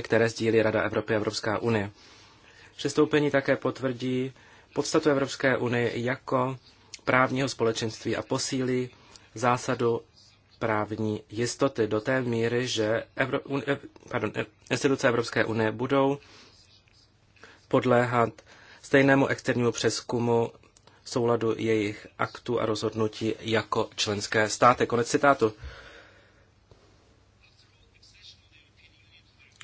které sdílí Rada Evropy a Evropská unie. Přestoupení také potvrdí podstatu Evropské unie jako právního společenství a posílí zásadu právní jistoty do té míry, že Evro, un, eh, pardon, eh, instituce Evropské unie budou podléhat stejnému externímu přeskumu souladu jejich aktů a rozhodnutí jako členské státy. Konec citátu.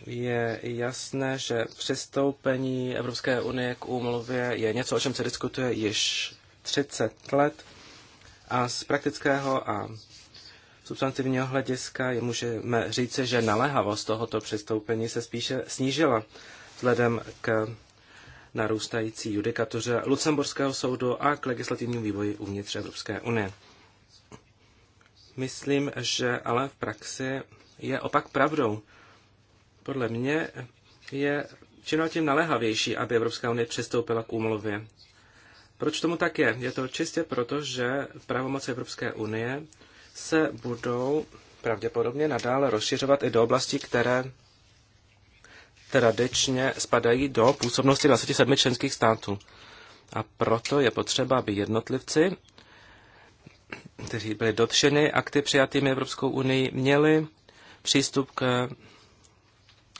je jasné, že přistoupení Evropské unie k úmluvě je něco, o čem se diskutuje již 30 let a z praktického a substantivního hlediska je můžeme říci, že naléhavost tohoto přistoupení se spíše snížila vzhledem k narůstající judikatuře Lucemburského soudu a k legislativnímu vývoji uvnitř Evropské unie. Myslím, že ale v praxi je opak pravdou. Podle mě je čím tím naléhavější, aby Evropská unie přistoupila k úmluvě. Proč tomu tak je? Je to čistě proto, že pravomoci Evropské unie se budou pravděpodobně nadále rozšiřovat i do oblastí, které tradičně spadají do působnosti 27 členských států. A proto je potřeba, aby jednotlivci, kteří byli dotčeni akty přijatými Evropskou unii, měli přístup k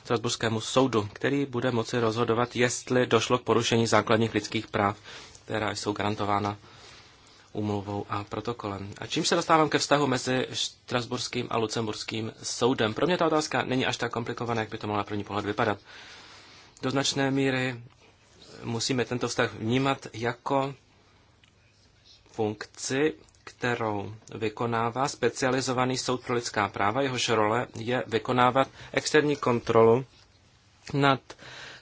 Strasburskému soudu, který bude moci rozhodovat, jestli došlo k porušení základních lidských práv, která jsou garantována umluvou a protokolem. A čím se dostávám ke vztahu mezi Strasburským a Lucemburským soudem? Pro mě ta otázka není až tak komplikovaná, jak by to mohla první pohled vypadat. Do značné míry musíme tento vztah vnímat jako funkci kterou vykonává specializovaný soud pro lidská práva. Jehož role je vykonávat externí kontrolu nad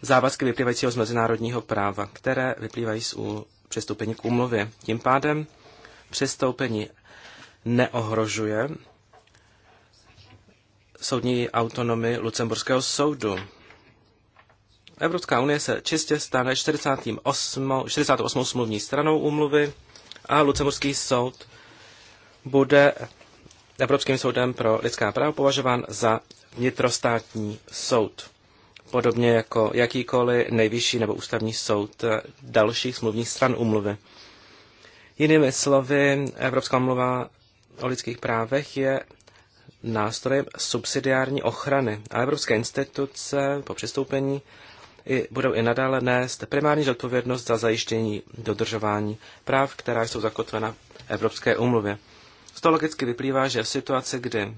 závazky vyplývajícího z mezinárodního práva, které vyplývají z přestoupení k úmluvě. Tím pádem přestoupení neohrožuje soudní autonomii Lucemburského soudu. Evropská unie se čistě stane 48. 48. smluvní stranou úmluvy a Lucemburský soud bude Evropským soudem pro lidská práva považován za vnitrostátní soud, podobně jako jakýkoliv nejvyšší nebo ústavní soud dalších smluvních stran umluvy. Jinými slovy, Evropská umluva o lidských právech je nástrojem subsidiární ochrany a evropské instituce po přistoupení i, budou i nadále nést primární zodpovědnost za zajištění dodržování práv, která jsou zakotvena v Evropské umluvě toho logicky vyplývá, že v situaci, kdy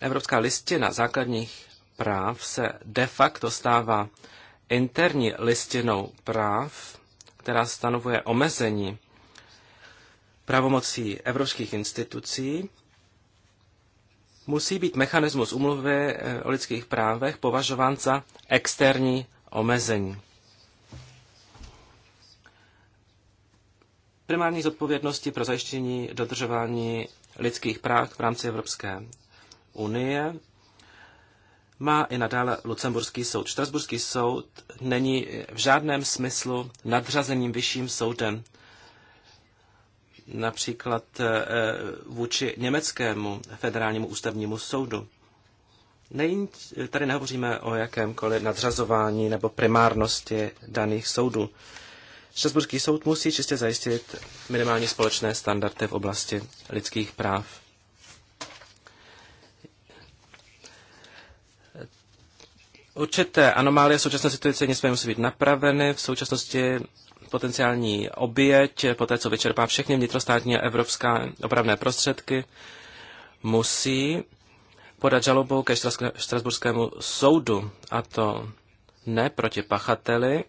Evropská listina základních práv se de facto stává interní listinou práv, která stanovuje omezení pravomocí evropských institucí, musí být mechanismus umluvy eh, o lidských právech považován za externí omezení. primární zodpovědnosti pro zajištění dodržování lidských práv v rámci Evropské unie má i nadále Lucemburský soud. Štrasburský soud není v žádném smyslu nadřazeným vyšším soudem například eh, eh, vůči německému federálnímu ústavnímu soudu. Nejím, tady nehovoříme o jakémkoliv nadřazování nebo primárnosti daných soudů. Štrasburský soud musí čistě zajistit minimálně společné standardy v oblasti lidských práv. Určité anomálie v současné situaci nicméně musí být napraveny. V současnosti potenciální oběť, té, co vyčerpá všechny vnitrostátní a evropská opravné prostředky, musí podat žalobu ke Štrasburskému soudu, a to ne proti pachateli,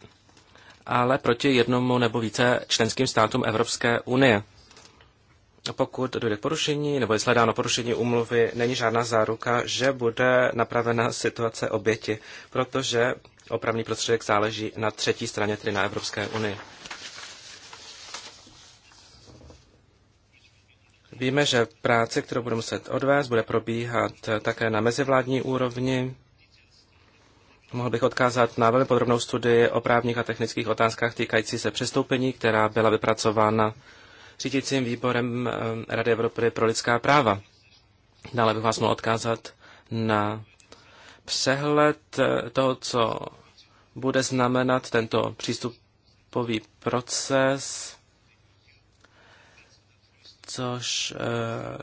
ale proti jednomu nebo více členským státům Evropské unie. Pokud dojde k porušení nebo je sledáno porušení úmluvy, není žádná záruka, že bude napravena situace oběti, protože opravný prostředek záleží na třetí straně, tedy na Evropské unii. Víme, že práce, kterou bude muset odvést, bude probíhat také na mezivládní úrovni Mohl bych odkázat na velmi podrobnou studii o právních a technických otázkách týkající se přestoupení, která byla vypracována řídícím výborem eh, Rady Evropy pro lidská práva. Dále bych vás mohl odkázat na přehled eh, toho, co bude znamenat tento přístupový proces, což eh,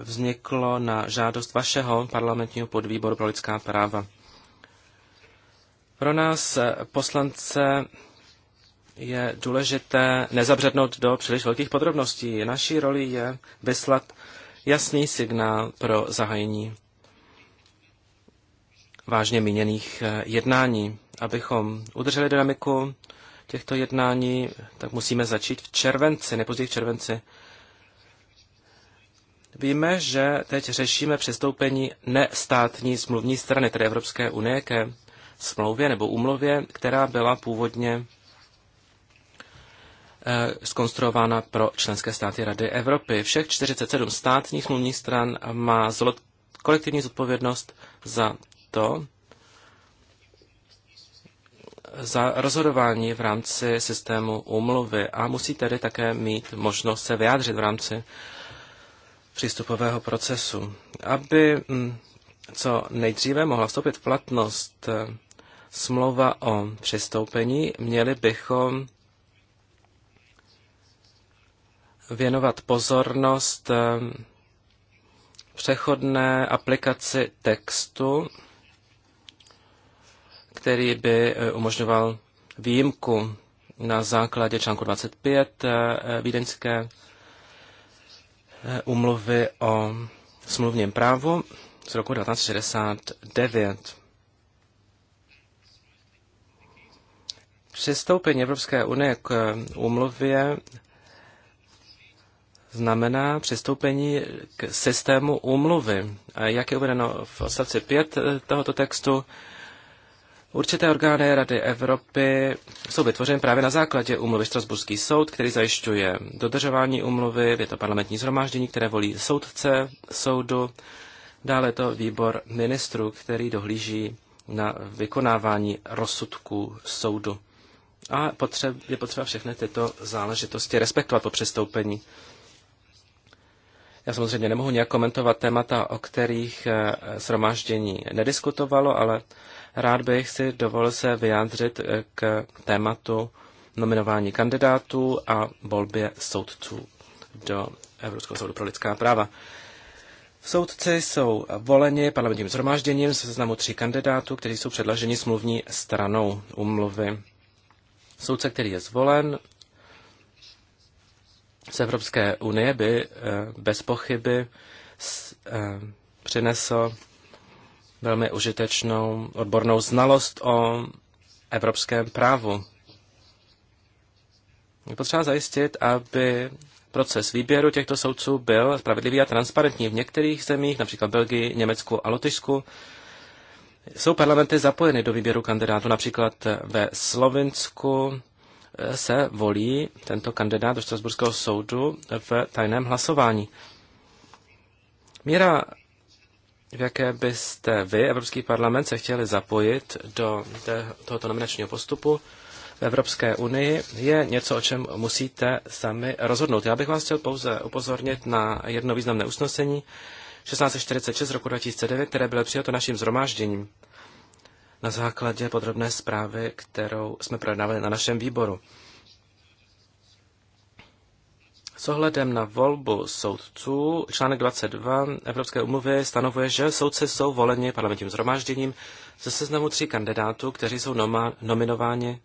vzniklo na žádost vašeho parlamentního podvýboru pro lidská práva. Pro nás eh, poslance je důležité nezabřednout do příliš velkých podrobností. Naší roli je vyslat jasný signál pro zahájení vážně míněných eh, jednání. Abychom udrželi dynamiku těchto jednání, tak musíme začít v červenci, nepozději v červenci. Víme, že teď řešíme přestoupení nestátní smluvní strany, tedy Evropské unie, ke smlouvě nebo úmluvě, která byla původně eh, skonstruována pro členské státy Rady Evropy. Všech 47 státních smluvních stran má kolektivní zodpovědnost za to, za rozhodování v rámci systému umluvy a musí tedy také mít možnost se vyjádřit v rámci přístupového procesu. Aby mm, co nejdříve mohla vstoupit v platnost eh, smlouva o přistoupení, měli bychom věnovat pozornost eh, přechodné aplikaci textu, který by eh, umožňoval výjimku na základě článku 25 eh, Vídeňské umluvy o smluvním právu z roku 1969. Přistoupení Evropské unie k úmluvě znamená přistoupení k systému úmluvy. Jak je uvedeno v odstavci 5 tohoto textu, určité orgány Rady Evropy jsou vytvořeny právě na základě úmluvy Strasburský soud, který zajišťuje dodržování úmluvy, je to parlamentní zhromáždění, které volí soudce soudu, dále je to výbor ministrů, který dohlíží na vykonávání rozsudků soudu. A potřeb, je potřeba všechny tyto záležitosti respektovat po přestoupení. Já samozřejmě nemohu nějak komentovat témata, o kterých eh, shromáždění nediskutovalo, ale rád bych si dovolil se vyjádřit eh, k tématu nominování kandidátů a volbě soudců do Evropského soudu pro lidská práva. Soudci jsou voleni parlamentním zhromážděním se seznamu tří kandidátů, kteří jsou předlaženi smluvní stranou umluvy. Soudce, který je zvolen z Evropské unie, by eh, bez pochyby eh, přinesl velmi užitečnou odbornou znalost o evropském právu. Je potřeba zajistit, aby proces výběru těchto soudců byl spravedlivý a transparentní. V některých zemích, například Belgii, Německu a Lotyšsku, jsou parlamenty zapojeny do výběru kandidátů. Například ve Slovensku eh, se volí tento kandidát do Štrasburského soudu v tajném hlasování. Míra, v jaké byste vy, Evropský parlament, se chtěli zapojit do tohoto nominačního postupu v Evropské unii, je něco, o čem musíte sami rozhodnout. Já bych vás chtěl pouze upozornit na jedno významné usnesení, 1646 roku 2009, které bylo přijato naším zhromážděním na základě podrobné zprávy, kterou jsme projednávali na našem výboru. S ohledem na volbu soudců, článek 22 Evropské umluvy stanovuje, že soudci jsou voleni parlamentním zhromážděním ze seznamu tří kandidátů, kteří jsou noma- nominováni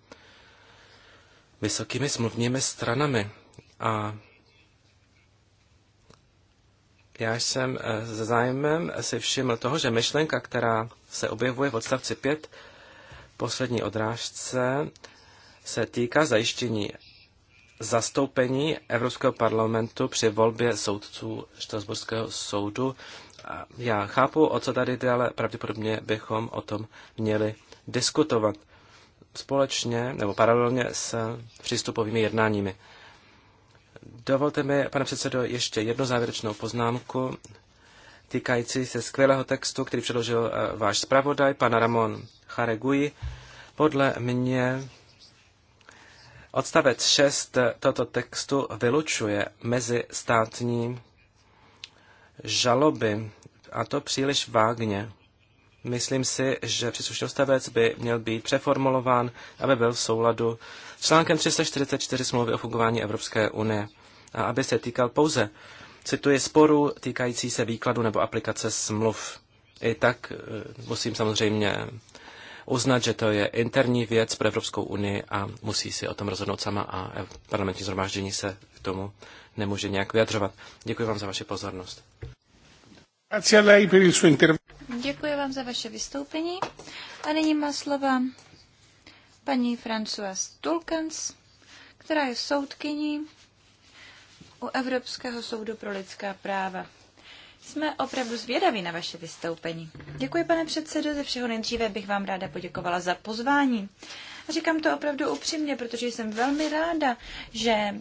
vysokými smluvními stranami. A já jsem eh, se zájmem si všiml toho, že myšlenka, která se objevuje v odstavci 5, poslední odrážce, se týká zajištění zastoupení Evropského parlamentu při volbě soudců Štrasburského soudu. Já chápu, o co tady jde, ale pravděpodobně bychom o tom měli diskutovat společně nebo paralelně s přístupovými jednáními. Dovolte mi, pane předsedo, ještě jednu závěrečnou poznámku týkající se skvělého textu, který předložil eh, váš zpravodaj, pan Ramon Charegui. Podle mě odstavec 6 toto textu vylučuje mezi státní žaloby, a to příliš vágně. Myslím si, že příslušný odstavec by měl být přeformulován, aby byl v souladu s článkem 344 smlouvy o fungování Evropské unie a aby se týkal pouze, cituji, sporu týkající se výkladu nebo aplikace smluv. I tak eh, musím samozřejmě uznat, že to je interní věc pro Evropskou unii a musí si o tom rozhodnout sama a parlamentní zhromáždění se k tomu nemůže nějak vyjadřovat. Děkuji vám za vaši pozornost. Děkuji vám za vaše vystoupení. A nyní má slova paní Françoise Tulkens, která je soudkyní u Evropského soudu pro lidská práva. Jsme opravdu zvědaví na vaše vystoupení. Děkuji, pane předsedo. Ze všeho nejdříve bych vám ráda poděkovala za pozvání. A říkám to opravdu upřímně, protože jsem velmi ráda, že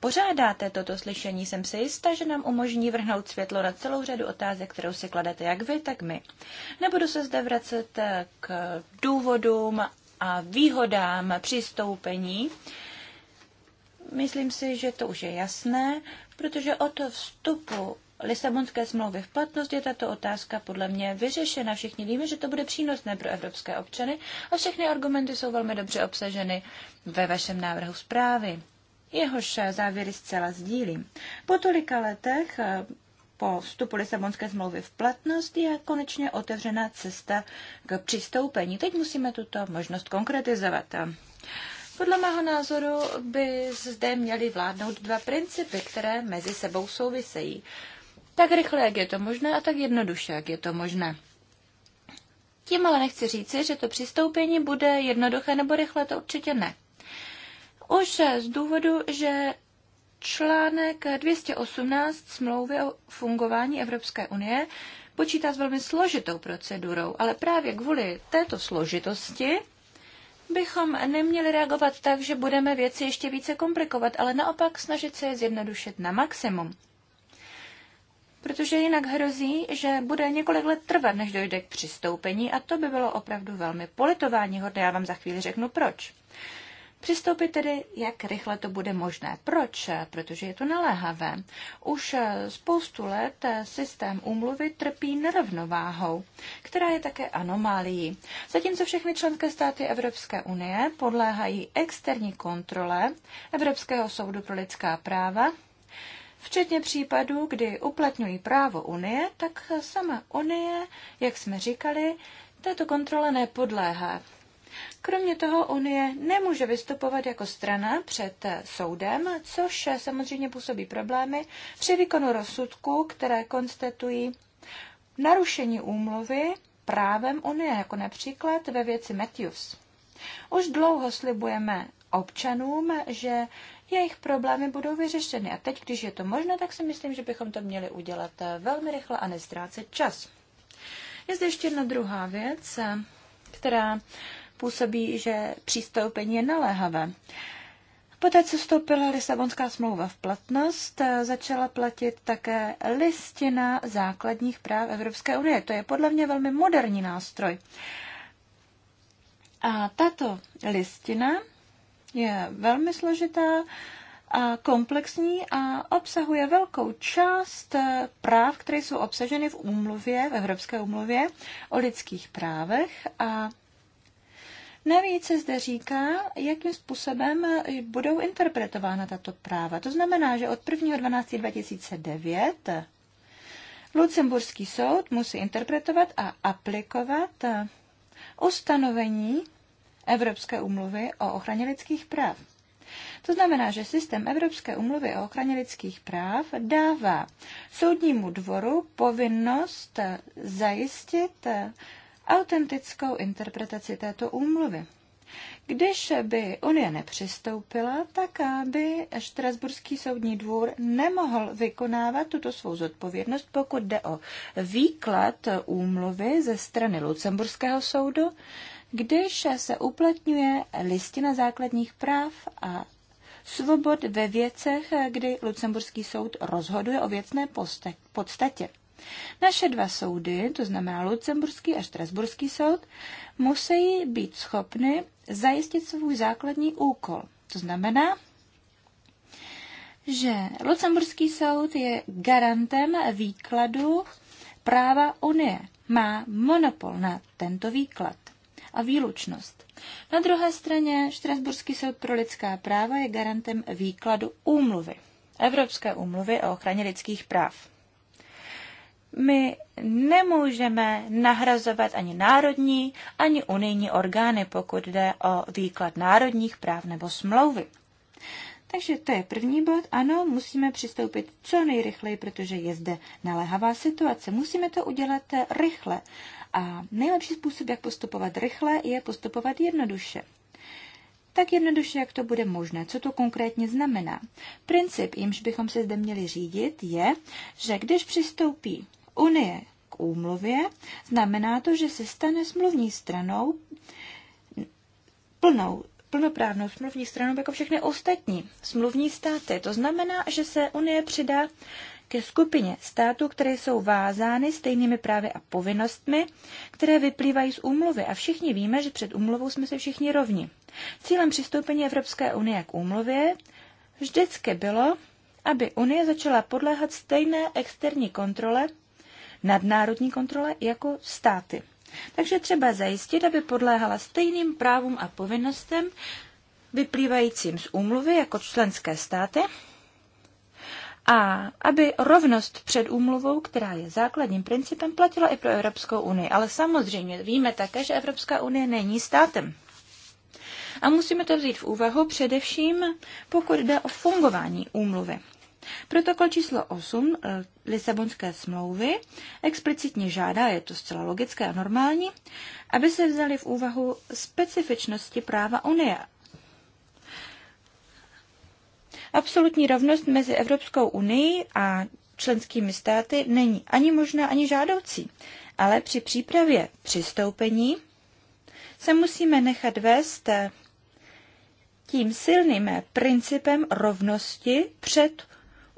pořádáte toto slyšení. Jsem si jistá, že nám umožní vrhnout světlo na celou řadu otázek, kterou si kladete jak vy, tak my. Nebudu se zde vracet k důvodům a výhodám přistoupení Myslím si, že to už je jasné, protože o to vstupu Lisabonské smlouvy v platnost je tato otázka podle mě vyřešena. Všichni víme, že to bude přínosné pro evropské občany a všechny argumenty jsou velmi dobře obsaženy ve vašem návrhu zprávy. Jehož závěry zcela sdílím. Po tolika letech eh, po vstupu Lisabonské smlouvy v platnost je konečně otevřena cesta k přistoupení. Teď musíme tuto možnost konkretizovat. Podle mého názoru by zde měly vládnout dva principy, které mezi sebou souvisejí. Tak rychle, jak je to možné, a tak jednoduše, jak je to možné. Tím ale nechci říci, že to přistoupení bude jednoduché nebo rychle, to určitě ne. Už z důvodu, že článek 218 smlouvy o fungování Evropské unie počítá s velmi složitou procedurou, ale právě kvůli této složitosti bychom neměli reagovat tak, že budeme věci ještě více komplikovat, ale naopak snažit se je zjednodušit na maximum. Protože jinak hrozí, že bude několik let trvat, než dojde k přistoupení a to by bylo opravdu velmi politování hodné. Já vám za chvíli řeknu proč. Přistoupit tedy, jak rychle to bude možné. Proč? Protože je to naléhavé. Už spoustu let systém úmluvy trpí nerovnováhou, která je také anomálií. Zatímco všechny členské státy Evropské unie podléhají externí kontrole Evropského soudu pro lidská práva, včetně případů, kdy uplatňují právo Unie, tak sama Unie, jak jsme říkali, této kontrole nepodléhá. Kromě toho Unie nemůže vystupovat jako strana před soudem, což samozřejmě působí problémy při výkonu rozsudku, které konstatují narušení úmluvy právem Unie, jako například ve věci Matthews. Už dlouho slibujeme občanům, že jejich problémy budou vyřešeny. A teď, když je to možné, tak si myslím, že bychom to měli udělat velmi rychle a nestrácet čas. Je zde ještě jedna druhá věc, která působí, že přístoupení je naléhavé. Poté, co vstoupila Lisabonská smlouva v platnost, začala platit také listina základních práv Evropské unie. To je podle mě velmi moderní nástroj. A tato listina je velmi složitá a komplexní a obsahuje velkou část práv, které jsou obsaženy v úmluvě, v Evropské úmluvě o lidských právech a Navíc se zde říká, jakým způsobem budou interpretována tato práva. To znamená, že od 1.12.2009 Lucemburský soud musí interpretovat a aplikovat ustanovení Evropské umluvy o ochraně lidských práv. To znamená, že systém Evropské umluvy o ochraně lidských práv dává soudnímu dvoru povinnost zajistit autentickou interpretaci této úmluvy. Když by Unie nepřistoupila, tak by Štrasburský soudní dvůr nemohl vykonávat tuto svou zodpovědnost, pokud jde o výklad úmluvy ze strany Lucemburského soudu, když se uplatňuje listina základních práv a svobod ve věcech, kdy Lucemburský soud rozhoduje o věcné podstatě. Naše dva soudy, to znamená Lucemburský a Štrasburský soud, musí být schopny zajistit svůj základní úkol. To znamená, že Lucemburský soud je garantem výkladu práva Unie. Má monopol na tento výklad a výlučnost. Na druhé straně Štrasburský soud pro lidská práva je garantem výkladu úmluvy, Evropské úmluvy o ochraně lidských práv my nemůžeme nahrazovat ani národní, ani unijní orgány, pokud jde o výklad národních práv nebo smlouvy. Takže to je první bod. Ano, musíme přistoupit co nejrychleji, protože je zde naléhavá situace. Musíme to udělat rychle. A nejlepší způsob, jak postupovat rychle, je postupovat jednoduše. Tak jednoduše, jak to bude možné. Co to konkrétně znamená? Princip, jimž bychom se zde měli řídit, je, že když přistoupí unie k úmluvě, znamená to, že se stane smluvní stranou plnou plnoprávnou smluvní stranou jako všechny ostatní smluvní státy. To znamená, že se Unie přidá ke skupině států, které jsou vázány stejnými právy a povinnostmi, které vyplývají z úmluvy a všichni víme, že před úmluvou jsme se všichni rovni. Cílem přistoupení Evropské unie k úmluvě vždycky bylo, aby Unie začala podléhat stejné externí kontrole nadnárodní kontrole jako státy. Takže třeba zajistit, aby podléhala stejným právům a povinnostem vyplývajícím z úmluvy jako členské státy a aby rovnost před úmluvou, která je základním principem, platila i pro Evropskou unii. Ale samozřejmě víme také, že Evropská unie není státem. A musíme to vzít v úvahu především, pokud jde o fungování úmluvy. Protokol číslo 8 eh, Lisabonské smlouvy explicitně žádá, je to zcela logické a normální, aby se vzali v úvahu specifičnosti práva Unie. Absolutní rovnost mezi Evropskou unii a členskými státy není ani možná, ani žádoucí, ale při přípravě přistoupení se musíme nechat vést eh, tím silným eh, principem rovnosti před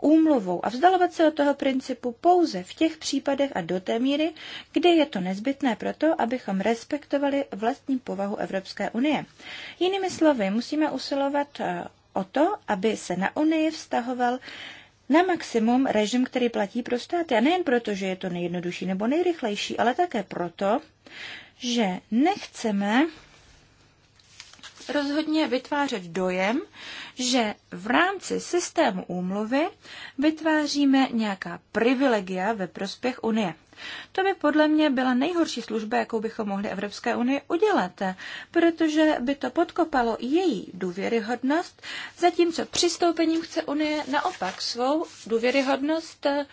úmluvou a vzdalovat se od toho principu pouze v těch případech a do té míry, kdy je to nezbytné proto, abychom respektovali vlastní povahu Evropské unie. Jinými slovy, musíme usilovat eh, o to, aby se na Unii vztahoval na maximum režim, který platí pro státy. A nejen proto, že je to nejjednodušší nebo nejrychlejší, ale také proto, že nechceme rozhodně vytvářet dojem, že v rámci systému úmluvy vytváříme nějaká privilegia ve prospěch Unie. To by podle mě byla nejhorší služba, jakou bychom mohli Evropské unii udělat, protože by to podkopalo její důvěryhodnost, zatímco přistoupením chce Unie naopak svou důvěryhodnost eh,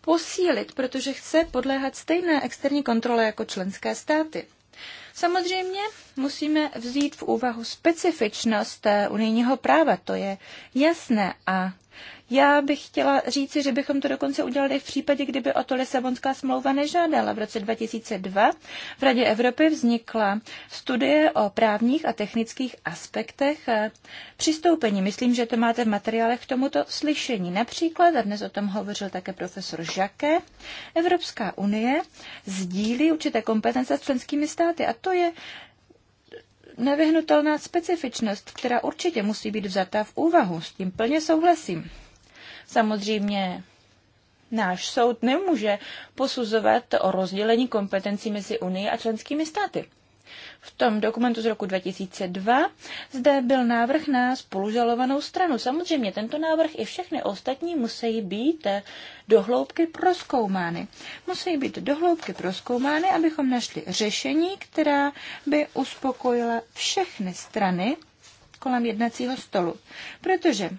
posílit, protože chce podléhat stejné externí kontrole jako členské státy. Samozřejmě musíme vzít v úvahu specifičnost eh, unijního práva, to je jasné a já bych chtěla říci, že bychom to dokonce udělali v případě, kdyby o to Lisabonská smlouva nežádala. V roce 2002 v Radě Evropy vznikla studie o právních a technických aspektech eh, přistoupení. Myslím, že to máte v materiálech k tomuto slyšení. Například, a dnes o tom hovořil také profesor Žake, Evropská unie sdílí určité kompetence s členskými státy a to je nevyhnutelná specifičnost, která určitě musí být vzata v úvahu. S tím plně souhlasím. Samozřejmě náš soud nemůže posuzovat o rozdělení kompetencí mezi Unii a členskými státy. V tom dokumentu z roku 2002 zde byl návrh na spolužalovanou stranu. Samozřejmě tento návrh i všechny ostatní musí být dohloubky proskoumány. Musí být dohloubky proskoumány, abychom našli řešení, která by uspokojila všechny strany kolem jednacího stolu. Protože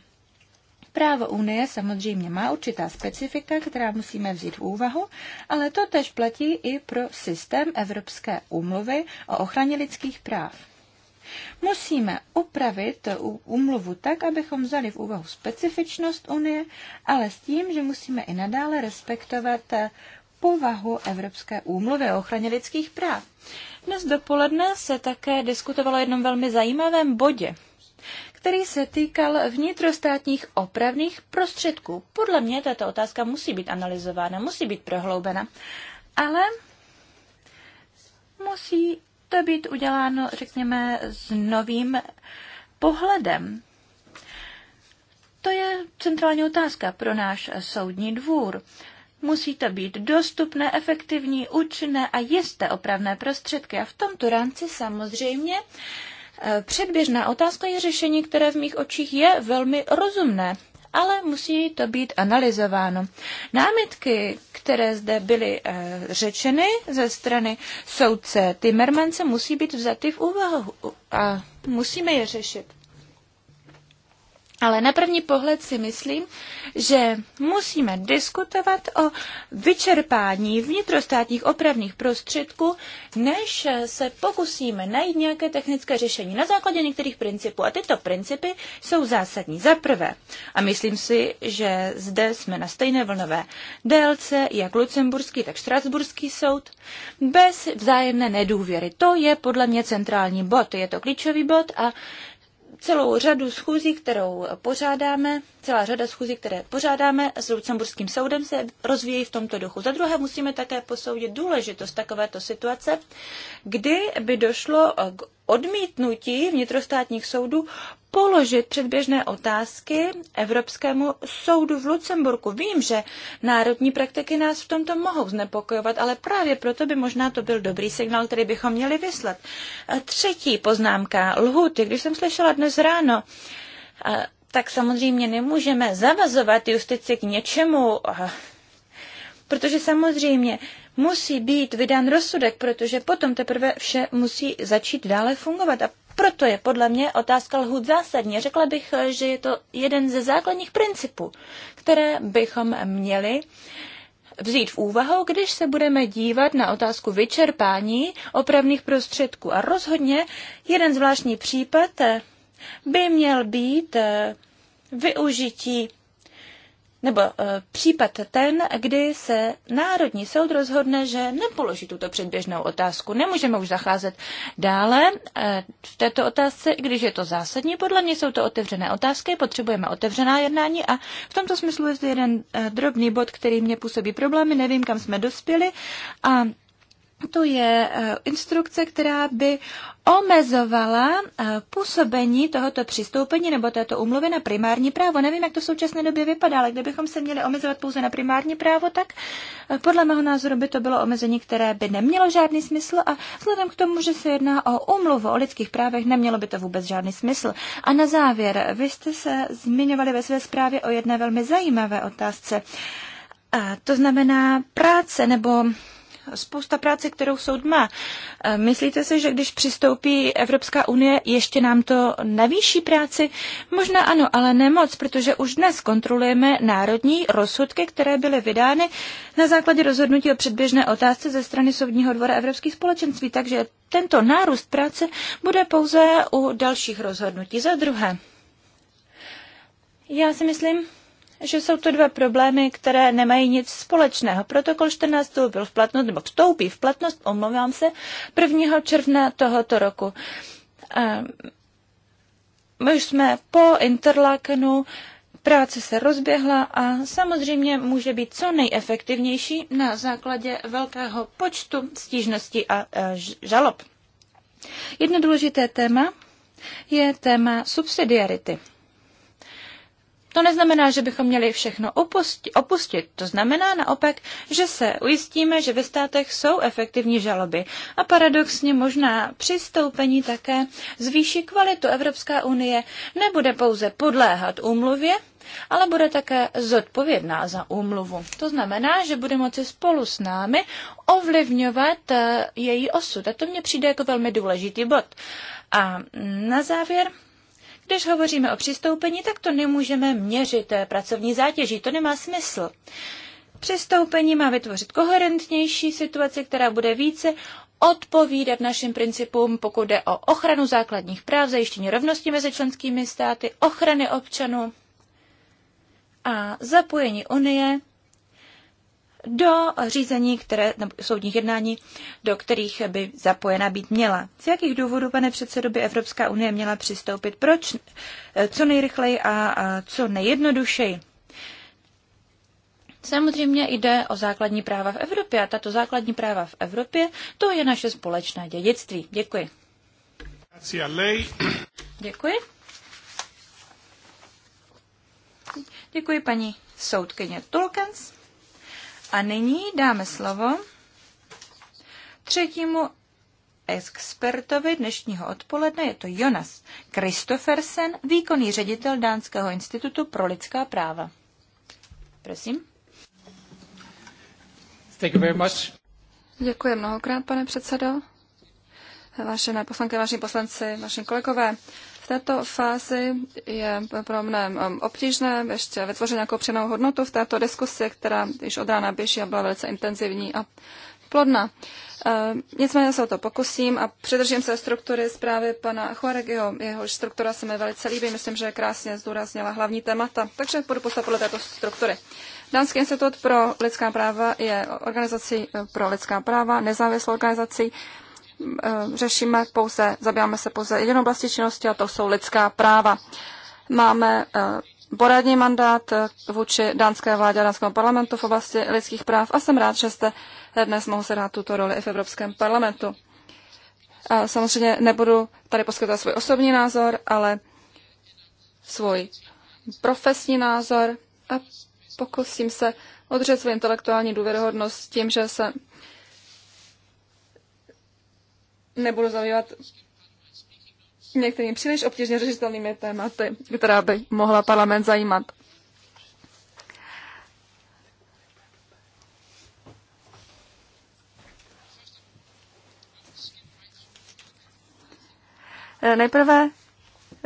Právo Unie samozřejmě má určitá specifika, která musíme vzít v úvahu, ale to tež platí i pro systém Evropské úmluvy o ochraně lidských práv. Musíme upravit úmluvu tak, abychom vzali v úvahu specifičnost Unie, ale s tím, že musíme i nadále respektovat eh, povahu Evropské úmluvy o ochraně lidských práv. Dnes dopoledne se také diskutovalo o jednom velmi zajímavém bodě, který se týkal vnitrostátních opravných prostředků. Podle mě tato otázka musí být analyzována, musí být prohloubena, ale musí to být uděláno, řekněme, s novým pohledem. To je centrální otázka pro náš soudní dvůr. Musí to být dostupné, efektivní, účinné a jisté opravné prostředky. A v tomto rámci samozřejmě Eh, předběžná otázka je řešení, které v mých očích je velmi rozumné, ale musí to být analyzováno. Námitky, které zde byly eh, řečeny ze strany soudce Timmermanse, musí být vzaty v úvahu a musíme je řešit. Ale na první pohled si myslím, že musíme diskutovat o vyčerpání vnitrostátních opravných prostředků, než se pokusíme najít nějaké technické řešení na základě některých principů. A tyto principy jsou zásadní. Za prvé, a myslím si, že zde jsme na stejné vlnové délce, jak Lucemburský, tak Štrasburský soud, bez vzájemné nedůvěry. To je podle mě centrální bod, je to klíčový bod a celou řadu schůzí, kterou pořádáme, celá řada schůzí, které pořádáme s Lucemburským soudem, se rozvíjí v tomto duchu. Za druhé musíme také posoudit důležitost takovéto situace, kdy by došlo k odmítnutí vnitrostátních soudů, položit předběžné otázky Evropskému soudu v Lucemburku. Vím, že národní praktiky nás v tomto mohou znepokojovat, ale právě proto by možná to byl dobrý signál, který bychom měli vyslat. A třetí poznámka, lhuty. Když jsem slyšela dnes ráno, tak samozřejmě nemůžeme zavazovat justici k něčemu, protože samozřejmě musí být vydán rozsudek, protože potom teprve vše musí začít dále fungovat. A proto je podle mě otázka lhůt zásadní. Řekla bych, že je to jeden ze základních principů, které bychom měli vzít v úvahu, když se budeme dívat na otázku vyčerpání opravných prostředků. A rozhodně jeden zvláštní případ by měl být využití nebo e, případ ten, kdy se Národní soud rozhodne, že nepoloží tuto předběžnou otázku. Nemůžeme už zacházet dále e, v této otázce, i když je to zásadní. Podle mě jsou to otevřené otázky, potřebujeme otevřená jednání a v tomto smyslu je zde jeden e, drobný bod, který mě působí problémy, nevím, kam jsme dospěli a to je eh, instrukce, která by omezovala eh, působení tohoto přistoupení nebo této umluvy na primární právo. Nevím, jak to v současné době vypadá, ale kdybychom se měli omezovat pouze na primární právo, tak eh, podle mého názoru by to bylo omezení, které by nemělo žádný smysl a vzhledem k tomu, že se jedná o umluvu o lidských právech, nemělo by to vůbec žádný smysl. A na závěr, vy jste se zmiňovali ve své zprávě o jedné velmi zajímavé otázce. A to znamená práce nebo spousta práce, kterou soud má. E, myslíte si, že když přistoupí Evropská unie, ještě nám to navýší práci? Možná ano, ale nemoc, protože už dnes kontrolujeme národní rozsudky, které byly vydány na základě rozhodnutí o předběžné otázce ze strany Soudního dvora Evropských společenství, takže tento nárůst práce bude pouze u dalších rozhodnutí. Za druhé, já si myslím, že jsou to dva problémy, které nemají nic společného. Protokol 14 byl v platnost, nebo vstoupí v platnost, omlouvám se, 1. června tohoto roku. Ehm, my už jsme po Interlakenu, práce se rozběhla a samozřejmě může být co nejefektivnější na základě velkého počtu stížností a e, žalob. Jedno důležité téma je téma subsidiarity. To neznamená, že bychom měli všechno opustit. To znamená naopak, že se ujistíme, že ve státech jsou efektivní žaloby. A paradoxně možná přistoupení také zvýší kvalitu. Evropská unie nebude pouze podléhat úmluvě, ale bude také zodpovědná za úmluvu. To znamená, že bude moci spolu s námi ovlivňovat eh, její osud. A to mně přijde jako velmi důležitý bod. A na závěr když hovoříme o přistoupení, tak to nemůžeme měřit pracovní zátěží, to nemá smysl. Přistoupení má vytvořit koherentnější situaci, která bude více odpovídat našim principům, pokud jde o ochranu základních práv, zajištění rovnosti mezi členskými státy, ochrany občanů a zapojení Unie do řízení, které, nebo soudních jednání, do kterých by zapojena být měla. Z jakých důvodů, pane předsedo, by Evropská unie měla přistoupit? Proč? Eh, co nejrychleji a co nejjednodušeji? Samozřejmě jde o základní práva v Evropě a tato základní práva v Evropě, to je naše společné dědictví. Děkuji. Děkuji. Děkuji paní soudkyně Tulkens. A nyní dáme slovo třetímu expertovi dnešního odpoledne, je to Jonas Kristoffersen, výkonný ředitel Dánského institutu pro lidská práva. Prosím. Thank you very much. Děkuji mnohokrát, pane předsedo. Vážené poslanky, vážení poslanci, vaši kolegové, v této fázi je pro mě um, obtížné ještě vytvořit nějakou přenou hodnotu v této diskusi, která již od rána běží a byla velice intenzivní a plodná. Ehm, nicméně se o to pokusím a přidržím se struktury zprávy pana Chuaregiho. Jeho struktura se mi velice líbí, myslím, že krásně zdůraznila hlavní témata, takže budu postat podle této struktury. Dánský institut pro lidská práva je organizací eh, pro lidská práva, nezávislou organizací, Eh, řešíme pouze, zabýváme se pouze jedinou oblastí činnosti a to jsou lidská práva. Máme eh, poradní mandát eh, vůči dánské vládě a dánskému parlamentu v oblasti lidských práv a jsem rád, že jste dnes mohu se dát tuto roli i v Evropském parlamentu. A samozřejmě nebudu tady poskytovat svůj osobní názor, ale svůj profesní názor a pokusím se odřet své intelektuální důvěryhodnost tím, že se nebudu zabývat některými příliš obtížně řešitelnými tématy, která by mohla parlament zajímat. Nejprve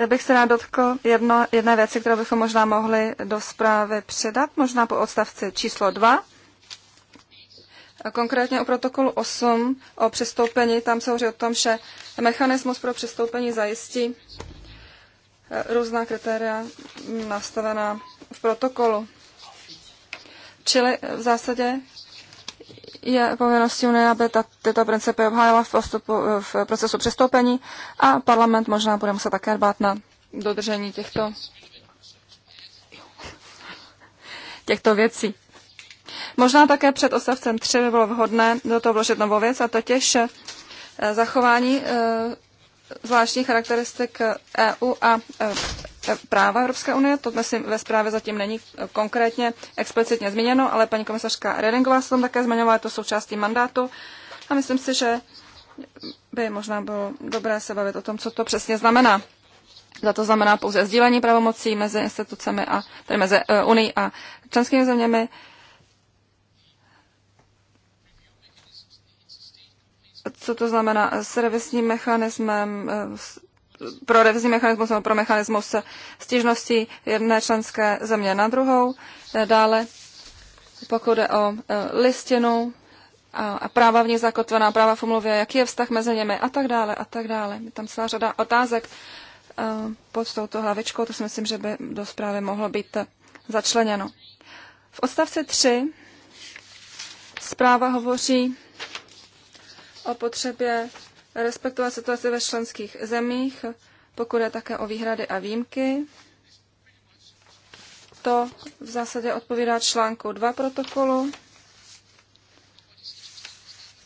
bych se rád dotkl jedno, jedné věci, kterou bychom možná mohli do zprávy přidat, možná po odstavci číslo 2. Konkrétně o protokolu 8 o přestoupení, tam se hovoří o tom, že mechanismus pro přestoupení zajistí eh, různá kritéria nastavená v protokolu. Čili v zásadě je povinností Unie, aby ta, tyto principy obhájila v, postupu, eh, v procesu přestoupení a parlament možná bude muset také dbát na dodržení těchto, těchto věcí. Možná také před odstavcem 3 by bylo vhodné do toho vložit novou věc, a totiž eh, zachování eh, zvláštních charakteristik EU a eh, e, práva Evropské unie. To, myslím, ve zprávě zatím není konkrétně explicitně zmíněno, ale paní komisařka Redingová se tam také zmiňovala, je to součástí mandátu a myslím si, že by možná bylo dobré se bavit o tom, co to přesně znamená. Za to znamená pouze sdílení pravomocí mezi institucemi a tedy mezi uh, Unii a členskými zeměmi, co to znamená eh, s revizním mechanismem, eh, pro revizní mechanismus nebo pro mechanismus stížností jedné členské země na druhou. Eh, dále, pokud jde o listinu a práva v ní zakotvená, práva v umluvě, jaký je vztah mezi nimi a tak dále a tak dále. Je tam celá řada otázek pod touto hlavičkou, to si myslím, že by do zprávy mohlo být začleněno. V odstavci 3 zpráva hovoří o potřebě respektovat situaci ve členských zemích, pokud je také o výhrady a výjimky. To v zásadě odpovídá článku 2 protokolu.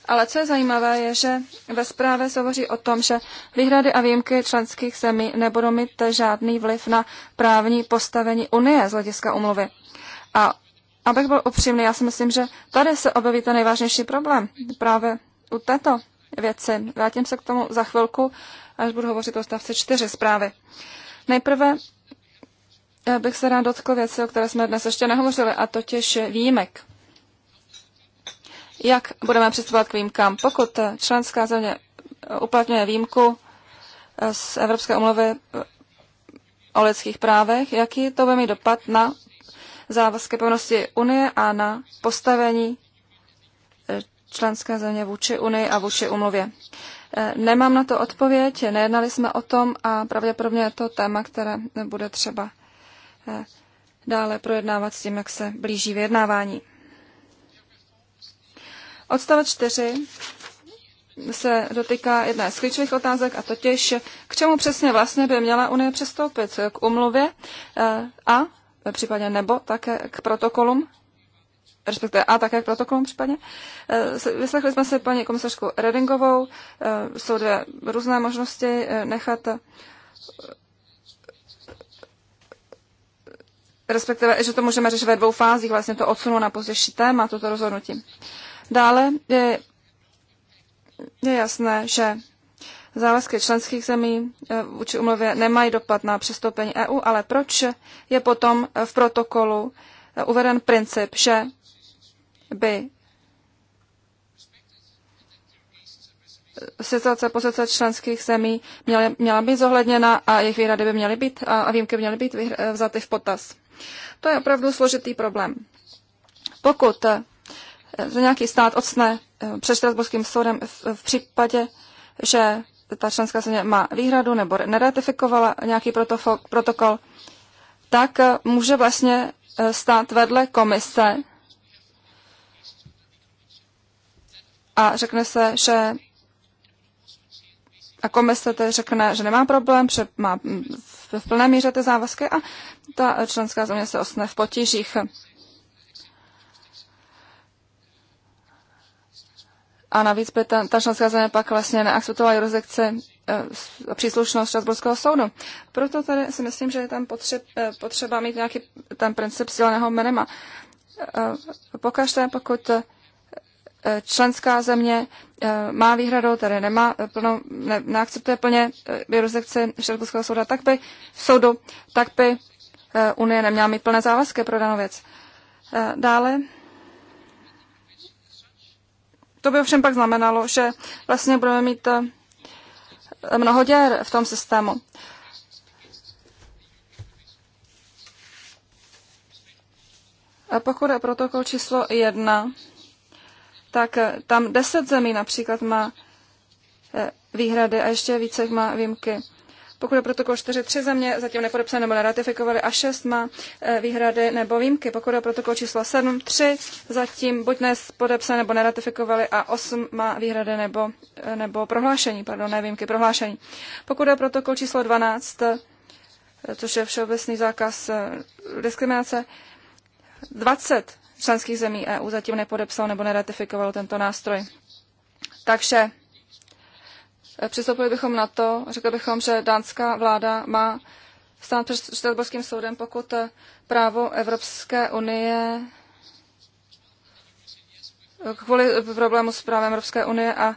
Ale co je zajímavé, je, že ve zprávě se hovoří o tom, že výhrady a výjimky členských zemí nebudou mít žádný vliv na právní postavení Unie z hlediska umluvy. A abych byl upřímný, já si myslím, že tady se objeví ten nejvážnější problém. Právě u této věci. Vrátím se k tomu za chvilku, až budu hovořit o stavce čtyři zprávy. Nejprve eh, bych se rád dotkl věci, o které jsme dnes ještě nehovořili, a totiž výjimek. Jak budeme přistupovat k výjimkám? Pokud eh, členská země eh, uplatňuje výjimku z Evropské umluvy o lidských právech, jaký to bude mít dopad na závazky povinnosti Unie a na postavení členské země vůči Unii a vůči umluvě. E, nemám na to odpověď, nejednali jsme o tom a pravděpodobně je to téma, které bude třeba e, dále projednávat s tím, jak se blíží vyjednávání. Odstavec 4 se dotýká jedné z klíčových otázek, a totiž k čemu přesně vlastně by měla Unie přestoupit, k umluvě e, a případně nebo také k protokolům respektive a také k protokolům případně. Eh, vyslechli jsme si paní komisařku Redingovou, eh, jsou dvě různé možnosti eh, nechat respektive, že to můžeme řešit ve dvou fázích, vlastně to odsunu na pozdější téma, toto rozhodnutí. Dále je, je jasné, že závazky členských zemí vůči umluvě nemají dopad na přistoupení EU, ale proč je potom v protokolu uveden princip, že by situace pozice členských zemí měla, měla být zohledněna a jejich výhrady by měly být a, a výjimky měly být eh, vzaty v potaz. To je opravdu složitý problém. Pokud eh, že nějaký stát odsne eh, před Štrasburským soudem v, v případě, že ta členská země má výhradu nebo neratifikovala nějaký protokol tak může vlastně stát vedle komise a řekne se, že a komise tedy řekne, že nemá problém, že má mm, v plné míře ty závazky a ta členská země se osne v potížích. A navíc by ta, ta členská země pak vlastně neakceptovala jurisdikci e, příslušnost Štrasburského soudu. Proto tady si myslím, že je tam potřeb, e, potřeba mít nějaký ten princip silného minima. E, eh, pokažte, pokud členská země eh, má výhradu, tedy nemá eh, plno, ne, neakceptuje plně eh, jurisdikce Štrasburského souda, tak by soudu, tak by Unie neměla mít plné závazky pro danou věc. Dále to by ovšem pak znamenalo, že vlastně budeme mít mnoho děr v tom systému. A pokud je protokol číslo jedna, tak eh, tam deset zemí například má eh, výhrady a ještě více má výjimky. Pokud je protokol 4, tři země zatím nepodepsané nebo neratifikovaly a šest má eh, výhrady nebo výjimky. Pokud je protokol číslo 7, tři zatím buď nepodepsané nebo neratifikovaly a osm má výhrady nebo, nebo prohlášení, pardon, ne výjimky, prohlášení. Pokud je protokol číslo 12, což je všeobecný zákaz diskriminace, 20 členských zemí EU zatím nepodepsal nebo neratifikoval tento nástroj. Takže eh, přistoupili bychom na to, řekli bychom, že dánská vláda má stát před Štrasburským soudem, pokud eh, právo Evropské unie eh, kvůli problému s právem Evropské unie a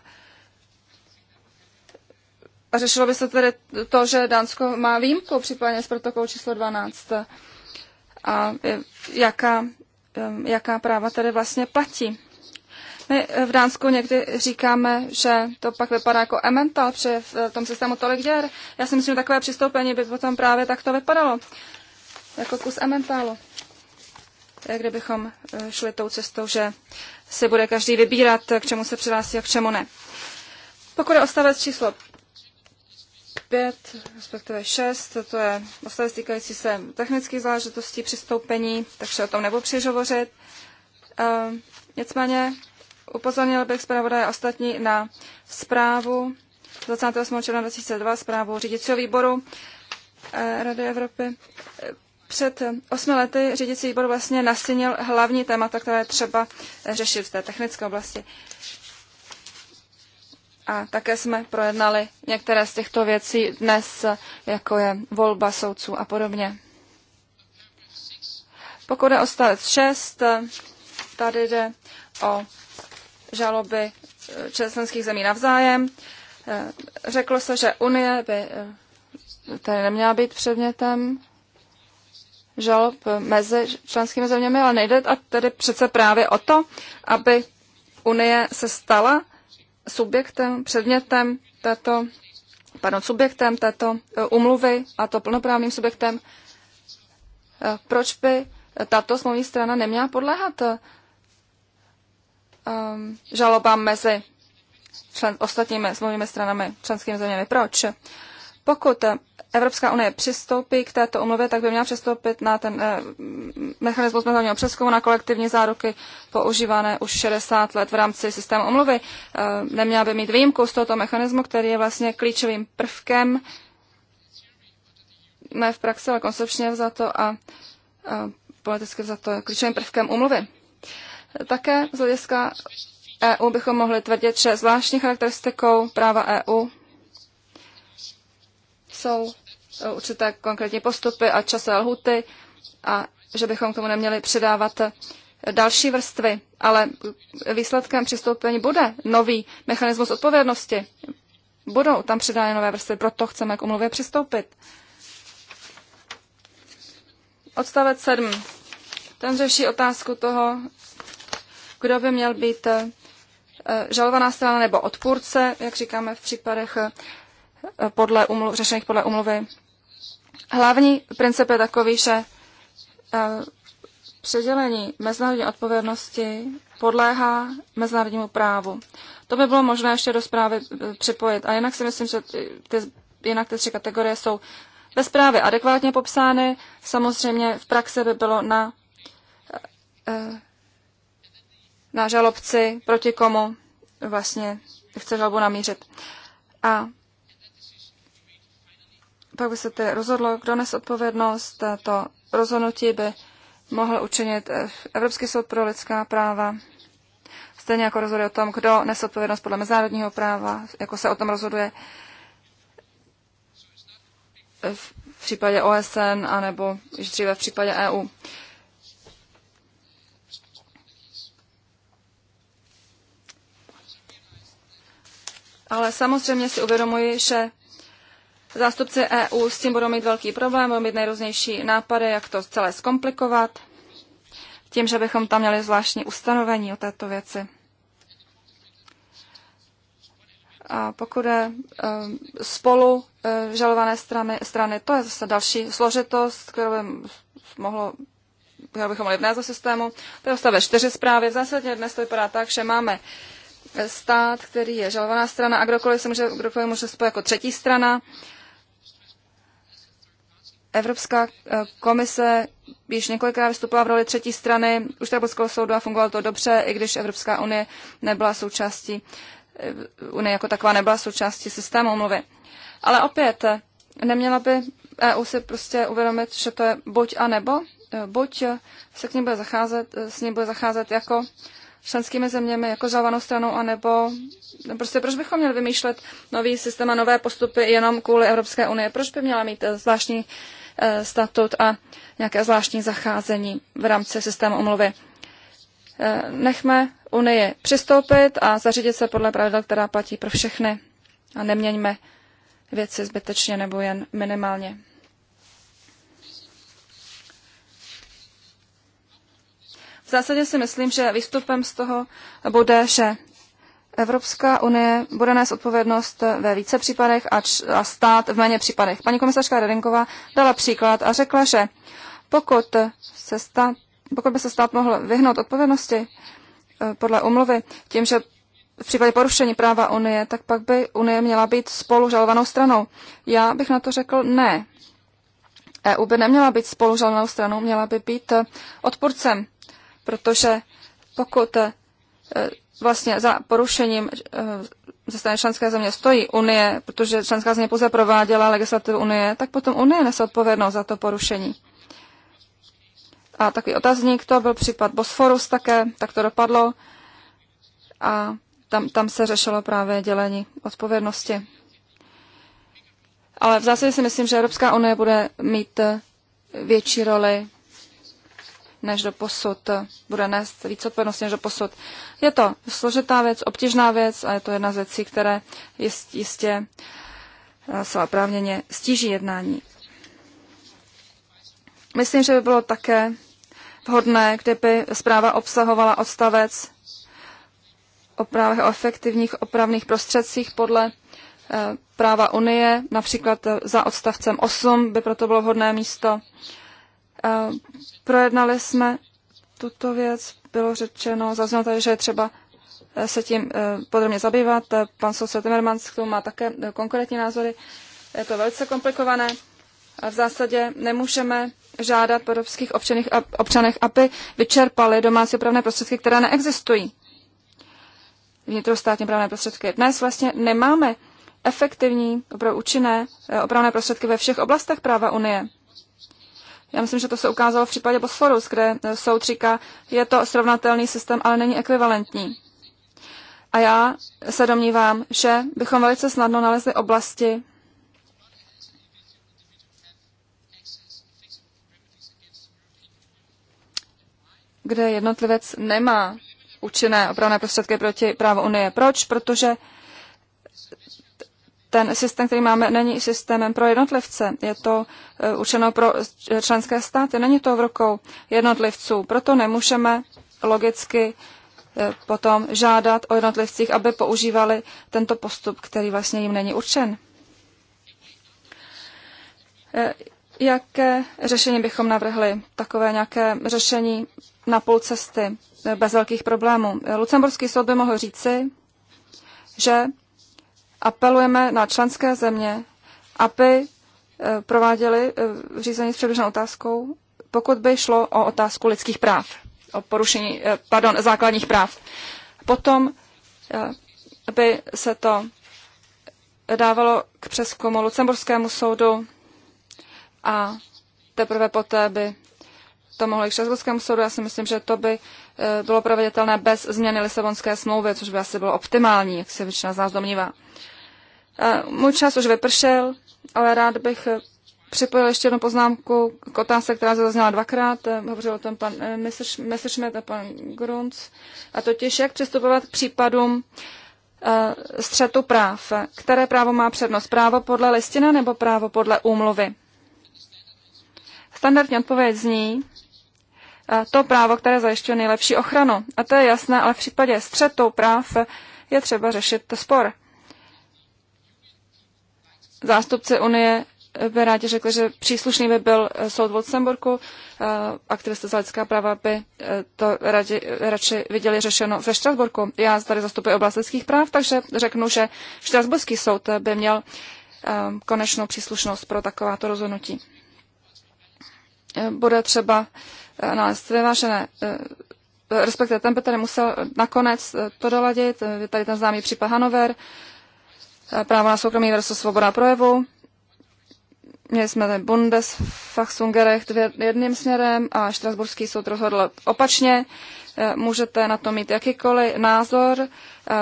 a řešilo by se tedy to, že Dánsko má výjimku případně z protokolu číslo 12 a jaká jaká práva tady vlastně platí. My v Dánsku někdy říkáme, že to pak vypadá jako emental, že v tom systému tolik děr. Já si myslím, že takové přistoupení by potom právě tak to vypadalo. Jako kus ementalu. Kdybychom eh, šli tou cestou, že si bude každý vybírat, k čemu se přihlásí a k čemu ne. Pokud je číslo 5, respektive 6, to je odstavec týkající se technických záležitostí přistoupení, takže o tom nebudu příliš hovořit. E, nicméně upozornil bych zpravodaje ostatní na zprávu 28. června 2002, zprávu řídicího výboru e, Rady Evropy. Před osmi lety řídící výbor vlastně nastínil hlavní témata, které třeba řešit v té technické oblasti. A také jsme projednali některé z těchto věcí dnes, jako je volba soudců a podobně. Pokud je odstavec 6, tady jde o žaloby eh, členských zemí navzájem. Eh, řeklo se, že Unie by eh, tady neměla být předmětem žalob mezi členskými zeměmi, ale nejde a tedy přece právě o to, aby Unie se stala subjektem, předmětem této, pardon, subjektem této e, umluvy a to plnoprávným subjektem, e, proč by tato smluvní strana neměla podléhat um, žalobám mezi člen, ostatními smluvními stranami, členskými zeměmi. Proč? Pokud Evropská unie přistoupí k této umluvě, tak by měla přistoupit na ten eh, mechanismus mezinárodního přeskumu na kolektivní záruky používané už 60 let v rámci systému umluvy. Eh, neměla by mít výjimku z tohoto mechanismu, který je vlastně klíčovým prvkem ne v praxi, ale koncepčně vzato a, a eh, politicky to klíčovým prvkem umluvy. Také z hlediska EU bychom mohli tvrdit, že zvláštní charakteristikou práva EU jsou eh, určité konkrétní postupy a časové lhuty a že bychom k tomu neměli přidávat eh, další vrstvy, ale výsledkem přistoupení bude nový mechanismus odpovědnosti. Budou tam přidány nové vrstvy, proto chceme k umluvě přistoupit. Odstavec 7. Ten řeší otázku toho, kdo by měl být eh, žalovaná strana nebo odpůrce, jak říkáme v případech podle umlu, řešených podle umluvy. Hlavní princip je takový, že eh, předělení mezinárodní odpovědnosti podléhá mezinárodnímu právu. To by bylo možné ještě do zprávy eh, připojit. A jinak si myslím, že ty, jinak ty tři kategorie jsou ve zprávě adekvátně popsány. Samozřejmě v praxi by bylo na, eh, na žalobci, proti komu vlastně chce žalobu namířit. A pak by se tedy rozhodlo, kdo nes odpovědnost. To rozhodnutí by mohl učinit eh, Evropský soud pro lidská práva. Stejně jako rozhoduje o tom, kdo nes odpovědnost podle mezinárodního práva, jako se o tom rozhoduje v případě OSN, anebo již dříve v případě EU. Ale samozřejmě si uvědomuji, že Zástupci EU s tím budou mít velký problém, budou mít nejrůznější nápady, jak to celé zkomplikovat, tím, že bychom tam měli zvláštní ustanovení o této věci. A pokud je e, spolu e, žalované strany, strany, to je zase další složitost, kterou by mohlo kterou bychom mohli vnést do systému. To je ve čtyři zprávy. V zásadě dnes to vypadá tak, že máme stát, který je žalovaná strana a kdokoliv se může, kdokoliv může spojit jako třetí strana. Evropská eh, komise již několikrát vystupovala v roli třetí strany už Štrasburského soudu a fungovalo to dobře, i když Evropská unie nebyla součástí, eh, unie jako taková nebyla součástí systému umluvy. Ale opět, eh, neměla by EU si prostě uvědomit, že to je buď a nebo, buď se k ní bude zacházet, s ní bude zacházet jako členskými zeměmi, jako žalovanou stranou, anebo no prostě proč bychom měli vymýšlet nový systém a nové postupy jenom kvůli Evropské unie? Proč by měla mít zvláštní Eh, statut a nějaké zvláštní zacházení v rámci systému umluvy. Eh, nechme Unii přistoupit a zařídit se podle pravidel, která platí pro všechny a neměňme věci zbytečně nebo jen minimálně. V zásadě si myslím, že výstupem z toho bude, že Evropská unie bude nést odpovědnost ve více případech a, č- a stát v méně případech. Paní komisařka Redenková dala příklad a řekla, že pokud, se stát, pokud by se stát mohl vyhnout odpovědnosti eh, podle umluvy tím, že v případě porušení práva Unie, tak pak by Unie měla být spolužalovanou stranou. Já bych na to řekl ne. EU by neměla být spolužalovanou stranou, měla by být eh, odpůrcem, protože pokud eh, vlastně za porušením eh, ze strany členské země stojí Unie, protože členská země pouze prováděla legislativu Unie, tak potom Unie nese odpovědnost za to porušení. A takový otazník, to byl případ Bosforus také, tak to dopadlo. A tam, tam se řešilo právě dělení odpovědnosti. Ale v zásadě si myslím, že Evropská unie bude mít eh, větší roli než do posud, bude nést víc odpovědnosti než do posud. Je to složitá věc, obtížná věc a je to jedna z věcí, které jist, jistě eh, se oprávněně stíží jednání. Myslím, že by bylo také vhodné, kdyby zpráva obsahovala odstavec o právech o efektivních opravných prostředcích podle eh, práva Unie, například za odstavcem 8 by proto bylo vhodné místo. Projednali jsme tuto věc, bylo řečeno, zaznělo tady, že je třeba eh, se tím eh, podrobně zabývat. Eh, pan soused Timmermans k tomu má také konkrétní názory. Je to velice komplikované. V zásadě nemůžeme žádat po evropských občanech, aby vyčerpali domácí opravné prostředky, které neexistují. Vnitrostátní opravné prostředky. Dnes vlastně nemáme efektivní, opravdu účinné opravné prostředky ve všech oblastech práva Unie. Já myslím, že to se ukázalo v případě Bosforus, kde eh, soud říká, je to srovnatelný systém, ale není ekvivalentní. A já se domnívám, že bychom velice snadno nalezli oblasti, kde jednotlivec nemá účinné opravné prostředky proti právo Unie. Proč? Protože ten systém, který máme, není systémem pro jednotlivce. Je to e, určeno pro členské státy. Není to v rukou jednotlivců. Proto nemůžeme logicky e, potom žádat o jednotlivcích, aby používali tento postup, který vlastně jim není určen. E, jaké řešení bychom navrhli? Takové nějaké řešení na půl cesty, bez velkých problémů. Lucemburský soud by mohl říci, že apelujeme na členské země, aby e, prováděli e, řízení s předběžnou otázkou, pokud by šlo o otázku lidských práv, o porušení, e, pardon, základních práv. Potom by se to dávalo k přeskumu Lucemburskému soudu a teprve poté by to mohlo i k Štrasburskému soudu. Já si myslím, že to by Eh, bylo proveditelné bez změny Lisabonské smlouvy, což by asi bylo optimální, jak se většina z nás domnívá. Eh, můj čas už vypršel, ale rád bych eh, připojil ještě jednu poznámku k otázce, která se zazněla dvakrát. Hovořil o tom pan Messerschmidt a pan Grunz. A totiž, jak přistupovat k případům střetu práv. Které právo má přednost? Právo podle listina nebo právo podle úmluvy? Standardní odpověď zní, to právo, které zajišťuje nejlepší ochranu. A to je jasné, ale v případě střetu práv je třeba řešit spor. Zástupci Unie by rádi řekli, že příslušný by byl eh, soud v Lucemburku, eh, aktivisté za lidská práva by eh, to radi, radši viděli řešeno ve Štrasburku. Já tady zastupuji oblast lidských práv, takže řeknu, že Štrasburský soud by měl konečnou příslušnost pro takováto rozhodnutí. Bude třeba Eh, nalézt vážené. Eh, respektive ten by tady musel nakonec eh, to doladit, je tady ten známý případ Hanover, právo na soukromí versus svoboda projevu. Měli jsme ten Bundesfachsungerecht jedním směrem a Štrasburský soud rozhodl opačně. Můžete na to mít jakýkoliv názor.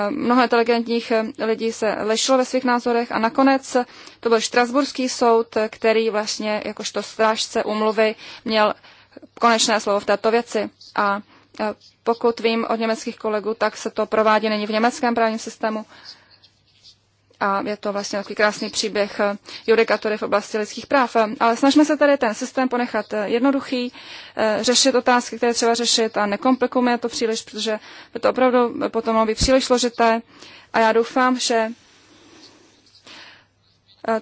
Mnoho inteligentních lidí se lešilo ve svých názorech a nakonec to byl Štrasburský soud, který vlastně jakožto strážce umluvy měl konečné slovo v této věci. A e, pokud vím od německých kolegů, tak se to provádí není v německém právním systému. A je to vlastně takový krásný příběh e, judikatury v oblasti lidských práv. E, ale snažíme se tady ten systém ponechat jednoduchý, řešit otázky, které třeba řešit a nekomplikujeme to příliš, protože by to opravdu potom mohlo být příliš složité. A já doufám, že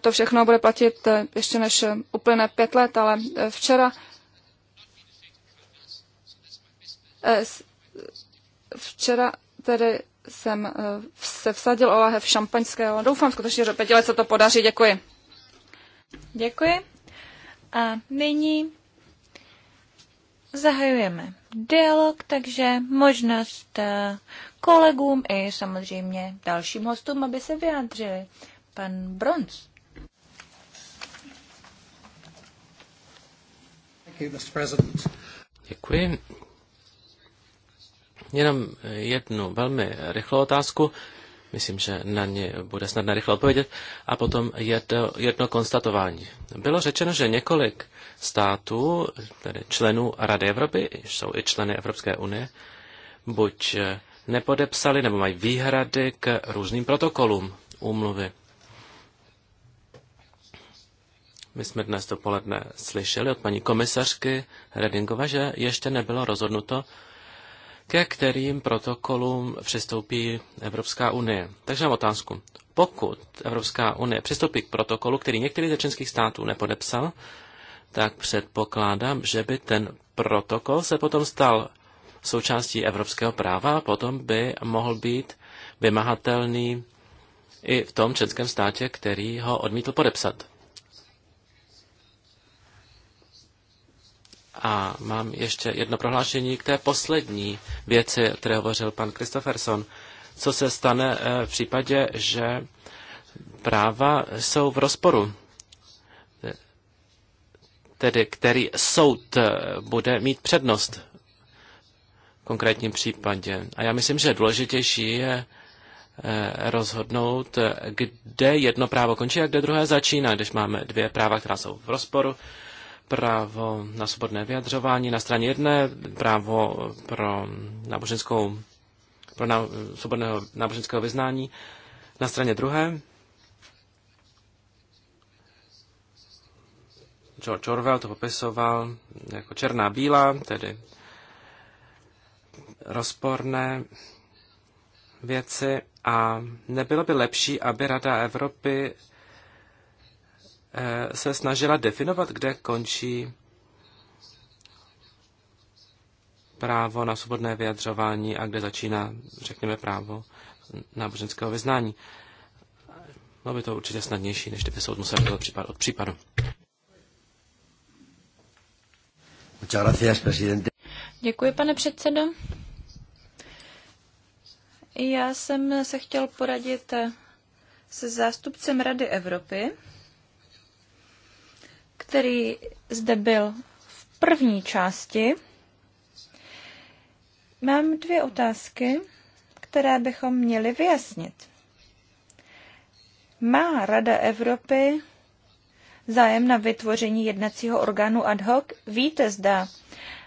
to všechno bude platit ještě než uplyne pět let, ale včera Eh, včera tedy jsem eh, se vsadil o lahev šampaňského. Doufám skutečně, že pěti se to podaří. Děkuji. Děkuji. A nyní zahajujeme dialog, takže možnost eh, kolegům i samozřejmě dalším hostům, aby se vyjádřili. Pan Bronz. Děkuji. Jenom jednu velmi rychlou otázku, myslím, že na ně bude snad rychle odpovědět, a potom jedno, jedno konstatování. Bylo řečeno, že několik států, tedy členů Rady Evropy, jsou i členy Evropské unie, buď nepodepsali nebo mají výhrady k různým protokolům úmluvy. My jsme dnes dopoledne slyšeli od paní komisařky Redingova, že ještě nebylo rozhodnuto, ke kterým protokolům přistoupí Evropská unie. Takže mám otázku. Pokud Evropská unie přistoupí k protokolu, který některý ze členských států nepodepsal, tak předpokládám, že by ten protokol se potom stal součástí evropského práva a potom by mohl být vymahatelný i v tom členském státě, který ho odmítl podepsat. A mám ještě jedno prohlášení k té poslední věci, které hovořil pan Kristofferson. Co se stane eh, v případě, že práva jsou v rozporu? Tedy který soud eh, bude mít přednost v konkrétním případě. A já myslím, že důležitější je eh, rozhodnout, kde jedno právo končí a kde druhé začíná. Když máme dvě práva, která jsou v rozporu, právo na svobodné vyjadřování na straně jedné, právo pro, náboženskou, pro ná, svobodného náboženského vyznání na straně druhé. George Orwell to popisoval jako černá bílá, tedy rozporné věci a nebylo by lepší, aby Rada Evropy Eh, se snažila definovat, kde končí právo na svobodné vyjadřování a kde začíná, řekněme, právo náboženského vyznání. No by to určitě snadnější, než kdyby soud musel dělat případ od případu. Děkuji, pane předsedo. Já jsem se chtěl poradit se zástupcem Rady Evropy, který zde byl v první části. Mám dvě otázky, které bychom měli vyjasnit. Má Rada Evropy zájem na vytvoření jednacího orgánu ad hoc? Víte, zda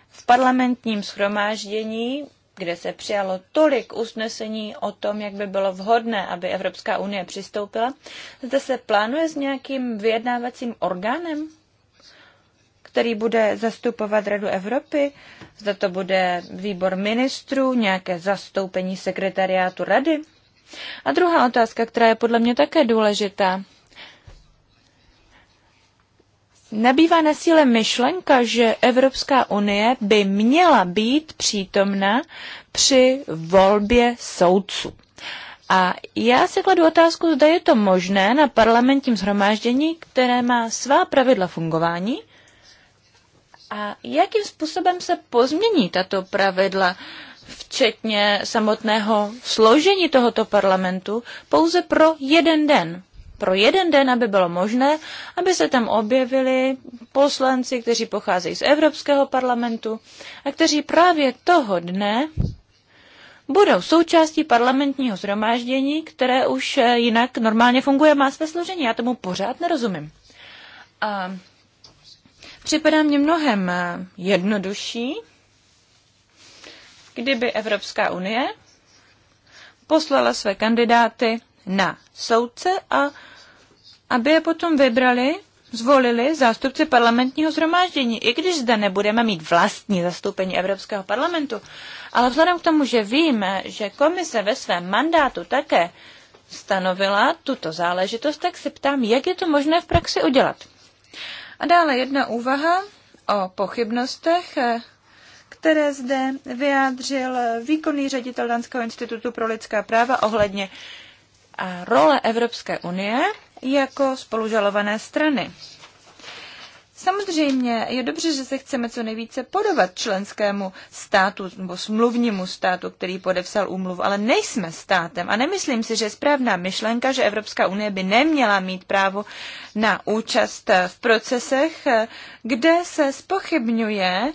v parlamentním schromáždění, kde se přijalo tolik usnesení o tom, jak by bylo vhodné, aby Evropská unie přistoupila, zda se plánuje s nějakým vyjednávacím orgánem? který bude zastupovat Radu Evropy, zda to bude výbor ministrů, nějaké zastoupení sekretariátu Rady. A druhá otázka, která je podle mě také důležitá. Nabývá na síle myšlenka, že Evropská unie by měla být přítomna při volbě soudců. A já si kladu otázku, zda je to možné na parlamentním zhromáždění, které má svá pravidla fungování a jakým způsobem se pozmění tato pravidla, včetně samotného složení tohoto parlamentu, pouze pro jeden den? Pro jeden den, aby bylo možné, aby se tam objevili poslanci, kteří pocházejí z Evropského parlamentu a kteří právě toho dne budou součástí parlamentního zhromáždění, které už eh, jinak normálně funguje, má své složení. Já tomu pořád nerozumím. A Připadá mě mnohem eh, jednodušší, kdyby Evropská unie poslala své kandidáty na soudce a aby je potom vybrali, zvolili zástupci parlamentního zhromáždění, i když zde nebudeme mít vlastní zastoupení Evropského parlamentu. Ale vzhledem k tomu, že víme, že komise ve svém mandátu také stanovila tuto záležitost, tak se ptám, jak je to možné v praxi udělat. A dále jedna úvaha o pochybnostech, eh, které zde vyjádřil výkonný ředitel Danského institutu pro lidská práva ohledně eh, role Evropské unie jako spolužalované strany. Samozřejmě je dobře, že se chceme co nejvíce podobat členskému státu nebo smluvnímu státu, který podepsal úmluvu, ale nejsme státem a nemyslím si, že je správná myšlenka, že Evropská unie by neměla mít právo na účast v procesech, kde se spochybňuje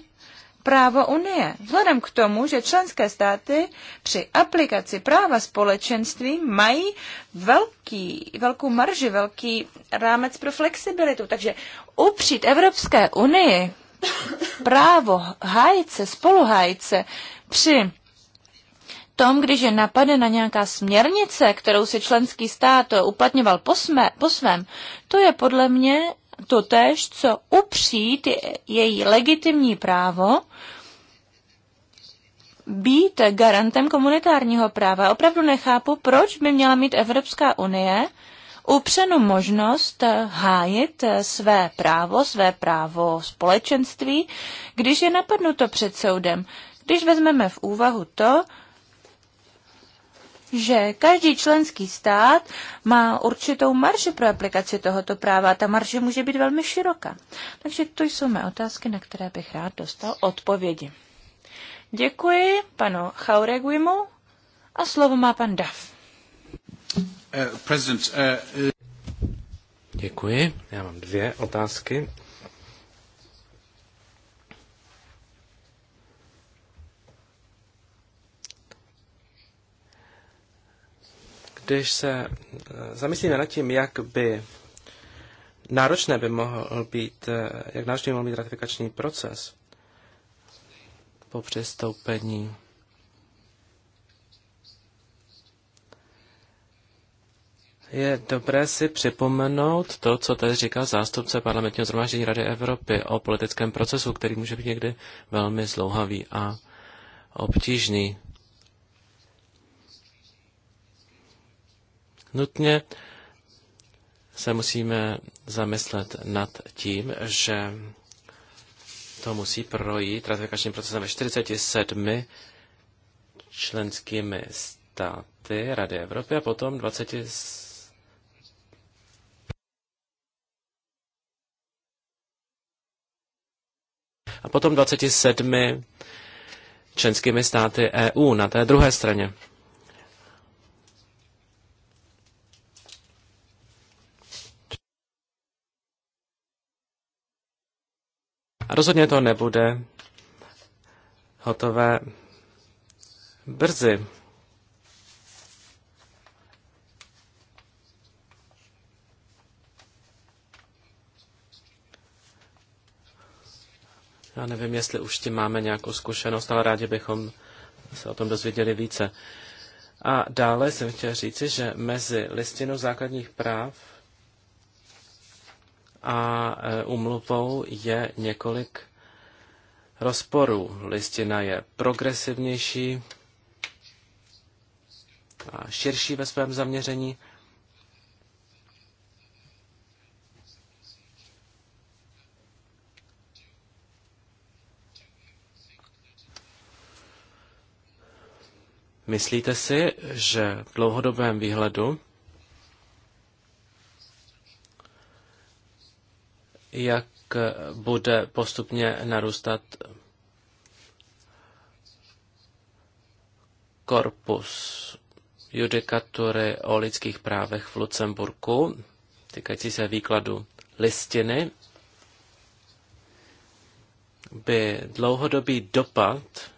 právo Unie. Vzhledem k tomu, že členské státy při aplikaci práva společenství mají velký, velkou marži, velký rámec pro flexibilitu. Takže upřít Evropské unii právo hájce, spoluhájce při tom, když je na nějaká směrnice, kterou si členský stát uplatňoval po, smé, po svém, to je podle mě to tež, co upřít její legitimní právo být garantem komunitárního práva. Opravdu nechápu, proč by měla mít Evropská unie upřenu možnost hájit své právo, své právo společenství, když je napadnuto před soudem. Když vezmeme v úvahu to, že každý členský stát má určitou marži pro aplikaci tohoto práva a ta marže může být velmi široká. Takže to jsou mé otázky, na které bych rád dostal odpovědi. Děkuji panu Chaureguimu a slovo má pan Dav. Uh, uh, uh... Děkuji. Já mám dvě otázky. Když se eh, zamyslíme nad tím, jak by náročné by mohl být, eh, jak náročný by mohl být ratifikační proces po přestoupení. Je dobré si připomenout to, co tady říká zástupce parlamentního zhromáždění Rady Evropy o politickém procesu, který může být někdy velmi zlouhavý a obtížný. Nutně se musíme zamyslet nad tím, že to musí projít ratifikačním procesem ve 47 členskými státy Rady Evropy a potom 20 a potom 27 členskými státy EU na té druhé straně. A rozhodně to nebude hotové brzy. Já nevím, jestli už tím máme nějakou zkušenost, ale rádi bychom se o tom dozvěděli více. A dále jsem chtěl říci, že mezi listinou základních práv a umluvou e, je několik rozporů. Listina je progresivnější a širší ve svém zaměření. Myslíte si, že v dlouhodobém výhledu jak bude postupně narůstat korpus judikatury o lidských právech v Lucemburku, týkající se výkladu listiny, by dlouhodobý dopad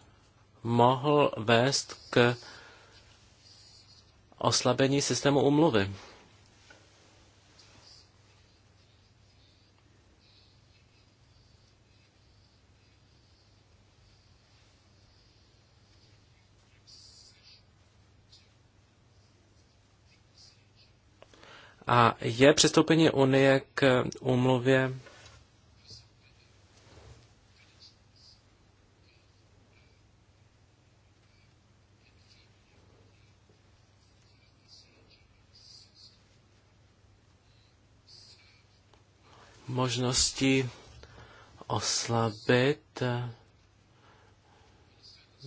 mohl vést k oslabení systému umluvy. A je přistoupení Unie k úmluvě možností oslabit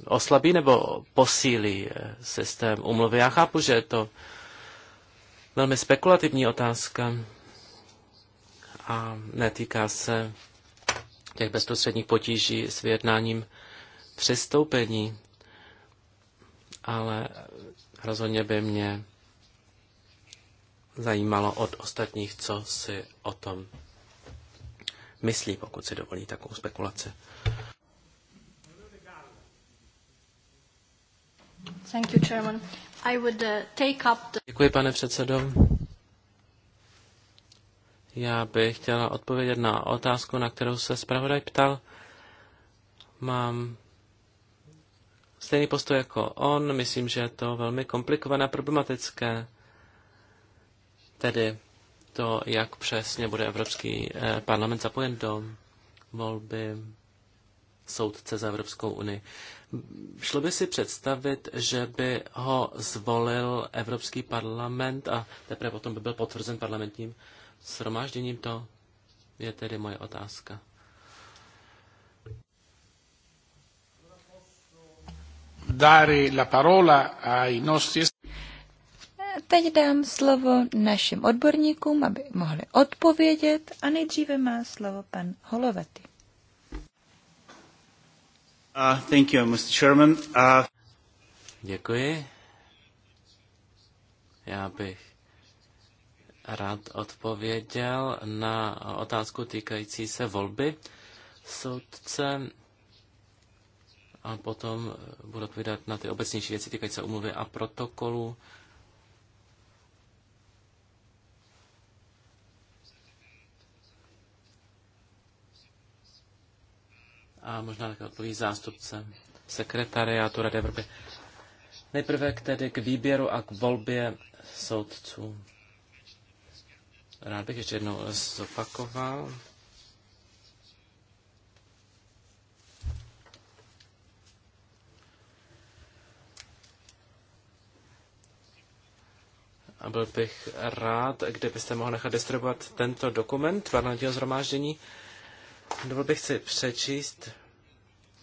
oslabí nebo posílí systém umluvy. Já chápu, že je to velmi spekulativní otázka a netýká se těch bezprostředních potíží s vyjednáním přistoupení, ale rozhodně by mě zajímalo od ostatních, co si o tom myslí, pokud si dovolí takovou spekulaci. Thank you, Chairman. Uh, Děkuji, pane předsedo. Já bych chtěla odpovědět na otázku, na kterou se zpravodaj ptal. Mám stejný postoj jako on. Myslím, že je to velmi komplikované a problematické. Tedy to, jak přesně bude Evropský eh, parlament zapojen do volby soudce za Evropskou unii. Šlo by si představit, že by ho zvolil Evropský parlament a teprve potom by byl potvrzen parlamentním shromážděním? To je tedy moje otázka. Dare la parola ai nostri... Teď dám slovo našim odborníkům, aby mohli odpovědět a nejdříve má slovo pan Holovety. Uh, thank you, Mr. Chairman. Uh... Děkuji. Já bych rád odpověděl na otázku týkající se volby soudce a potom budu odpovídat na ty obecnější věci týkající se umluvy a protokolu. Uh, a možná také odpoví zástupce sekretariátu Rady Evropy. Nejprve k tedy k výběru a k volbě soudců. Rád bych ještě jednou zopakoval. A byl bych rád, kdybyste mohl nechat distribuovat tento dokument parlamentního zhromáždění. Dovol bych si přečíst,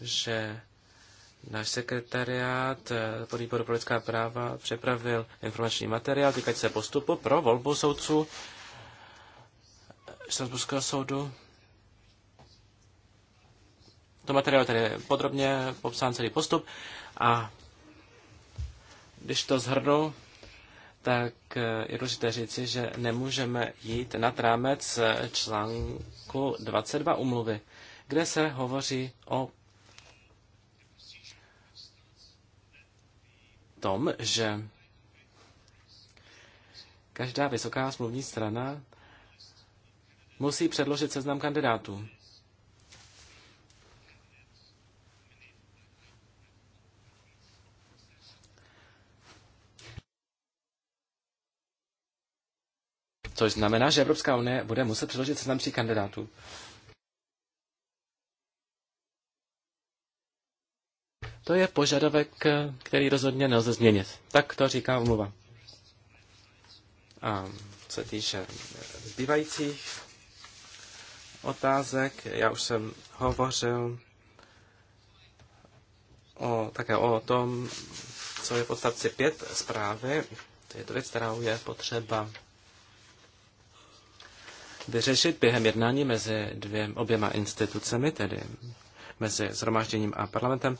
že náš sekretariát eh, podvýboru pro lidská práva přepravil informační materiál týkající se postupu pro volbu soudců Štrasburského soudu. To materiál tady je podrobně popsán celý postup a když to zhrnu, tak eh, je důležité říci, že nemůžeme jít nad rámec eh, článku 22 umluvy, kde se hovoří o tom, že každá vysoká smluvní strana musí předložit seznam kandidátů. což znamená, že Evropská unie bude muset předložit seznam tří kandidátů. To je požadavek, který rozhodně nelze změnit. Tak to říká umluva. A co týče zbývajících otázek, já už jsem hovořil o, také o tom, co je v odstavci 5 zprávy. To je to věc, kterou je potřeba vyřešit během jednání mezi dvěm, oběma institucemi, tedy mezi zhromážděním a parlamentem.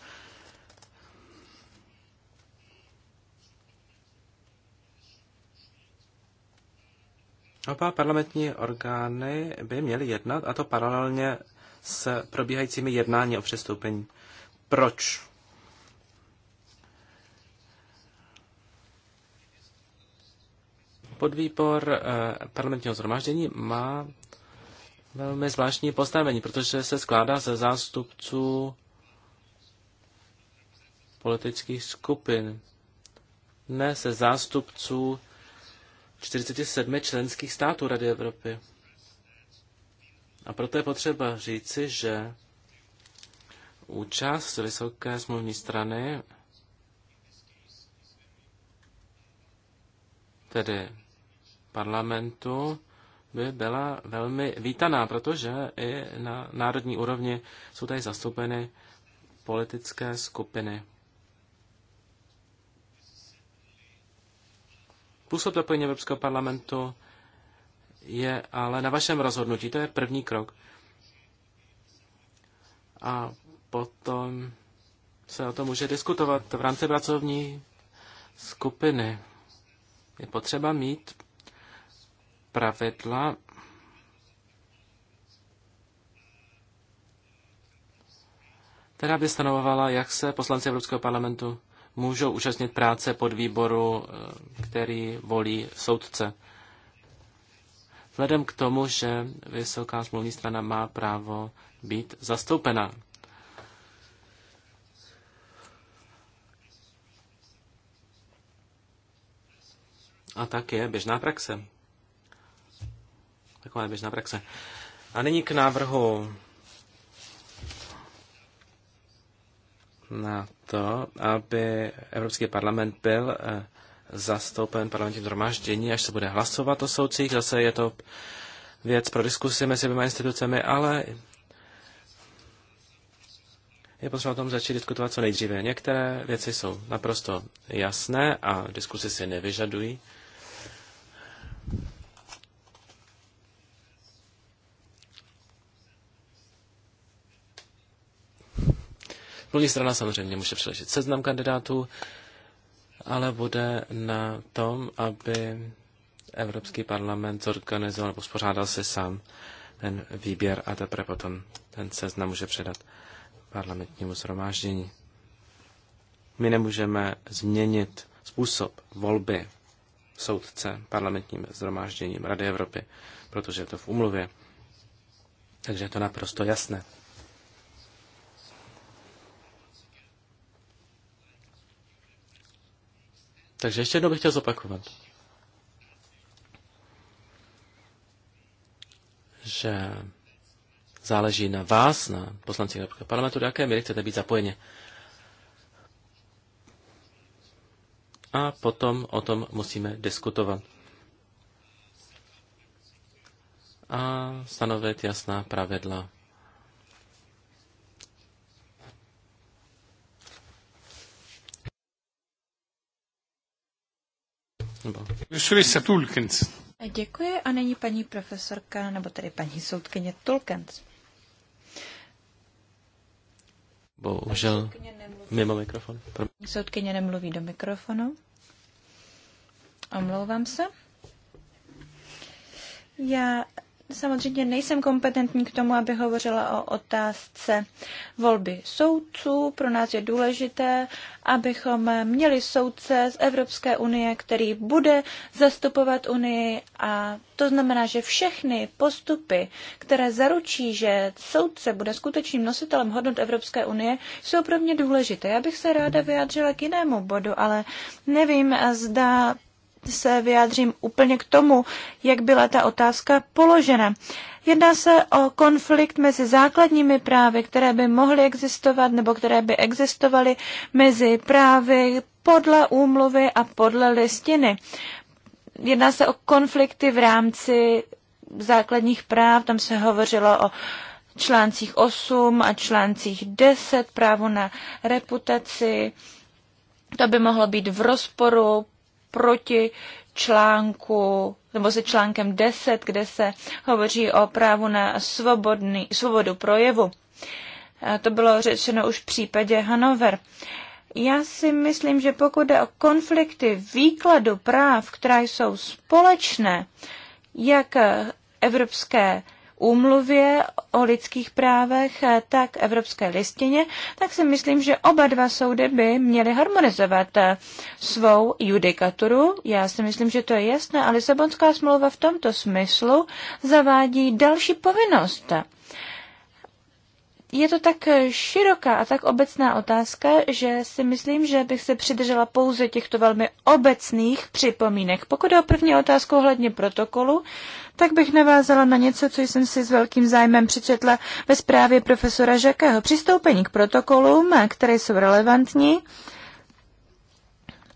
Oba parlamentní orgány by měly jednat, a to paralelně s probíhajícími jednání o přestoupení. Proč podvýbor eh, parlamentního zhromaždění má velmi zvláštní postavení, protože se skládá ze zástupců politických skupin, ne ze zástupců 47 členských států Rady Evropy. A proto je potřeba říci, že účast vysoké smluvní strany, tedy parlamentu by byla velmi vítaná, protože i na národní úrovni jsou tady zastoupeny politické skupiny. Působ zapojení Evropského parlamentu je ale na vašem rozhodnutí. To je první krok. A potom se o tom může diskutovat v rámci pracovní skupiny. Je potřeba mít pravidla která by stanovovala, jak se poslanci Evropského parlamentu můžou účastnit práce pod výboru, eh, který volí soudce. Vzhledem k tomu, že vysoká smluvní strana má právo být zastoupena. A tak je běžná praxe. Taková je běžná praxe. A nyní k návrhu na to, aby Evropský parlament byl eh, zastoupen parlamentním zhromáždění, až se bude hlasovat o soudcích. Zase je to věc pro diskusi mezi dvěma institucemi, ale je potřeba o tom začít diskutovat co nejdříve. Některé věci jsou naprosto jasné a diskusy si nevyžadují Plný strana samozřejmě může přiložit seznam kandidátů, ale bude na tom, aby Evropský parlament zorganizoval nebo spořádal si sám ten výběr a teprve potom ten seznam může předat parlamentnímu zhromáždění. My nemůžeme změnit způsob volby soudce parlamentním zhromážděním Rady Evropy, protože je to v umluvě. Takže je to naprosto jasné. Takže ještě jednou bych chtěl zopakovat, že záleží na vás, na poslancích Evropského parlamentu, do jaké míry chcete být zapojeni. A potom o tom musíme diskutovat. A stanovit jasná pravidla Nebo... Děkuji a není paní profesorka, nebo tedy paní soudkyně Tulkens. Bohužel mimo mikrofon. Pro... Soudkyně nemluví do mikrofonu. Omlouvám se. Já samozřejmě nejsem kompetentní k tomu, aby hovořila o otázce volby soudců. Pro nás je důležité, abychom měli soudce z Evropské unie, který bude zastupovat Unii a to znamená, že všechny postupy, které zaručí, že soudce bude skutečným nositelem hodnot Evropské unie, jsou pro mě důležité. Já bych se ráda vyjádřila k jinému bodu, ale nevím, zda se vyjádřím úplně k tomu, jak byla ta otázka položena. Jedná se o konflikt mezi základními právy, které by mohly existovat nebo které by existovaly mezi právy podle úmluvy a podle listiny. Jedná se o konflikty v rámci základních práv, tam se hovořilo o článcích 8 a článcích 10, právo na reputaci, to by mohlo být v rozporu proti článku nebo se článkem 10, kde se hovoří o právu na svobodný, svobodu projevu. To bylo řečeno už v případě Hanover. Já si myslím, že pokud jde o konflikty výkladu práv, která jsou společné, jak Evropské úmluvě o lidských právech, eh, tak Evropské listině, tak si myslím, že oba dva soudy by měly harmonizovat eh, svou judikaturu. Já si myslím, že to je jasné, ale Lisabonská smlouva v tomto smyslu zavádí další povinnost je to tak eh, široká a tak obecná otázka, že si myslím, že bych se přidržela pouze těchto velmi obecných připomínek. Pokud je o první otázku ohledně protokolu, tak bych navázala na něco, co jsem si s velkým zájmem přečetla ve zprávě profesora Žakého. Přistoupení k protokolům, eh, které jsou relevantní,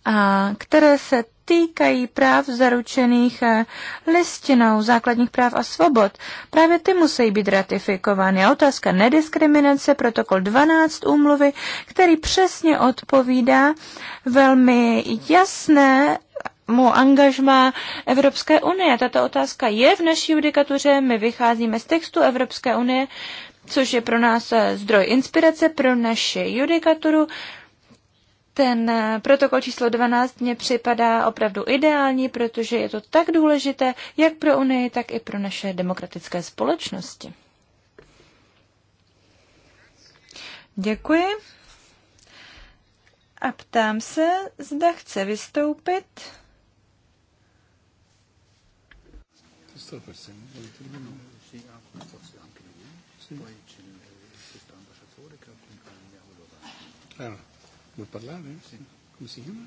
a které se týkají práv zaručených eh, listinou základních práv a svobod. Právě ty musí být ratifikovány. A otázka nediskriminace, protokol 12 úmluvy, který přesně odpovídá velmi jasné mu angažma Evropské unie. Tato otázka je v naší judikatuře, my vycházíme z textu Evropské unie, což je pro nás eh, zdroj inspirace pro naši judikaturu ten eh, protokol číslo 12 mě připadá opravdu ideální, protože je to tak důležité jak pro Unii, tak i pro naše demokratické společnosti. Děkuji. A ptám se, zda chce vystoupit. Vystoupit Vuoi parlare? ¿eh? Sì. Come si chiama?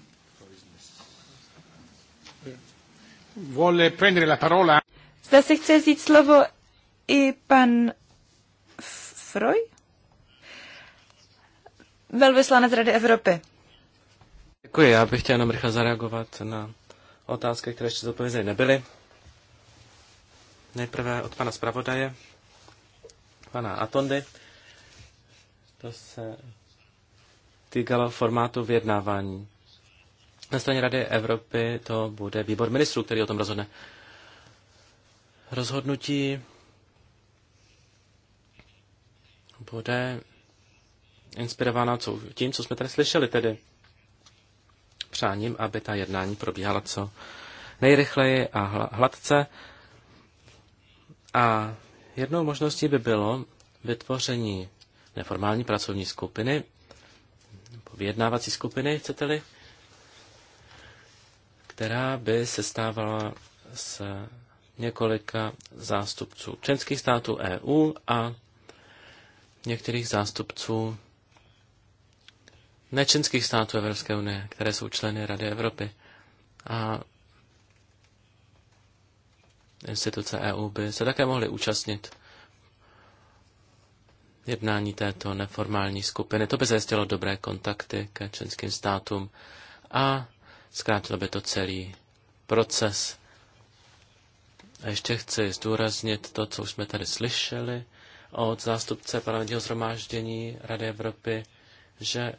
Vuole prendere la parola? Zda si chce vzít slovo i pan Froj? Velvyslanec Rady Evropy. Děkuji, já bych chtěl jenom rychle zareagovat na otázky, které ještě zodpovězeny nebyly. Nejprve od pana zpravodaje, pana Atondy. To se týkalo formátu vyjednávání. Na straně Rady Evropy to bude výbor ministrů, který o tom rozhodne. Rozhodnutí bude inspirováno tím, co jsme tady slyšeli, tedy přáním, aby ta jednání probíhala co nejrychleji a hladce. A jednou možností by bylo vytvoření neformální pracovní skupiny, vyjednávací skupiny, chcete-li, která by se stávala s několika zástupců členských států EU a některých zástupců nečenských států Evropské unie, které jsou členy Rady Evropy. A instituce EU by se také mohly účastnit jednání této neformální skupiny. To by zajistilo dobré kontakty ke členským státům a zkrátilo by to celý proces. A ještě chci zdůraznit to, co už jsme tady slyšeli od zástupce parlamentního zhromáždění Rady Evropy, že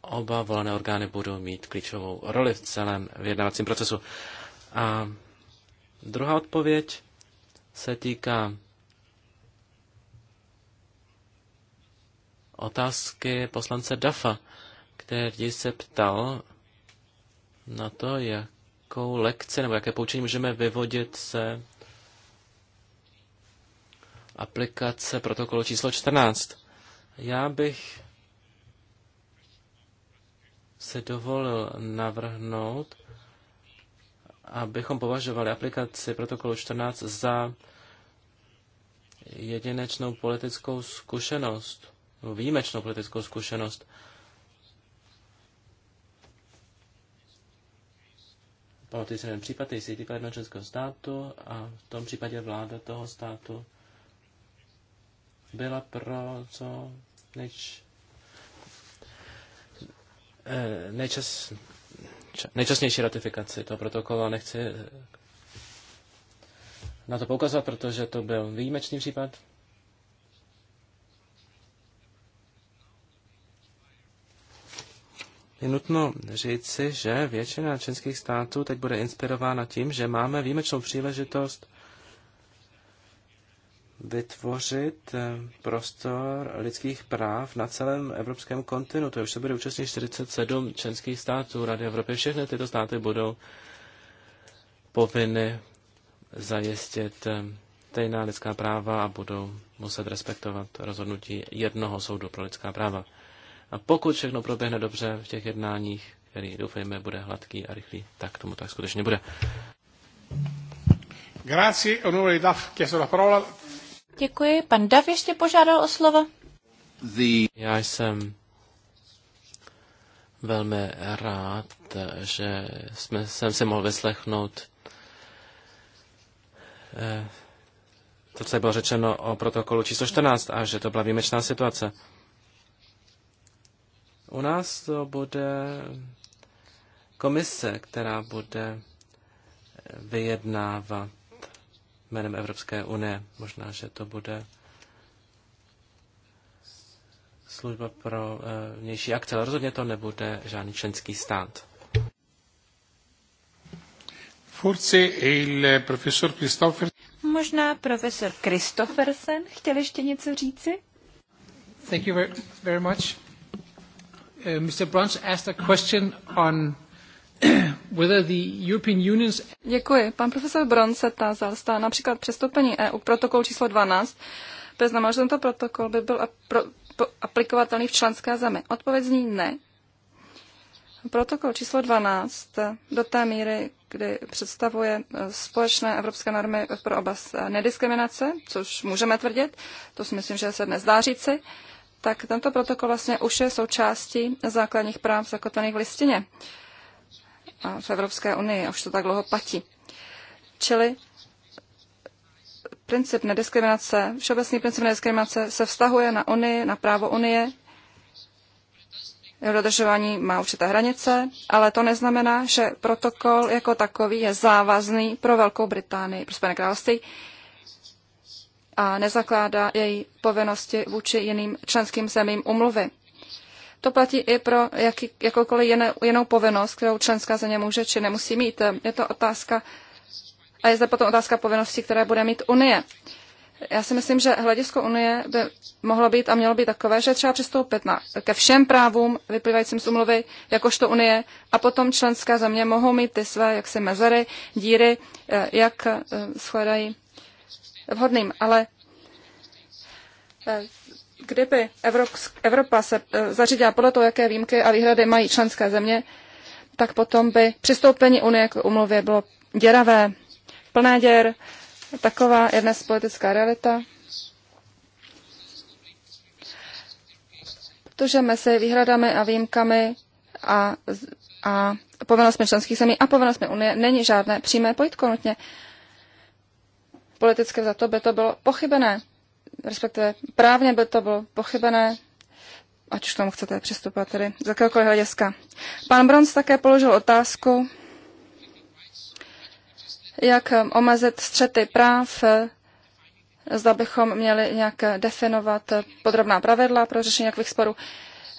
oba volené orgány budou mít klíčovou roli v celém vyjednávacím procesu. A druhá odpověď se týká otázky poslance Dafa, který se ptal na to, jakou lekci nebo jaké poučení můžeme vyvodit se aplikace protokolu číslo 14. Já bych se dovolil navrhnout, abychom považovali aplikaci protokolu 14 za jedinečnou politickou zkušenost výjimečnou politickou zkušenost. Pamatuji si jeden případ, jestli týká jednoho českého státu a v tom případě vláda toho státu byla pro co nejč... Eh, nejčas, nejčasnější ratifikaci toho protokolu a nechci na to poukazovat, protože to byl výjimečný případ. je nutno říci, že většina členských států teď bude inspirována tím, že máme výjimečnou příležitost vytvořit eh, prostor lidských práv na celém evropském kontinentu. Už se bude účastnit 47 členských států Rady Evropy. Všechny tyto státy budou povinny zajistit eh, stejná lidská práva a budou muset respektovat rozhodnutí jednoho soudu pro lidská práva. A pokud všechno proběhne dobře v těch jednáních, který doufejme bude hladký a rychlý, tak tomu tak skutečně bude. Děkuji. Pan Dav ještě požádal o slovo. Já jsem velmi rád, že jsme, jsem si mohl vyslechnout eh, to, co bylo řečeno o protokolu číslo 14 a že to byla výjimečná situace. U nás to bude komise, která bude vyjednávat jménem Evropské unie. Možná, že to bude služba pro eh, vnější akce, ale rozhodně to nebude žádný členský stát. Možná profesor Christoffersen chtěl ještě něco říci? Thank you very much. Uh, Mr. Bruns asked a question on whether the European Union's... Děkuji. Pan profesor Bron se tázal, zda například přestoupení EU protokol číslo 12 to znamená, že tento protokol by byl apro- aplikovatelný v členské zemi. Odpověď zní ne. Protokol číslo 12 do té míry, kdy představuje eh, společné evropské normy pro oblast eh, nediskriminace, což můžeme tvrdit, to si myslím, že se dnes dá říci, tak tento protokol vlastně už je součástí základních práv zakotvených v listině a v Evropské unii, už to tak dlouho platí. Čili princip nediskriminace, všeobecný princip nediskriminace se vztahuje na Unii, na právo Unie. Jeho dodržování má určité hranice, ale to neznamená, že protokol jako takový je závazný pro Velkou Británii, pro Spojené království, a nezakládá její povinnosti vůči jiným členským zemím umluvy. To platí i pro jaký, jakoukoliv jiné, jinou povinnost, kterou členská země může či nemusí mít. Je to otázka a je zde potom otázka povinností, které bude mít Unie. Já si myslím, že hledisko Unie by mohlo být a mělo být takové, že třeba přistoupit na, ke všem právům vyplývajícím z umluvy, jakožto Unie, a potom členské země mohou mít ty své jaksi mezery, díry, eh, jak eh, shledají vhodným, ale eh, kdyby Evropa se eh, zařídila podle toho, jaké výjimky a výhrady mají členské země, tak potom by přistoupení Unie k umluvě bylo děravé, plné děr. Taková je dnes politická realita. Protože mezi výhradami a výjimkami a, a povinnostmi členských zemí a povinnostmi Unie není žádné přímé pojitko nutně. Uh, politicky za to by to bylo pochybené, respektive právně by to bylo pochybené, ať už tomu chcete přistupovat tedy z jakéhokoliv hlediska. Pan Brons také položil otázku, jak omezit střety práv, zda bychom měli nějak definovat podrobná pravidla pro řešení nějakých sporů.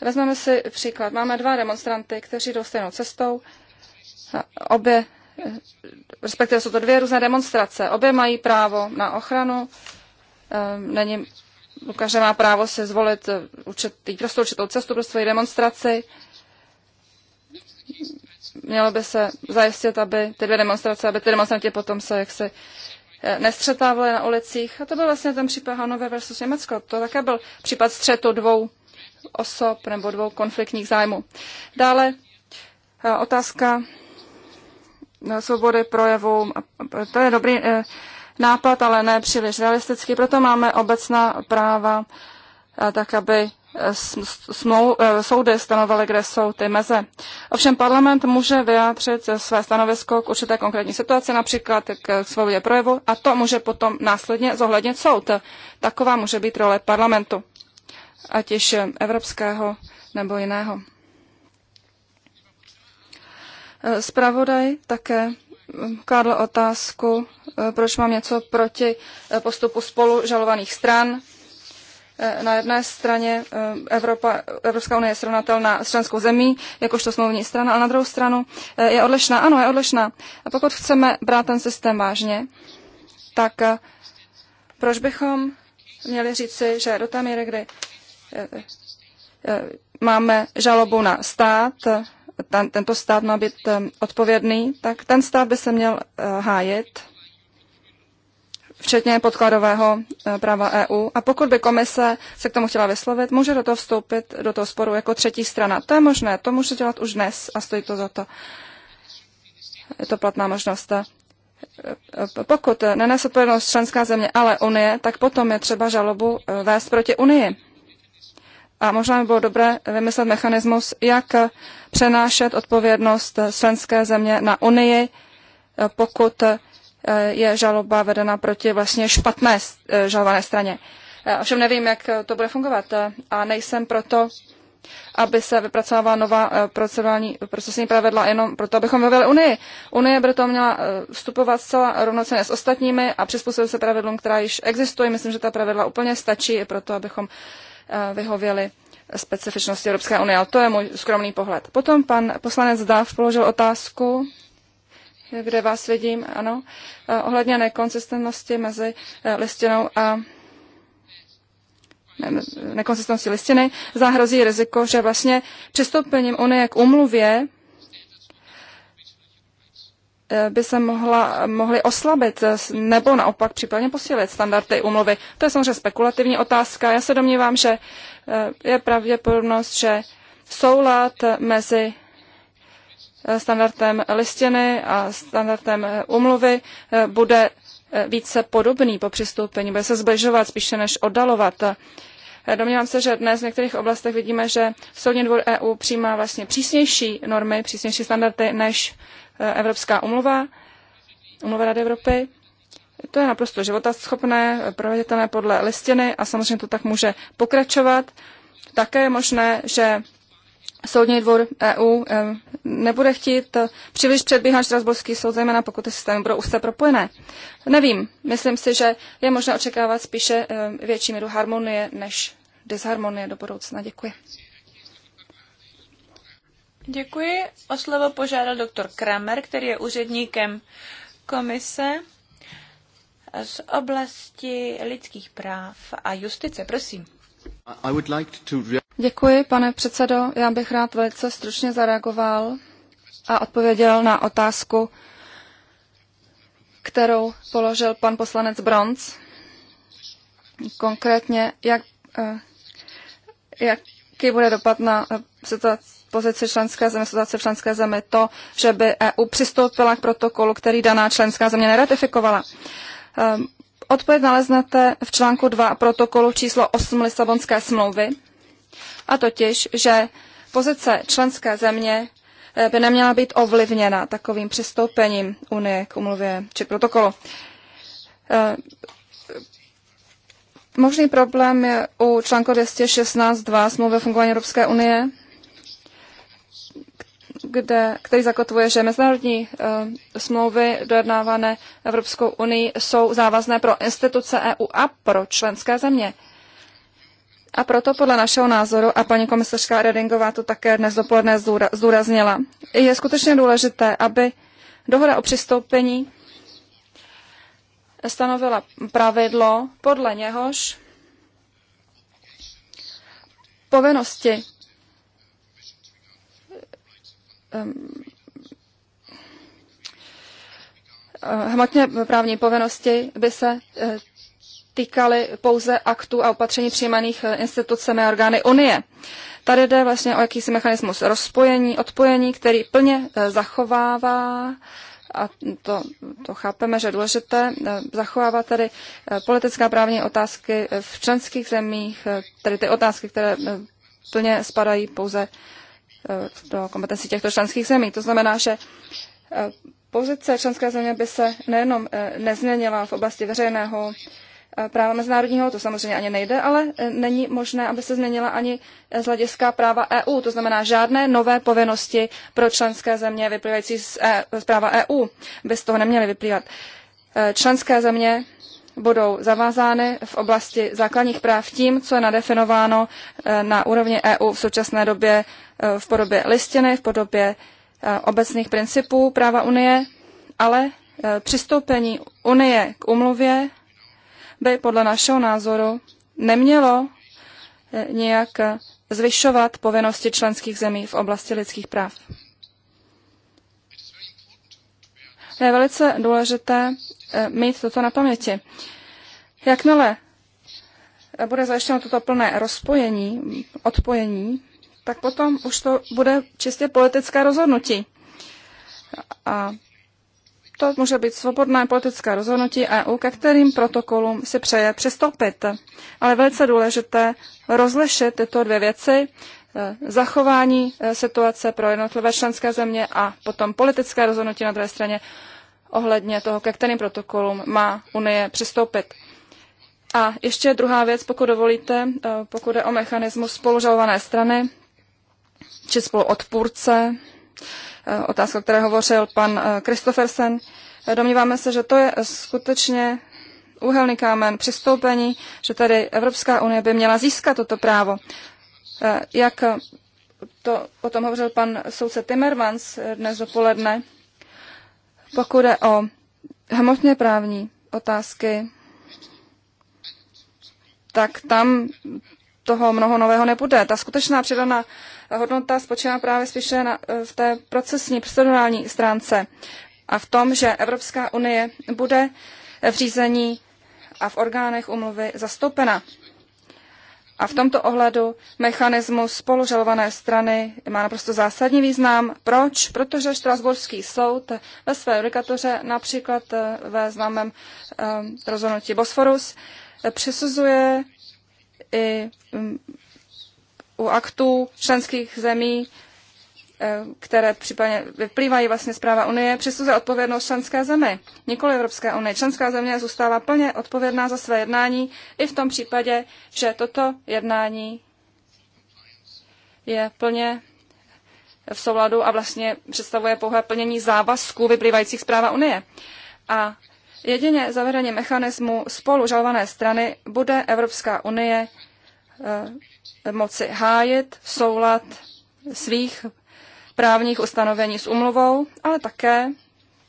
Vezmeme si příklad. Máme dva demonstranty, kteří jdou stejnou cestou. Obě respektive jsou to dvě různé demonstrace. Obě mají právo na ochranu. Ehm, není, každé má právo si zvolit eh, určitý, prostě určitou cestu pro svoji demonstraci. Mělo by se zajistit, aby ty dvě demonstrace, aby ty demonstranti potom se jaksi eh, nestřetávali na ulicích. A to byl vlastně ten případ Hanové versus Německo. To také byl případ střetu dvou osob nebo dvou konfliktních zájmů. Dále eh, otázka Eh, svobody projevu. To je dobrý eh, nápad, ale ne příliš realistický. Proto máme obecná práva, eh, tak aby smlou, soudy stanovaly, kde jsou ty meze. Ovšem parlament může vyjádřit své stanovisko k určité konkrétní situaci, například k svobodě projevu, a to může potom následně zohlednit soud. Taková může být role parlamentu, ať již evropského nebo jiného. Spravodaj také mm, kladl otázku, eh, proč mám něco proti eh, postupu spolu žalovaných stran. Eh, na jedné straně Evropa, Evropská unie je srovnatelná s členskou zemí, jakožto smluvní strana, ale na druhou stranu je odlišná. Ano, je odlišná. A pokud chceme brát ten systém vážně, tak proč bychom měli říci, že do té míry, kdy máme žalobu na stát, ten, tento stát má být eh, odpovědný, tak ten stát by se měl eh, hájit, včetně podkladového eh, práva EU. A pokud by komise se k tomu chtěla vyslovit, může do toho vstoupit, do toho sporu jako třetí strana. To je možné, to může dělat už dnes a stojí to za to. Je to platná možnost. Pokud nenese odpovědnost členská země, ale Unie, tak potom je třeba žalobu vést proti Unii a možná by bylo dobré vymyslet mechanismus, jak přenášet odpovědnost členské země na Unii, pokud eh, je žaloba vedena proti vlastně špatné eh, žalované straně. Eh, ovšem nevím, jak to bude fungovat a nejsem proto, aby se vypracovala nová procesní, procesní pravidla jenom proto, abychom vyvěli Unii. Unie by to měla vstupovat zcela rovnoceně s ostatními a přizpůsobit se pravidlům, která již existují. Myslím, že ta pravidla úplně stačí i proto, abychom Eh, vyhověly specifičnosti Evropské unie. Ale to je můj skromný pohled. Potom pan poslanec Dáv položil otázku, kde vás vidím, ano, eh, ohledně nekonsistentnosti mezi eh, listinou a nekonsistentnosti listiny, zahrozí riziko, že vlastně přistoupením Unie k umluvě Eh, by se mohla, mohly oslabit eh, nebo naopak případně posílit standardy umluvy. To je samozřejmě spekulativní otázka. Já se domnívám, že eh, je pravděpodobnost, že soulad mezi standardem listiny a standardem umluvy bude více podobný po přistoupení, bude se zbližovat spíše než oddalovat. Domnívám se, že dnes v některých oblastech vidíme, že Soudní dvůr EU přijímá vlastně přísnější normy, přísnější standardy, než Eh, Evropská umluva, umluva Rady Evropy. To je naprosto životaschopné, proveditelné podle listiny a samozřejmě to tak může pokračovat. Také je možné, že Soudní dvor EU eh, nebude chtít eh, příliš předbíhat Štrasburský soud, zejména pokud ty systémy budou úzce propojené. Nevím, myslím si, že je možné očekávat spíše větší míru harmonie než disharmonie do budoucna. Děkuji. Děkuji. O slovo požádal doktor Kramer, který je úředníkem komise z oblasti lidských práv a justice. Prosím. Like to... Děkuji, pane předsedo. Já bych rád velice stručně zareagoval a odpověděl na otázku, kterou položil pan poslanec Bronc. Konkrétně, jak, eh, jaký bude dopad na eh, situaci pozici členské země, situace členské země to, že by EU přistoupila k protokolu, který daná členská země neratifikovala. Ehm, odpověď naleznete v článku 2 protokolu číslo 8 Lisabonské smlouvy, a totiž, že pozice členské země eh, by neměla být ovlivněna takovým přistoupením Unie k umluvě či protokolu. Ehm, možný problém je u článku 216.2 smlouvy o fungování Evropské unie, kde, který zakotvuje, že mezinárodní uh, smlouvy dojednávané Evropskou unii jsou závazné pro instituce EU a pro členské země. A proto podle našeho názoru, a paní komisařka Redingová to také dnes dopoledne zdůraznila, je skutečně důležité, aby dohoda o přistoupení stanovila pravidlo, podle něhož povinnosti Ehm, eh, hmotně právní povinnosti by se eh, týkaly pouze aktů a opatření přijímaných eh, institucemi a orgány Unie. Tady jde vlastně o jakýsi mechanismus rozpojení, odpojení, který plně zachovává a to, to chápeme, že je důležité, zachovává tady politická právní otázky v členských zemích, tedy ty otázky, které plně spadají pouze Eh, do kompetencí těchto členských zemí. To znamená, že eh, pozice členské země by se nejenom eh, nezměnila v oblasti veřejného práva mezinárodního, to samozřejmě ani nejde, ale není možné, aby se změnila ani z hlediska práva EU, to znamená žádné nové povinnosti pro členské země vyplývající z, e, z práva EU by z toho neměly vyplývat. Členské země budou zavázány v oblasti základních práv tím, co je nadefinováno eh, na úrovni EU v současné době eh, v podobě listiny, v podobě eh, obecných principů práva Unie, ale přistoupení Unie k umluvě by podle našeho názoru nemělo nějak zvyšovat povinnosti členských zemí v oblasti lidských práv. Je velice důležité E, mít toto na paměti. Jakmile bude zajištěno toto plné rozpojení, odpojení, tak potom už to bude čistě politické rozhodnutí. A to může být svobodné politické rozhodnutí EU, ke kterým protokolům si přeje přistoupit. Ale velice důležité rozlišit tyto dvě věci, e, zachování e, situace pro jednotlivé členské země a potom politické rozhodnutí na druhé straně ohledně toho, ke kterým protokolům má Unie přistoupit. A ještě druhá věc, pokud dovolíte, eh, pokud je o mechanismus spolužalované strany či spoluodpůrce, eh, otázka, o které hovořil pan Kristoffersen, eh, domníváme se, že to je skutečně úhelný kámen přistoupení, že tady Evropská unie by měla získat toto právo. Jak to o tom hovořil pan soudce Timmermans dnes dopoledne, pokud je o hmotně právní otázky, tak tam toho mnoho nového nebude. Ta skutečná přidaná hodnota spočívá právě spíše na, v té procesní, procedurální stránce a v tom, že Evropská unie bude v řízení a v orgánech umluvy zastoupena. A v tomto ohledu mechanismus spolužalované strany má naprosto zásadní význam. Proč? Protože Štrasburský soud ve své judikatuře, například eh, ve známém eh, rozhodnutí Bosforus, eh, přisuzuje i mm, u aktů členských zemí Eh, které případně vyplývají vlastně z práva Unie, přisuzuje odpovědnost členské zemi, nikoli Evropské unie. Členská země zůstává plně odpovědná za své jednání i v tom případě, že toto jednání je plně v souladu a vlastně představuje pouhé plnění závazků vyplývajících z práva Unie. A jedině zavedení mechanismu spolu žalované strany bude Evropská unie eh, moci hájit soulad svých právních ustanovení s umluvou, ale také,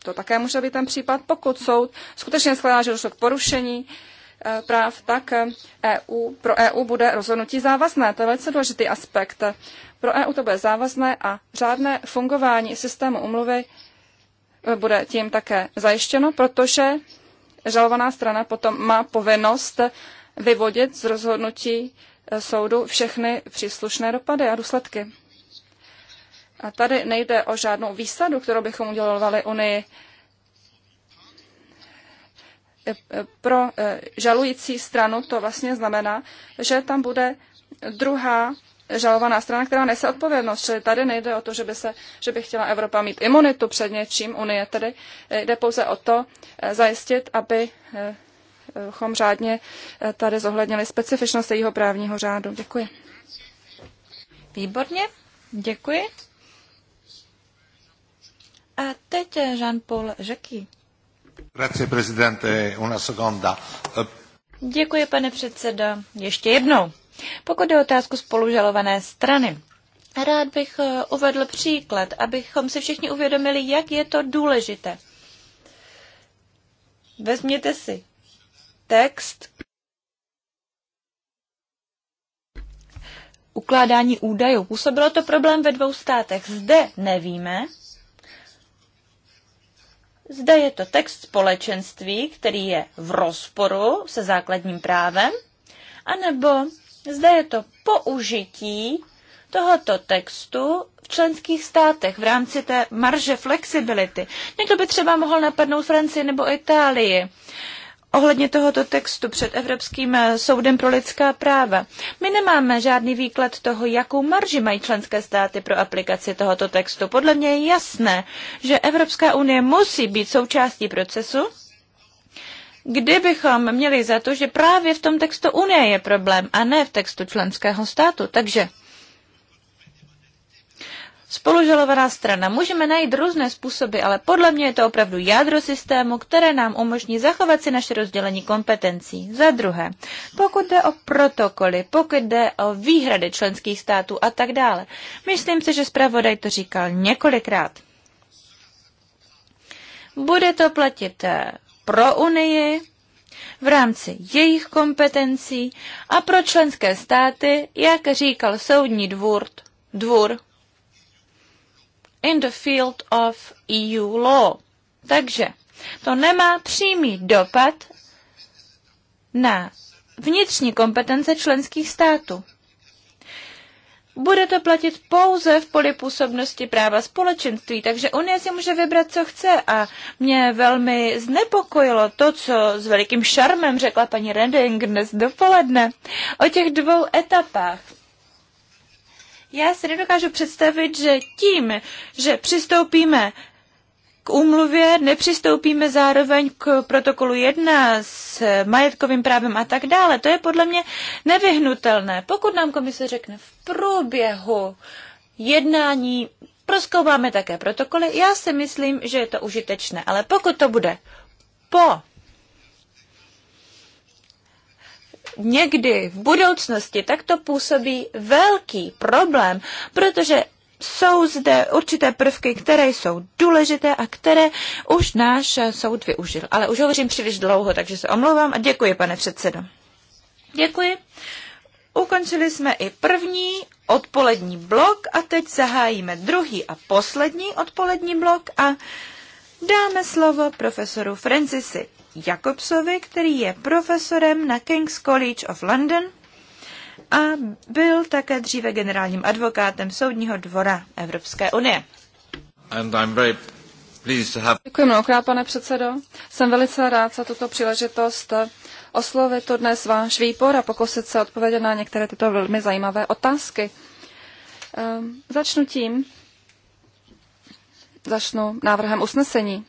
to také může být ten případ, pokud soud skutečně shledá, že došlo k porušení eh, práv, tak EU, eh, e pro EU bude rozhodnutí závazné. To je velice důležitý aspekt. Pro EU to bude závazné a řádné fungování systému umluvy eh, bude tím také zajištěno, protože žalovaná strana potom má povinnost vyvodit z rozhodnutí soudu všechny příslušné dopady a důsledky. A tady nejde o žádnou výsadu, kterou bychom udělovali Unii. Pro eh, žalující stranu to vlastně znamená, že tam bude druhá žalovaná strana, která nese odpovědnost. Čili tady nejde o to, že by, se, že by chtěla Evropa mít imunitu před něčím, Unie tedy. Eh, jde pouze o to eh, zajistit, aby chom řádně tady zohlednili specifičnost jejího právního řádu. Děkuji. Výborně, děkuji. A teď Jean-Paul Žaký. Grazie, prezidente, una seconda. Děkuji, pane předsedo. Ještě jednou. Pokud je otázku spolužalované strany, rád bych eh, uvedl příklad, abychom si všichni uvědomili, jak je to důležité. Vezměte si text ukládání údajů. Působilo to problém ve dvou státech. Zde nevíme, Zda je to text společenství, který je v rozporu se základním právem, anebo zda je to použití tohoto textu v členských státech v rámci té marže flexibility. Někdo by třeba mohl napadnout Francii nebo Itálii ohledně tohoto textu před Evropským eh, soudem pro lidská práva. My nemáme žádný výklad toho, jakou marži mají členské státy pro aplikaci tohoto textu. Podle mě je jasné, že Evropská unie musí být součástí procesu, kdybychom měli za to, že právě v tom textu Unie je problém a ne v textu členského státu. Takže spolužalovaná strana. Můžeme najít různé způsoby, ale podle mě je to opravdu jádro systému, které nám umožní zachovat si naše rozdělení kompetencí. Za druhé, pokud jde o protokoly, pokud jde o výhrady členských států a tak dále, myslím si, že zpravodaj to říkal několikrát. Bude to platit eh, pro Unii, v rámci jejich kompetencí a pro členské státy, jak říkal soudní dvůr, dvůr in the field of EU law. Takže to nemá přímý dopad na vnitřní kompetence členských států. Bude to platit pouze v poli působnosti práva společenství, takže Unie si může vybrat, co chce. A mě velmi znepokojilo to, co s velikým šarmem řekla paní Reding dnes dopoledne o těch dvou etapách já si nedokážu představit, že tím, že přistoupíme k úmluvě, nepřistoupíme zároveň k protokolu 1 s majetkovým právem a tak dále. To je podle mě nevyhnutelné. Pokud nám komise řekne v průběhu jednání proskoumáme také protokoly, já si myslím, že je to užitečné. Ale pokud to bude po někdy v budoucnosti, tak to působí velký problém, protože jsou zde určité prvky, které jsou důležité a které už náš soud využil. Ale už hovořím příliš dlouho, takže se omlouvám a děkuji, pane předsedo. Děkuji. Ukončili jsme i první odpolední blok a teď zahájíme druhý a poslední odpolední blok a dáme slovo profesoru Francisi Jacobsovi, který je profesorem na King's College of London a byl také dříve generálním advokátem Soudního dvora Evropské unie. Děkuji mnohokrát, pane předsedo. Jsem velice rád za tuto příležitost oslovit to dnes váš výpor a pokusit se odpovědět na některé tyto velmi zajímavé otázky. Ehm, začnu tím, začnu návrhem usnesení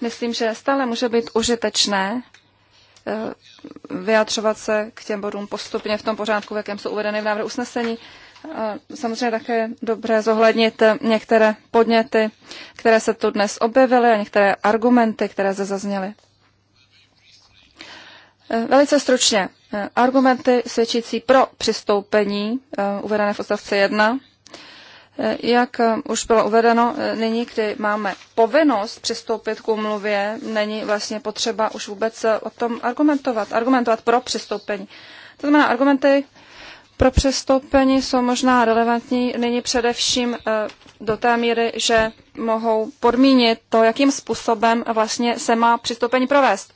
myslím, že stále může být užitečné eh, vyjadřovat se k těm bodům postupně v tom pořádku, v jakém jsou uvedeny v návrhu usnesení. Eh, samozřejmě také dobré zohlednit eh, některé podněty, které se tu dnes objevily a některé argumenty, které se zazněly. Velice stručně. Argumenty svědčící pro přistoupení uvedené v odstavci 1 Eh, jak eh, už bylo uvedeno, eh, nyní, kdy máme povinnost přistoupit k úmluvě, není vlastně potřeba už vůbec o tom argumentovat, argumentovat pro přistoupení. To znamená, argumenty pro přistoupení jsou možná relevantní nyní především do té míry, že mohou podmínit to, jakým způsobem vlastně se má přistoupení provést.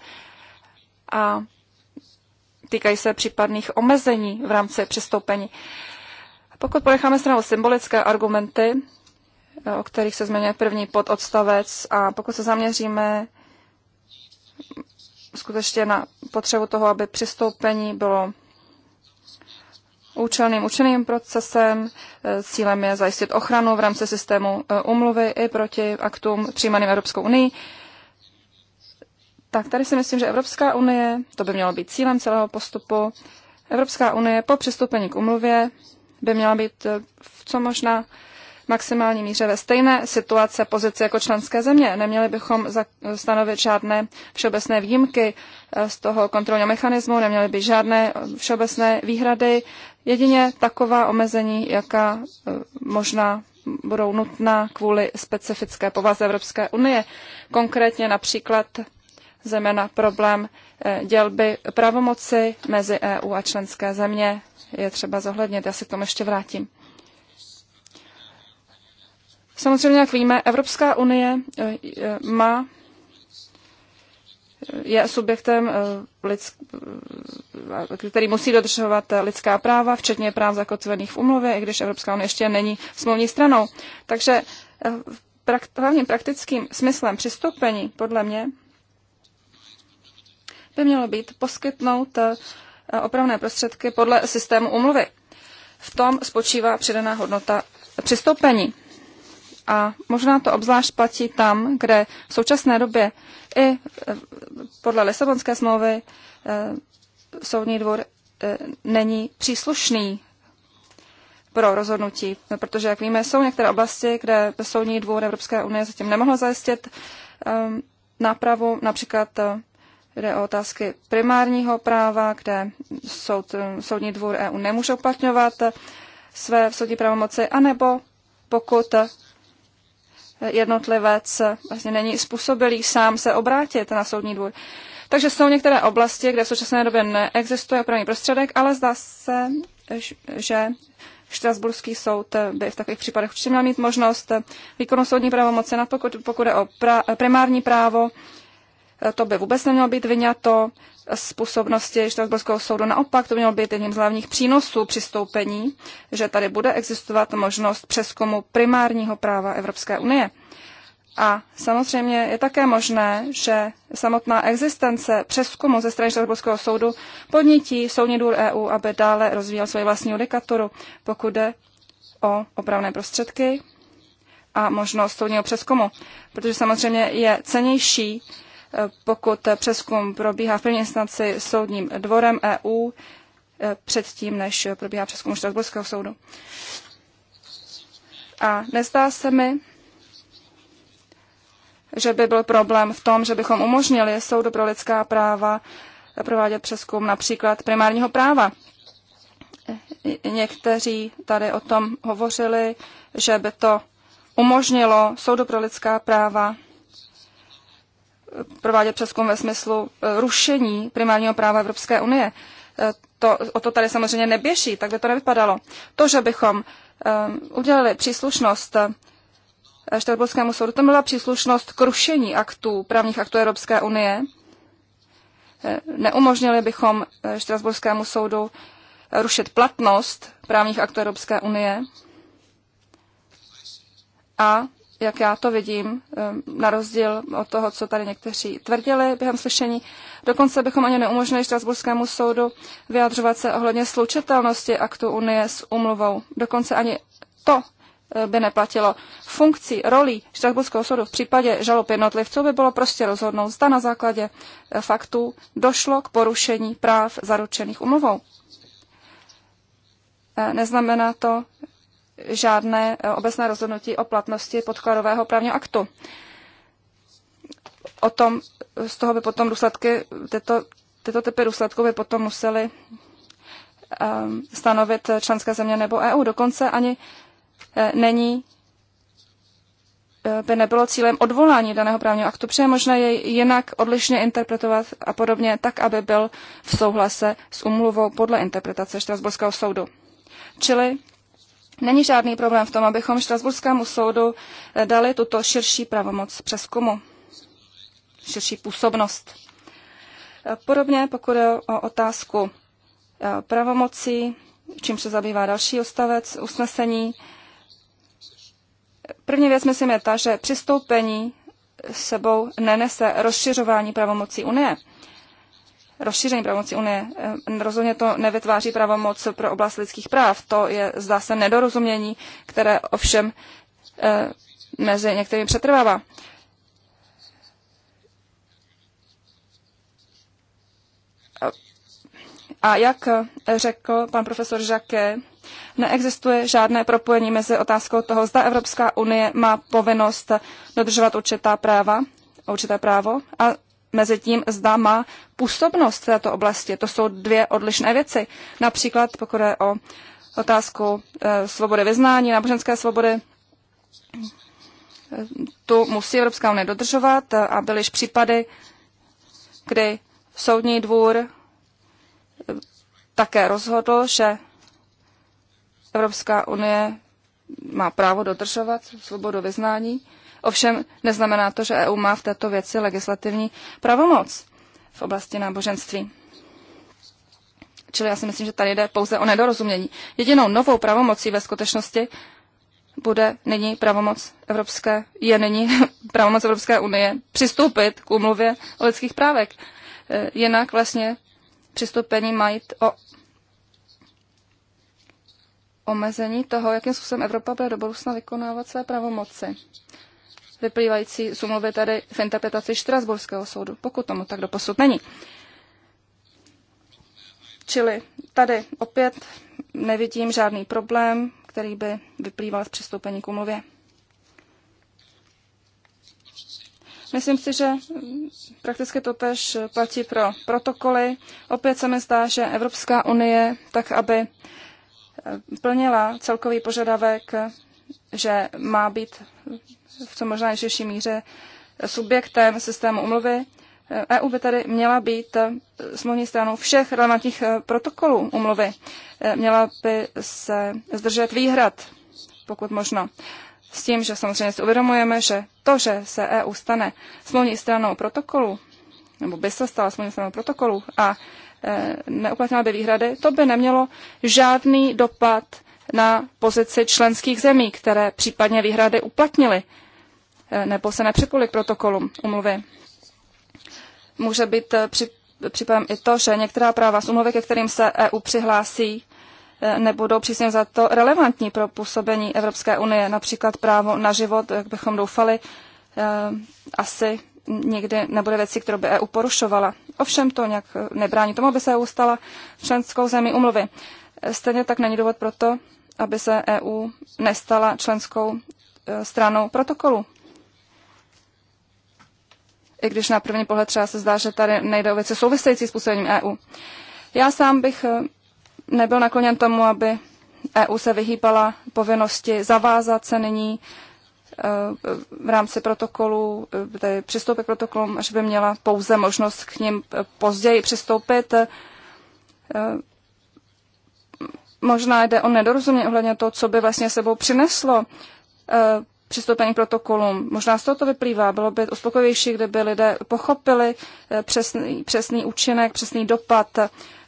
A týkají se případných omezení v rámci přistoupení. Uh, pokud ponecháme stranou symbolické argumenty, eh, o kterých se zmiňuje první pododstavec, a pokud se zaměříme skutečně na potřebu toho, aby přistoupení bylo účelným účelným procesem. Eh, cílem je zajistit ochranu v rámci systému umluvy eh, i proti aktům přijímaným Evropskou unii. Tak tady si myslím, že Evropská unie, to by mělo být cílem celého postupu, Evropská unie po přistoupení k umluvě by měla být eh, v co možná maximální míře ve stejné situace, pozici jako členské země. Neměli bychom eh, stanovit žádné všeobecné výjimky eh, z toho kontrolního mechanismu, neměly by žádné všeobecné výhrady, jedině taková omezení, jaká možná budou nutná kvůli specifické povaze Evropské unie. Konkrétně například zejména problém dělby pravomoci mezi EU a členské země je třeba zohlednit. Já se k tomu ještě vrátím. Samozřejmě, jak víme, Evropská unie eh, eh, má eh, je subjektem, který musí dodržovat lidská práva, včetně práv zakotvených v umluvě, i když Evropská unie ještě není smluvní stranou. Takže hlavním praktickým smyslem přistoupení, podle mě, by mělo být poskytnout Eh, opravné prostředky podle systému umluvy. V tom spočívá přidaná hodnota přistoupení. A možná to obzvlášť platí tam, kde v současné době i eh, podle Lisabonské smlouvy eh, soudní dvor není příslušný pro rozhodnutí, protože, jak víme, jsou některé oblasti, kde soudní dvůr Evropské unie zatím nemohl zajistit ehm, nápravu, například Jde o otázky primárního práva, kde soud, soudní dvůr EU nemůže uplatňovat své soudní pravomoci, anebo pokud jednotlivec vlastně není způsobilý sám se obrátit na soudní dvůr. Takže jsou některé oblasti, kde v současné době neexistuje opravný prostředek, ale zdá se, že Štrasburský soud by v takových případech určitě měl mít možnost výkonu soudní pravomoci, pokud, pokud je o pra, primární právo, to by vůbec nemělo být vyňato z působnosti Štrasburského soudu. Naopak to mělo být jedním z hlavních přínosů přistoupení, že tady bude existovat možnost přeskumu primárního práva Evropské unie. A samozřejmě je také možné, že samotná existence přeskumu ze strany Štrasburského soudu podnítí Soudní důr EU, aby dále rozvíjel svoji vlastní judikaturu, pokud jde o opravné prostředky a možnost soudního přeskumu. Protože samozřejmě je cenější pokud přeskum probíhá v první instanci soudním dvorem EU eh, předtím, než probíhá přeskum Štrasburského soudu. A nezdá se mi, že by byl problém v tom, že bychom umožnili soudu pro lidská práva provádět přeskum například primárního práva. Někteří tady o tom hovořili, že by to umožnilo soudu pro lidská práva provádět přeskum ve smyslu e, rušení primárního práva Evropské unie. E, to, o to tady samozřejmě neběží, tak by to nevypadalo. To, že bychom e, udělali příslušnost Štěrbolskému soudu, to byla příslušnost k rušení aktů, právních aktů Evropské unie. Neumožnili bychom Štrasburskému soudu rušit platnost právních aktů Evropské unie a jak já to vidím, na rozdíl od toho, co tady někteří tvrdili během slyšení. Dokonce bychom ani neumožnili Štrasburskému soudu vyjadřovat se ohledně slučitelnosti aktu Unie s umluvou. Dokonce ani to e, by neplatilo. Funkcí, rolí Štrasburského soudu v případě žalob jednotlivců by bylo prostě rozhodnout, zda na základě e, faktů došlo k porušení práv zaručených umluvou. E, neznamená to, žádné eh, obecné rozhodnutí o platnosti podkladového právního aktu. O tom, z toho by potom důsledky, tyto, tyto typy důsledků by potom museli um, ehm, stanovit členské země nebo EU. Dokonce ani eh, není eh, by nebylo cílem odvolání daného právního aktu, protože je možné jej jinak odlišně interpretovat a podobně, tak, aby byl v souhlase s umluvou podle interpretace Štrasburského soudu. Čili není žádný problém v tom, abychom Štrasburskému soudu eh, dali tuto širší pravomoc přeskumu, širší působnost. Eh, podobně pokud je o otázku eh, pravomocí, čím se zabývá další ostavec usnesení. První věc, myslím, je ta, že přistoupení sebou nenese rozšiřování pravomocí Unie rozšíření pravomocí Unie. Rozhodně to nevytváří pravomoc pro oblast lidských práv. To je, zdá se, nedorozumění, které ovšem eh, mezi některými přetrvává. A jak řekl pan profesor Žaké, neexistuje žádné propojení mezi otázkou toho, zda Evropská unie má povinnost dodržovat určitá práva, určité právo a mezi tím, zda má působnost v této oblasti. To jsou dvě odlišné věci. Například pokud je o otázku e, svobody vyznání, náboženské svobody, eh, tu musí Evropská unie dodržovat eh, a byly již případy, kdy soudní dvůr také rozhodl, že Evropská unie má právo dodržovat svobodu vyznání. Ovšem neznamená to, že EU má v této věci legislativní pravomoc v oblasti náboženství. Čili já si myslím, že tady jde pouze o nedorozumění. Jedinou novou pravomocí ve skutečnosti bude nyní pravomoc Evropské, je nyní pravomoc Evropské unie přistoupit k úmluvě o lidských právech. E, jinak vlastně přistoupení mají o omezení toho, jakým způsobem Evropa bude do budoucna vykonávat své pravomoci vyplývající z umluvy tedy v interpretaci Štrasburského soudu, pokud tomu tak doposud není. Čili tady opět nevidím žádný problém, který by vyplýval z přistoupení k umluvě. Myslím si, že prakticky to tež platí pro protokoly. Opět se mi zdá, že Evropská unie, tak aby plnila celkový požadavek že má být v co možná nejširší míře subjektem systému umluvy. EU e by tedy měla být smluvní stranou všech relevantních e, protokolů umluvy. E, měla by se zdržet výhrad, pokud možno. S tím, že samozřejmě si uvědomujeme, že to, že se EU stane smluvní stranou protokolu, nebo by se stala smluvní stranou protokolu a neuplatnila by výhrady, to by nemělo žádný dopad na pozici členských zemí, které případně výhrady uplatnily eh, nebo se nepřipojily k protokolům umluvy. Může být eh, při, i to, že některá práva z umluvy, ke kterým se EU přihlásí, eh, nebudou přísně za to relevantní pro působení Evropské unie. Například právo na život, jak bychom doufali, asi nikdy nebude věcí, kterou by EU porušovala. Ovšem to nějak nebrání tomu, aby se EU stala členskou zemí umluvy. Stejně tak není důvod pro to, aby se EU nestala členskou e, stranou protokolu. I když na první pohled třeba se zdá, že tady nejde o věci související s působením EU. Já sám bych e, nebyl nakloněn tomu, aby EU se vyhýbala povinnosti zavázat se nyní e, v rámci protokolu, tedy přistoupit k protokolům, až by měla pouze možnost k ním později přistoupit možná jde o nedorozumění ohledně toho, co by vlastně sebou přineslo eh, přistoupení k protokolům. Možná z toho to vyplývá. Bylo by uspokojivější, kdyby lidé pochopili eh, přesný, přesný účinek, přesný dopad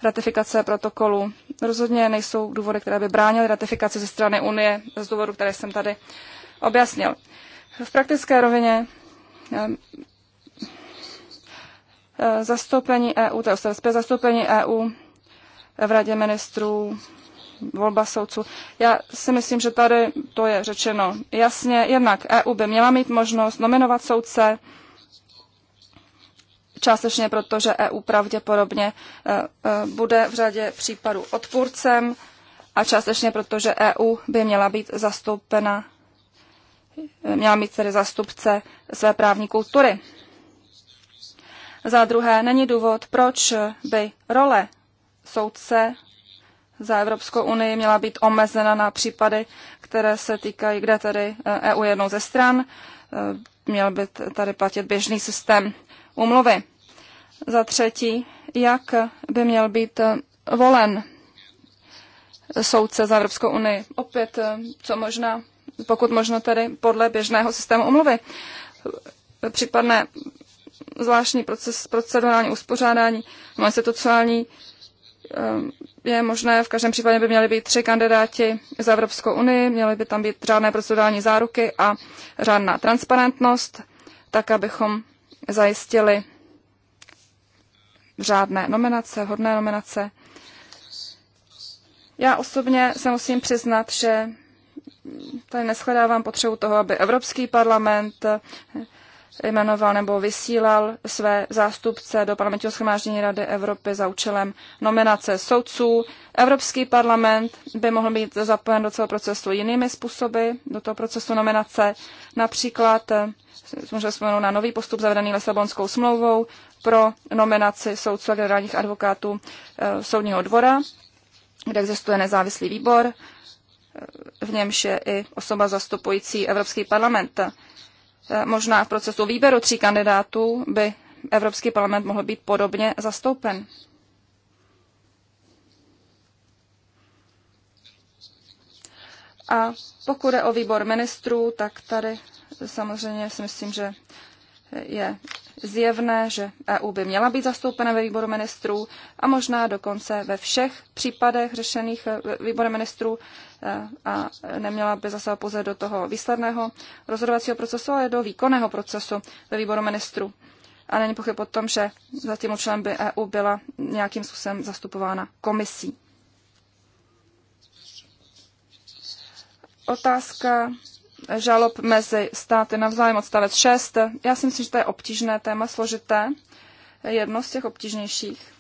ratifikace protokolu. Rozhodně nejsou důvody, které by bránily ratifikaci ze strany Unie z důvodu, které jsem tady objasnil. V praktické rovině eh, zastoupení EU, to je zastoupení EU v Radě ministrů volba soudců. Já si myslím, že tady to je řečeno jasně. Jednak EU by měla mít možnost nominovat soudce, částečně proto, že EU pravděpodobně eh, eh, bude v řadě případů odpůrcem a částečně proto, že EU by měla být zastoupena, eh, měla mít tedy zastupce své právní kultury. Za druhé, není důvod, proč by role soudce za Evropskou unii měla být omezena na případy, které se týkají, kde tedy EU eh, e jednou ze stran. Eh, měl by tady platit běžný systém umluvy Za třetí, jak by měl být eh, volen soudce za Evropskou unii. Opět, co možná, pokud možno tedy podle běžného systému umluvy. Případné zvláštní proces, procedurální uspořádání, institucionální Ehm, je možné, v každém případě by měly být tři kandidáti za Evropskou unii, měly by tam být řádné procedurální záruky a řádná transparentnost, tak abychom zajistili řádné nominace, hodné nominace. Já osobně se musím přiznat, že tady neschledávám potřebu toho, aby Evropský parlament jmenoval nebo vysílal své zástupce do parlamentního schromáždění Rady Evropy za účelem nominace soudců. Evropský parlament by mohl být zapojen do celého procesu jinými způsoby, do toho procesu nominace. Například eh, můžeme vzpomenout na nový postup zavedený Lisabonskou smlouvou pro nominaci soudců a generálních advokátů eh, soudního dvora, kde existuje nezávislý výbor, eh, v němž je i osoba zastupující Evropský parlament. Eh, možná v procesu výběru tří kandidátů by Evropský parlament mohl být podobně zastoupen. A pokud je o výbor ministrů, tak tady samozřejmě si myslím, že je zjevné, že EU by měla být zastoupena ve výboru ministrů a možná dokonce ve všech případech řešených eh, výborem ministrů a neměla by zase pouze do toho výsledného rozhodovacího procesu, ale do výkonného procesu ve výboru ministrů. A není pochyb o tom, že za tím účelem by EU byla nějakým způsobem zastupována komisí. Otázka žalob mezi státy navzájem odstavec 6. Já si myslím, že to je obtížné téma, složité, jedno z těch obtížnějších.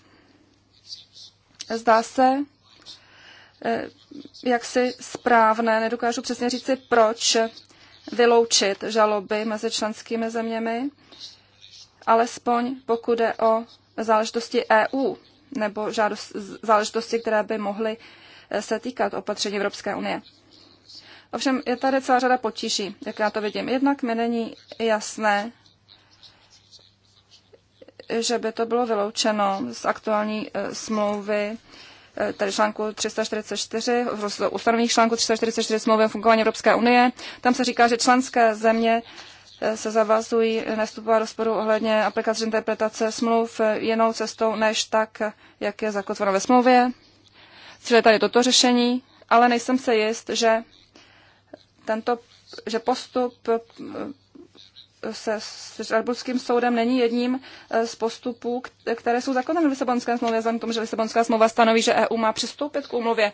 Zdá se, Eh, jaksi správné. Nedokážu přesně říci, proč vyloučit žaloby mezi členskými zeměmi, alespoň pokud je o záležitosti EU nebo žádost, záležitosti, které by mohly eh, se týkat opatření Evropské unie. Ovšem je tady celá řada potíží, jak já to vidím. Jednak mi není jasné, že by to bylo vyloučeno z aktuální eh, smlouvy Eh, tady článku 344, ustanovení článku 344 smlouvy o fungování Evropské unie. Tam se říká, že členské země eh, se zavazují nestupovat do sporu ohledně aplikace interpretace smluv jinou cestou než tak, jak je zakotveno ve smlouvě. Čili tady toto řešení, ale nejsem se jist, že tento že postup eh, se s Štrasburským soudem není jedním eh, z postupů, které jsou zakotveny v Lisabonské smlouvě, vzhledem k tomu, že Lisabonská smlouva stanoví, že EU má přistoupit k úmluvě.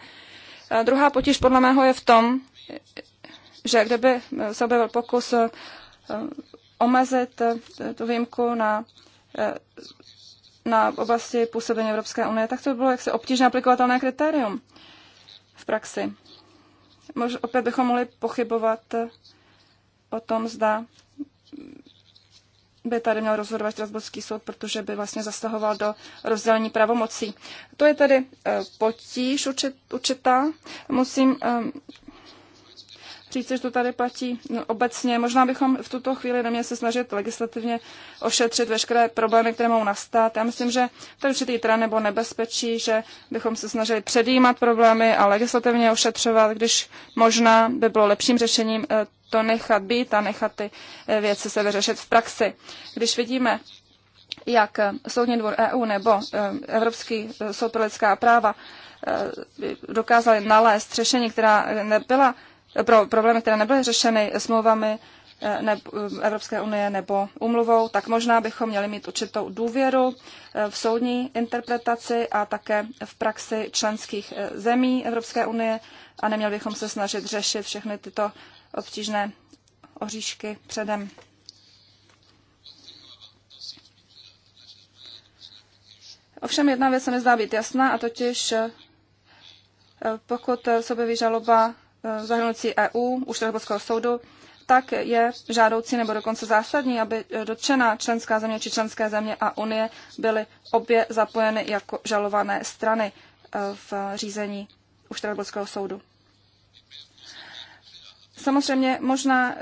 Eh, druhá potíž podle mého je v tom, že kdyby eh, se objevil pokus omezit tu výjimku na, na oblasti působení Evropské unie, tak to by bylo jaksi obtížně aplikovatelné kritérium v praxi. Mož, opět bychom mohli pochybovat o tom, zda by tady měl rozhodovat Strasburský soud, protože by vlastně zasahoval do rozdělení pravomocí. To je tedy eh, potíž určitá. Musím eh, říci, že to tady platí no, obecně. Možná bychom v tuto chvíli neměli se snažit legislativně ošetřit veškeré problémy, které mohou nastat. Já myslím, že to je určitý trend nebo nebezpečí, že bychom se snažili předjímat problémy a legislativně ošetřovat, když možná by bylo lepším řešením eh, to nechat být a nechat ty eh, věci se vyřešit v praxi. Když vidíme jak eh, Soudní dvůr EU nebo Evropský soud pro lidská práva dokázali nalézt řešení, která nebyla pro problémy, které nebyly řešeny smlouvami eh, ne, eh, Evropské unie nebo umluvou, tak možná bychom měli mít určitou důvěru eh, v soudní interpretaci a také v praxi členských zemí Evropské unie a neměli bychom se snažit řešit všechny tyto obtížné oříšky předem. Ovšem jedna věc se mi zdá být jasná, a totiž pokud se objeví žaloba Eh, zahrnující EU, už Evropského soudu, tak je žádoucí nebo dokonce zásadní, aby eh, dotčená členská země či členské země a Unie byly obě zapojeny jako žalované strany eh, v řízení u Štrasburského soudu. Samozřejmě možná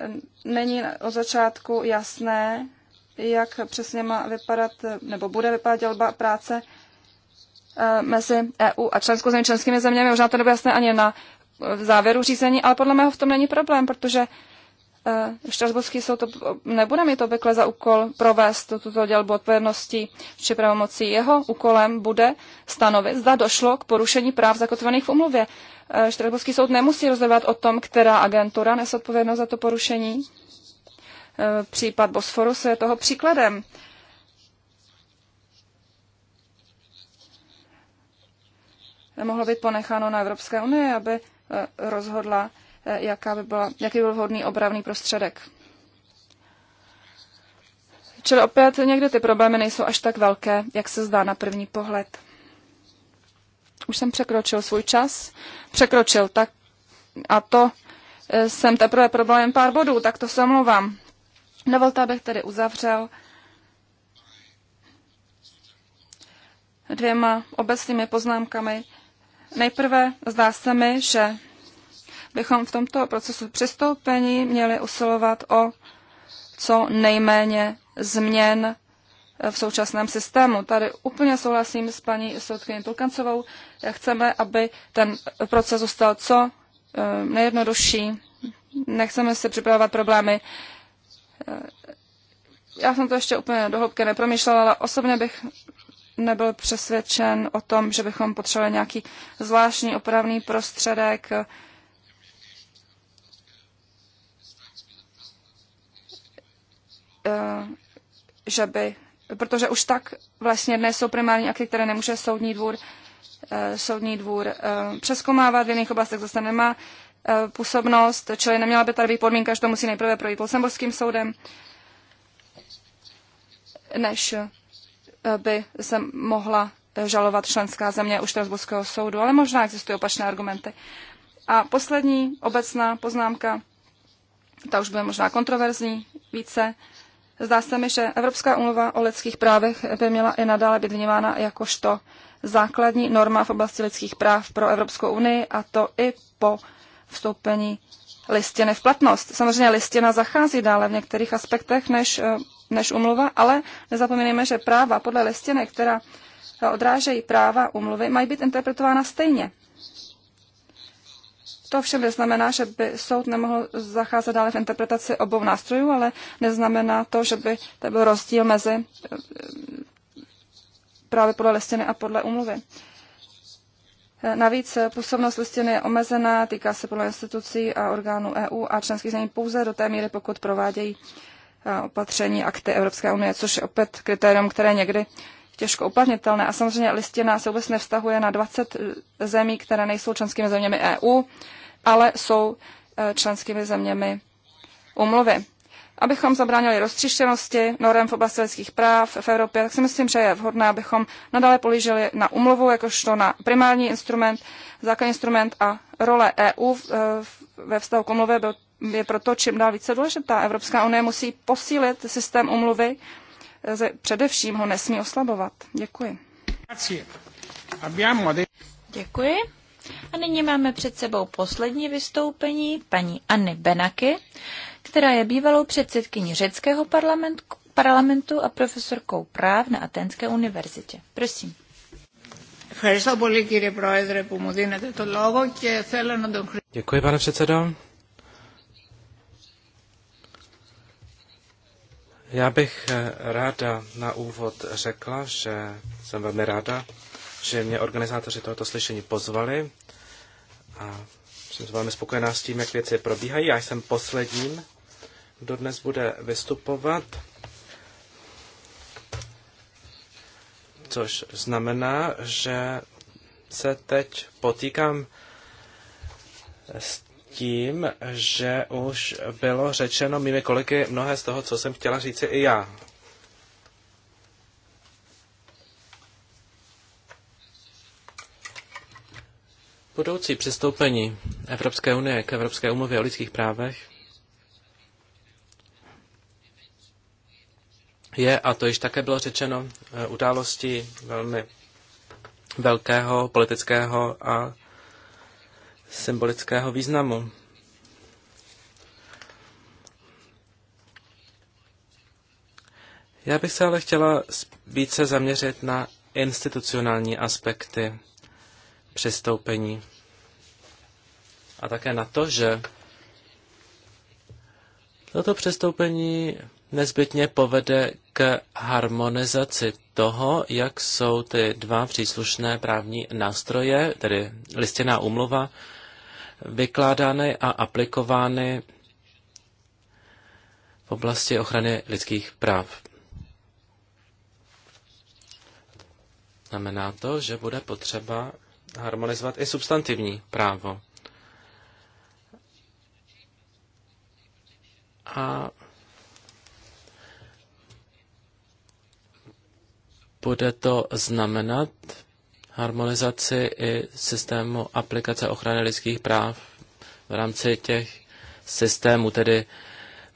není od začátku jasné, jak přesně má vypadat nebo bude vypadat dělba práce mezi EU a členskou zemí, členskými zeměmi. Možná to nebude jasné ani na v závěru řízení, ale podle mého v tom není problém, protože eh, Štrasburský soud to, nebude mít obvykle za úkol provést tuto dělbu odpovědnosti či pravomocí. Jeho úkolem bude stanovit, zda došlo k porušení práv zakotvených v umluvě. Eh, Štrasburský soud nemusí rozhodovat o tom, která agentura nese odpovědnost za to porušení. Eh, Případ se je toho příkladem. Nemohlo být ponecháno na Evropské unii, aby Eh, rozhodla, eh, jaká by byla, jaký byl vhodný obravný prostředek. Čili opět někdy ty problémy nejsou až tak velké, jak se zdá na první pohled. Už jsem překročil svůj čas, překročil tak a to eh, jsem teprve problém pár bodů, tak to se omlouvám. Dovolte, abych tedy uzavřel dvěma obecnými poznámkami Nejprve zdá se mi, že bychom v tomto procesu přistoupení měli usilovat o co nejméně změn v současném systému. Tady úplně souhlasím s paní soudkyní Tulkancovou. Chceme, aby ten proces zůstal co eh, nejjednodušší. Nechceme si připravovat problémy. Eh, já jsem to ještě úplně dohloubky nepromýšlela, ale osobně bych nebyl přesvědčen o tom, že bychom potřebovali nějaký zvláštní opravný prostředek. Eh, že by, protože už tak vlastně dnes jsou primární akty, které nemůže soudní dvůr, eh, soudní dvůr eh, přeskomávat, v jiných oblastech zase nemá působnost, čili neměla by tady být podmínka, že to musí nejprve projít Lucemburským soudem, než by se mohla žalovat členská země u Štrasburského soudu, ale možná existují opačné argumenty. A poslední obecná poznámka, ta už bude možná kontroverzní více. Zdá se mi, že Evropská umluva o lidských právech by měla i nadále být vnímána jakožto základní norma v oblasti lidských práv pro Evropskou unii a to i po vstoupení listiny v platnost. Samozřejmě listina zachází dále v některých aspektech než eh, než umluva, ale nezapomínejme, že práva podle listiny, která odrážejí práva umluvy, mají být interpretována stejně. To všem neznamená, že by soud nemohl zacházet dále v interpretaci obou nástrojů, ale neznamená to, že by to byl rozdíl mezi eh, právě podle listiny a podle umluvy. Eh, navíc eh, působnost listiny je omezená, týká se podle institucí a orgánů EU a členských zemí pouze do té míry, pokud provádějí opatření akty Evropské unie, což je opět kritérium, které někdy těžko uplatnitelné. A samozřejmě listina se vůbec nevztahuje na 20 e, zemí, které nejsou členskými zeměmi EU, ale jsou e, členskými zeměmi umluvy. Abychom zabránili roztříštěnosti norem v oblasti lidských práv v Evropě, tak si myslím, že je vhodné, abychom nadále polížili na umluvu, jakožto na primární instrument, základní instrument a role EU e, ve vztahu k umluvě byl je proto čím dál více důležitá. Evropská unie musí posílit systém umluvy, eh, především ho nesmí oslabovat. Děkuji. Děkuji. A nyní máme před sebou poslední vystoupení paní Anny Benaky, která je bývalou předsedkyní řeckého parlamentu, a profesorkou práv na Atenské univerzitě. Prosím. Děkuji, pane předsedo. Já bych eh, ráda na úvod řekla, že jsem velmi ráda, že mě organizátoři tohoto slyšení pozvali a jsem velmi spokojená s tím, jak věci probíhají. Já jsem posledním, kdo dnes bude vystupovat, což znamená, že se teď potýkám s tím, že už bylo řečeno mými kolegy mnohé z toho, co jsem chtěla říci i já. Budoucí přistoupení Evropské unie k Evropské umluvě o lidských právech je, a to již také bylo řečeno, eh, událostí velmi velkého politického a symbolického významu. Já bych se ale chtěla více zaměřit na institucionální aspekty přistoupení. A také na to, že toto přestoupení nezbytně povede k harmonizaci toho, jak jsou ty dva příslušné právní nástroje, tedy listinná úmluva, vykládány a aplikovány v oblasti ochrany lidských práv. Znamená to, že bude potřeba harmonizovat i substantivní právo. A bude to znamenat harmonizaci i systému aplikace ochrany lidských práv v rámci těch systémů, tedy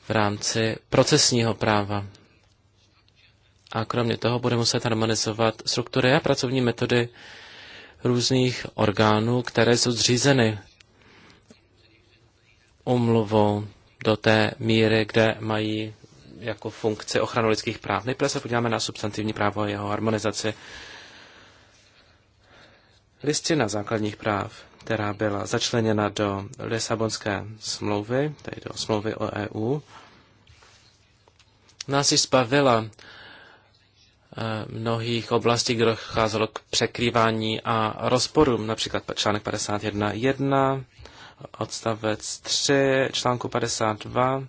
v rámci procesního práva. A kromě toho bude muset harmonizovat struktury a pracovní metody různých orgánů, které jsou zřízeny umluvou do té míry, kde mají jako funkci ochranu lidských práv. Nejprve se podíváme na substantivní právo a jeho harmonizaci. Listina základních práv, která byla začleněna do Lisabonské smlouvy, tedy do smlouvy o EU, nás ji zbavila eh, mnohých oblastí, kde docházelo k překrývání a rozporům, například článek 51.1, odstavec 3, článku 52,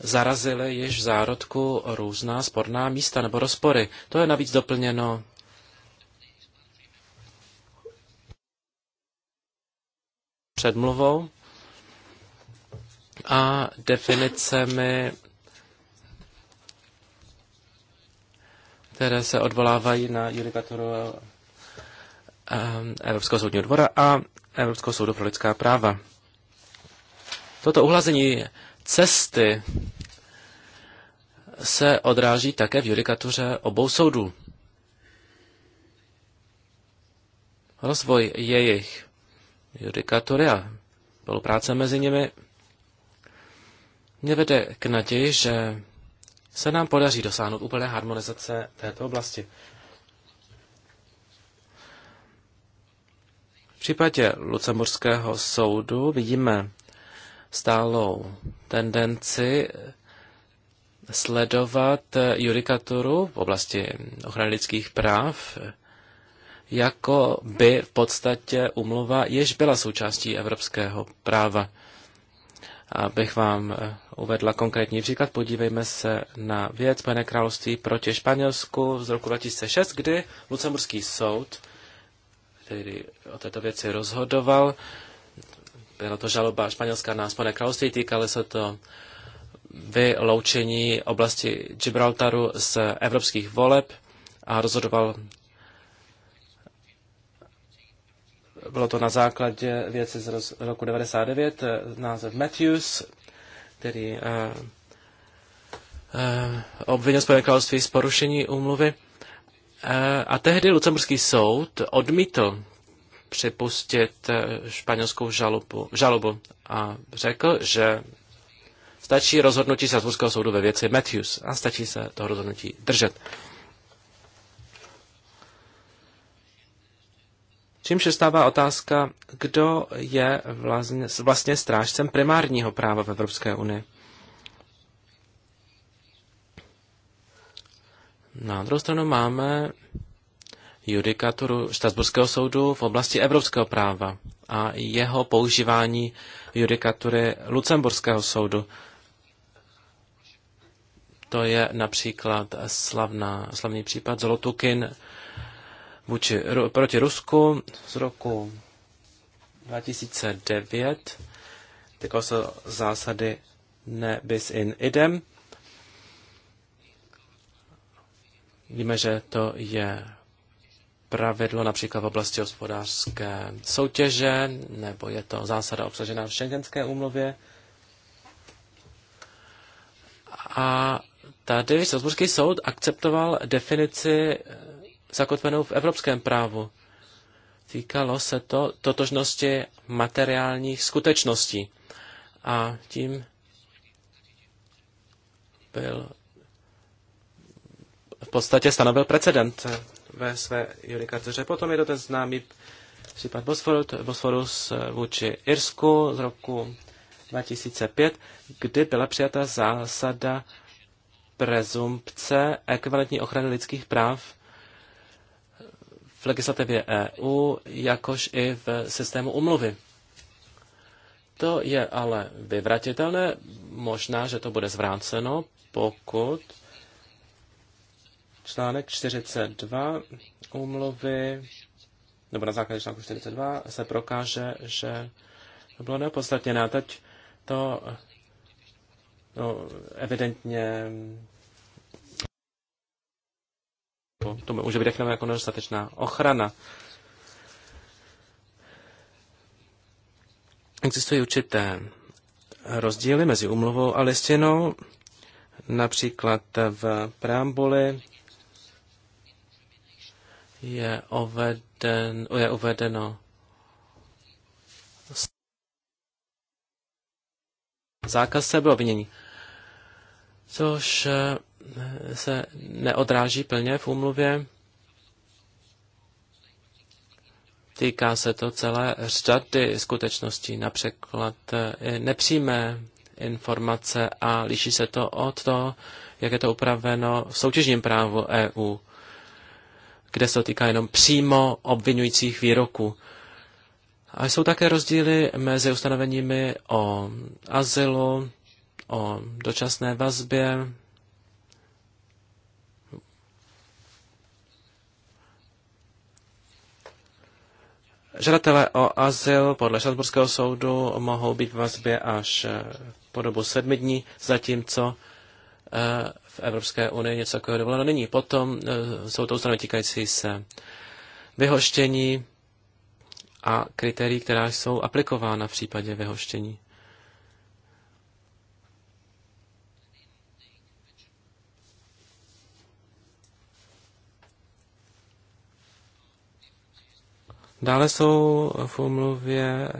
zarazily již v zárodku různá sporná místa nebo rozpory. To je navíc doplněno předmluvou a definicemi, které se odvolávají na judikaturu ehm, Evropského soudního dvora a Evropského soudu pro lidská práva. Toto uhlazení cesty se odráží také v judikatuře obou soudů. Rozvoj jejich judikatury a spolupráce mezi nimi mě vede k naději, že se nám podaří dosáhnout úplné harmonizace této oblasti. V případě Lucemburského soudu vidíme stálou tendenci sledovat judikaturu v oblasti ochrany lidských práv jako by v podstatě umluva jež byla součástí evropského práva. Abych vám eh, uvedla konkrétní příklad, podívejme se na věc Spojené království proti Španělsku z roku 2006, kdy Lucemburský soud, který o této věci rozhodoval, byla to žaloba Španělská na Spojené království, týkalo se to vyloučení oblasti Gibraltaru z evropských voleb a rozhodoval Bylo to na základě věci z roz, roku 99, eh, název Matthews, který uh, uh, obvinil Spojené království z porušení úmluvy. Uh, a tehdy Lucemburský soud odmítl připustit španělskou žalobu, žalobu a řekl, že stačí rozhodnutí Salzburského soudu ve věci Matthews a stačí se toho rozhodnutí držet. Uh, Čím se stává otázka, kdo je vlastně, vlastně strážcem primárního práva v Evropské unii. Na druhou stranu máme judikaturu Štrasburského soudu v oblasti evropského práva a jeho používání judikatury Lucemburského soudu. To je například slavná, slavný případ Zolotukin vůči, proti Rusku z roku 2009. Týkalo se zásady ne bis in idem. Víme, že to je pravidlo například v oblasti hospodářské soutěže, nebo je to zásada obsažená v šengenské úmluvě. A tady Salzburský soud akceptoval definici zakotvenou v evropském právu. Týkalo se to totožnosti materiálních skutečností. A tím byl v podstatě stanovil precedent ve své judikatuře. Potom je to ten známý případ Bosforus, Bosforus vůči Irsku z roku 2005, kdy byla přijata zásada prezumpce ekvivalentní ochrany lidských práv v legislativě EU, jakož i v systému umluvy. To je ale vyvratitelné, možná, že to bude zvráceno, pokud článek 42 umluvy, nebo na základě článku 42 se prokáže, že to bylo neopodstatněné. A teď to no, evidentně to my už vydechneme jako nedostatečná ochrana. Existují určité rozdíly mezi umluvou a listinou, například v preambuli je, uveden, je uvedeno zákaz sebeobvinění, což eh, se neodráží plně v úmluvě. Týká se to celé řady skutečností, například eh, nepřímé informace a liší se to od toho, jak je to upraveno v soutěžním právu EU, kde se to týká jenom přímo obvinujících výroků. A jsou také rozdíly mezi ustanoveními o azylu, o dočasné vazbě, Žadatelé o azyl podle Štrasburského soudu mohou být v vazbě až eh, po dobu sedmi dní, zatímco eh, v Evropské unii něco takového dovoleno není. Potom eh, jsou to ustanovení týkající se vyhoštění a kritérií, která jsou aplikována v případě vyhoštění. Dále jsou v umluvě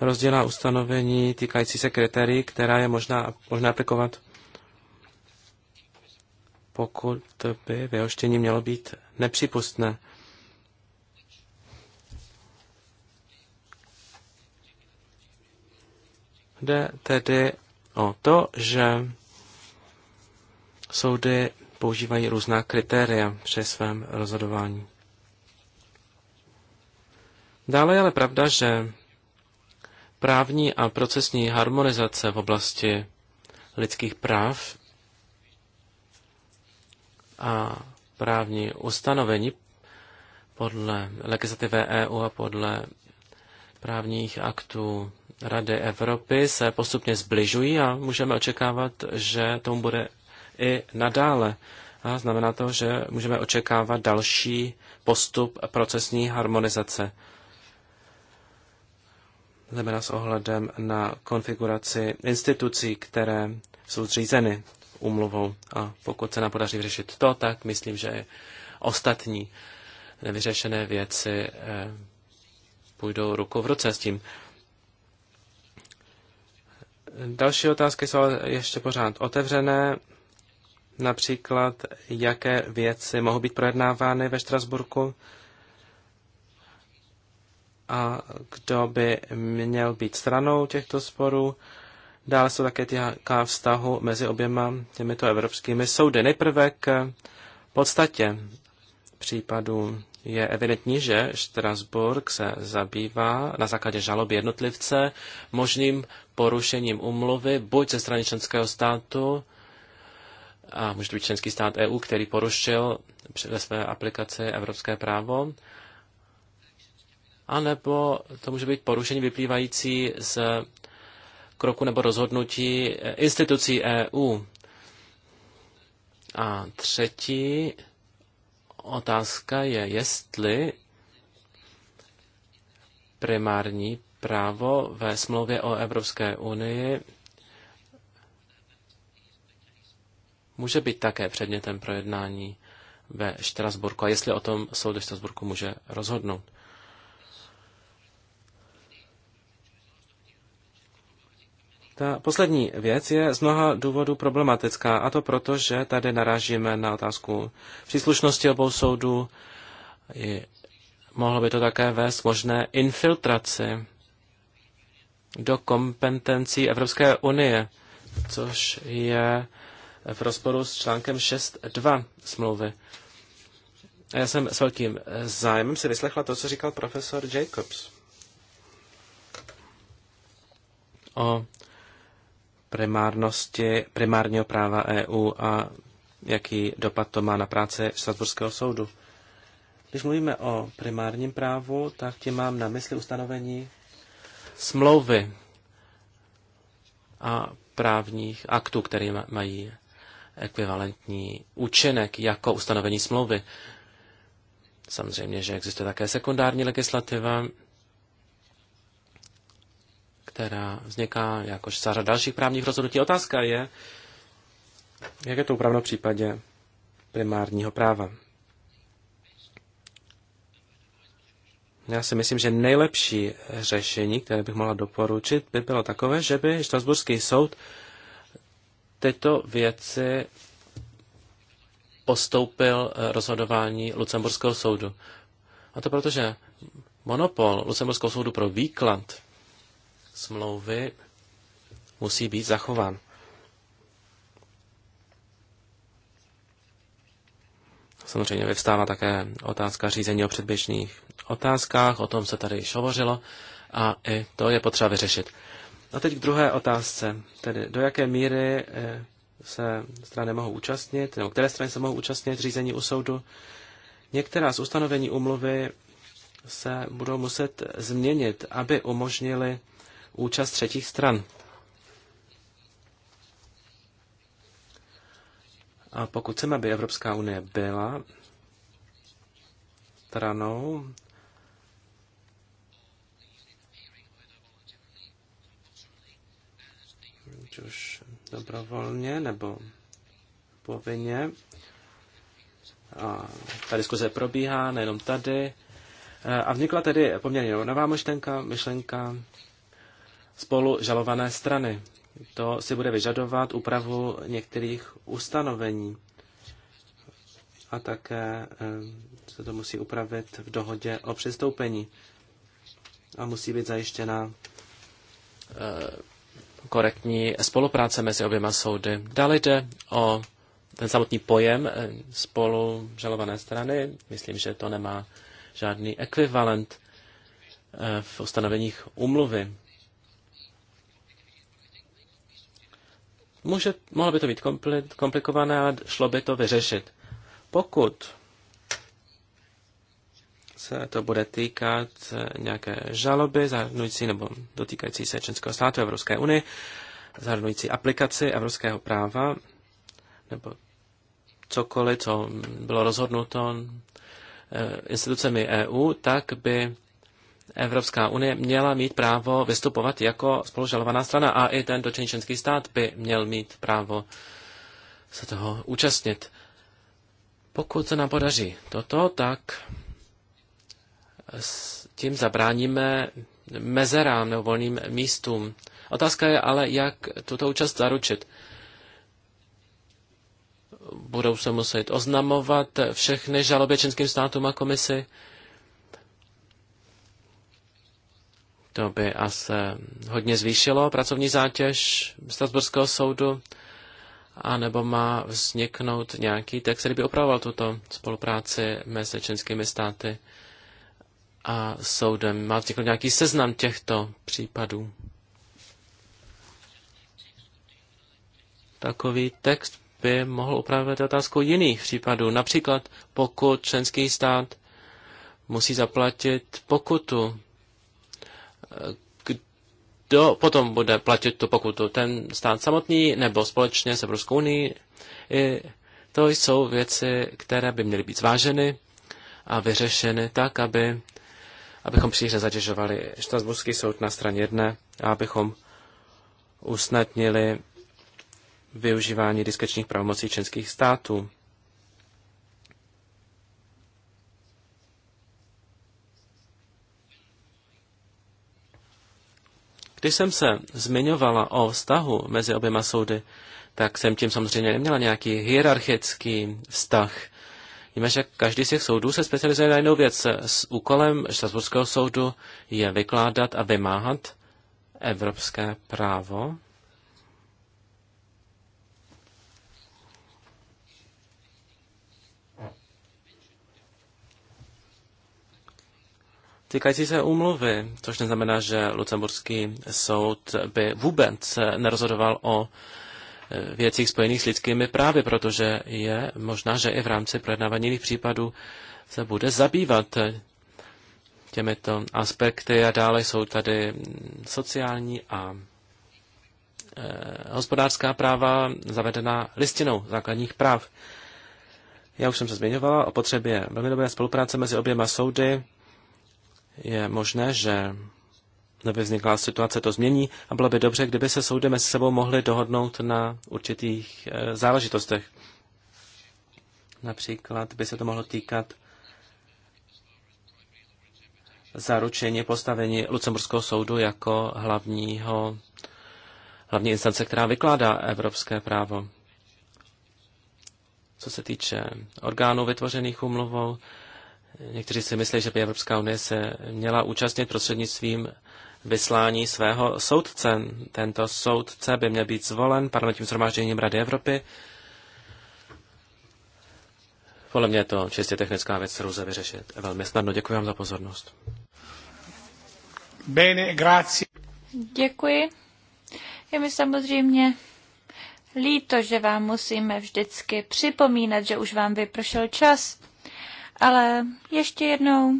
rozdělá ustanovení týkající se kritérií, která je možná, možná aplikovat, pokud by vyhoštění mělo být nepřípustné. Jde tedy o to, že soudy používají různá kritéria při svém rozhodování. Dále je ale pravda, že právní a procesní harmonizace v oblasti lidských práv a právní ustanovení podle legislativy EU a podle právních aktů Rady Evropy se postupně zbližují a můžeme očekávat, že tomu bude i nadále. A znamená to, že můžeme očekávat další postup procesní harmonizace znamená s ohledem na konfiguraci institucí, které jsou zřízeny úmluvou. A pokud se nám podaří vyřešit to, tak myslím, že ostatní nevyřešené věci eh, půjdou ruku v ruce s tím. Další otázky jsou ještě pořád otevřené. Například, jaké věci mohou být projednávány ve Štrasburku a kdo by měl být stranou těchto sporů. Dále jsou také týká vztahu mezi oběma těmito evropskými soudy. Nejprve k podstatě případu je evidentní, že Štrasburg se zabývá na základě žaloby jednotlivce možným porušením umluvy buď ze strany členského státu, a může to být členský stát EU, který porušil ve své aplikaci evropské právo, anebo to může být porušení vyplývající z kroku nebo rozhodnutí eh, institucí EU. A třetí otázka je, jestli primární právo ve smlouvě o Evropské unii může být také předmětem projednání ve Štrasburku a jestli o tom soud ve Štrasburku může rozhodnout. Ta poslední věc je z mnoha důvodů problematická, a to proto, že tady narážíme na otázku příslušnosti obou soudů. I mohlo by to také vést možné infiltraci do kompetencí Evropské unie, což je v rozporu s článkem 6.2 smlouvy. A já jsem s velkým zájmem si vyslechla to, co říkal profesor Jacobs o primárnosti, primárního práva EU a jaký dopad to má na práci Štrasburského soudu. Když mluvíme o primárním právu, tak tím mám na mysli ustanovení smlouvy a právních aktů, které mají ekvivalentní účinek jako ustanovení smlouvy. Samozřejmě, že existuje také sekundární legislativa, která vzniká jakož řada dalších právních rozhodnutí. Otázka je, jak je to upraveno v případě primárního práva. Já si myslím, že nejlepší řešení, které bych mohla doporučit, by bylo takové, že by Štrasburský soud tyto věci postoupil eh, rozhodování Lucemburského soudu. A to protože monopol Lucemburského soudu pro výklad smlouvy musí být zachován. Samozřejmě vyvstává také otázka řízení o předběžných otázkách, o tom se tady již hovořilo a i to je potřeba vyřešit. A teď k druhé otázce, tedy do jaké míry eh, se strany mohou účastnit, nebo které strany se mohou účastnit řízení u soudu. Některá z ustanovení umluvy se budou muset změnit, aby umožnili účast třetích stran. A pokud chceme, aby Evropská unie byla stranou, už dobrovolně nebo povinně, a ta diskuze probíhá nejenom tady, a vznikla tedy poměrně nová myšlenka, myšlenka spolu žalované strany. To si bude vyžadovat úpravu některých ustanovení a také eh, se to musí upravit v dohodě o přistoupení a musí být zajištěna eh, korektní spolupráce mezi oběma soudy. Dále jde o ten samotný pojem eh, spolu žalované strany. Myslím, že to nemá žádný ekvivalent v ustanoveních umluvy. Může, mohlo by to být komplikované, ale šlo by to vyřešit. Pokud se to bude týkat eh, nějaké žaloby zahrnující nebo dotýkající se členského státu Evropské unie, zahrnující aplikaci evropského práva nebo cokoliv, co bylo rozhodnuto eh, institucemi EU, tak by Evropská unie měla mít právo vystupovat jako spolužalovaná strana a i ten dočený členský stát by měl mít právo se toho účastnit. Pokud se nám podaří toto, tak s tím zabráníme mezerám nebo volným místům. Otázka je ale, jak tuto účast zaručit. Budou se muset oznamovat všechny žaloby členským státům a komisi. To by asi hodně zvýšilo pracovní zátěž Strasburského soudu, a nebo má vzniknout nějaký text, který by opravoval tuto spolupráci mezi členskými státy a soudem. Má vzniknout nějaký seznam těchto případů. Takový text by mohl upravit otázku jiných případů. Například pokud členský stát musí zaplatit pokutu kdo potom bude platit tu pokutu? Ten stát samotný nebo společně s Evropskou unii? To jsou věci, které by měly být zváženy a vyřešeny tak, aby, abychom příliš nezatěžovali Štrasburský soud na straně jedné a abychom usnadnili využívání diskečních pravomocí členských států. Když jsem se zmiňovala o vztahu mezi oběma soudy, tak jsem tím samozřejmě neměla nějaký hierarchický vztah. Víme, že každý z těch soudů se specializuje na jinou věc. S úkolem Štrasburského soudu je vykládat a vymáhat evropské právo. týkající se úmluvy, což neznamená, že Lucemburský soud by vůbec nerozhodoval o e, věcích spojených s lidskými právy, protože je možná, že i v rámci projednávání jiných případů se bude zabývat e, těmito aspekty a dále jsou tady sociální a e, hospodářská práva zavedená listinou základních práv. Já už jsem se zmiňovala o potřebě velmi dobré spolupráce mezi oběma soudy je možné, že neby vzniklá situace to změní a bylo by dobře, kdyby se soudy mezi sebou mohly dohodnout na určitých eh, záležitostech. Například by se to mohlo týkat zaručení postavení Lucemburského soudu jako hlavního, hlavní instance, která vykládá evropské právo. Co se týče orgánů vytvořených umluvou, Někteří si myslí, že by Evropská unie se měla účastnit prostřednictvím vyslání svého soudce. Tento soudce by měl být zvolen parlamentním zhromážděním Rady Evropy. Podle mě je to čistě technická věc, kterou se vyřešit velmi snadno. Děkuji vám za pozornost. Bene, grazie. Děkuji. Je mi samozřejmě líto, že vám musíme vždycky připomínat, že už vám vypršel čas ale ještě jednou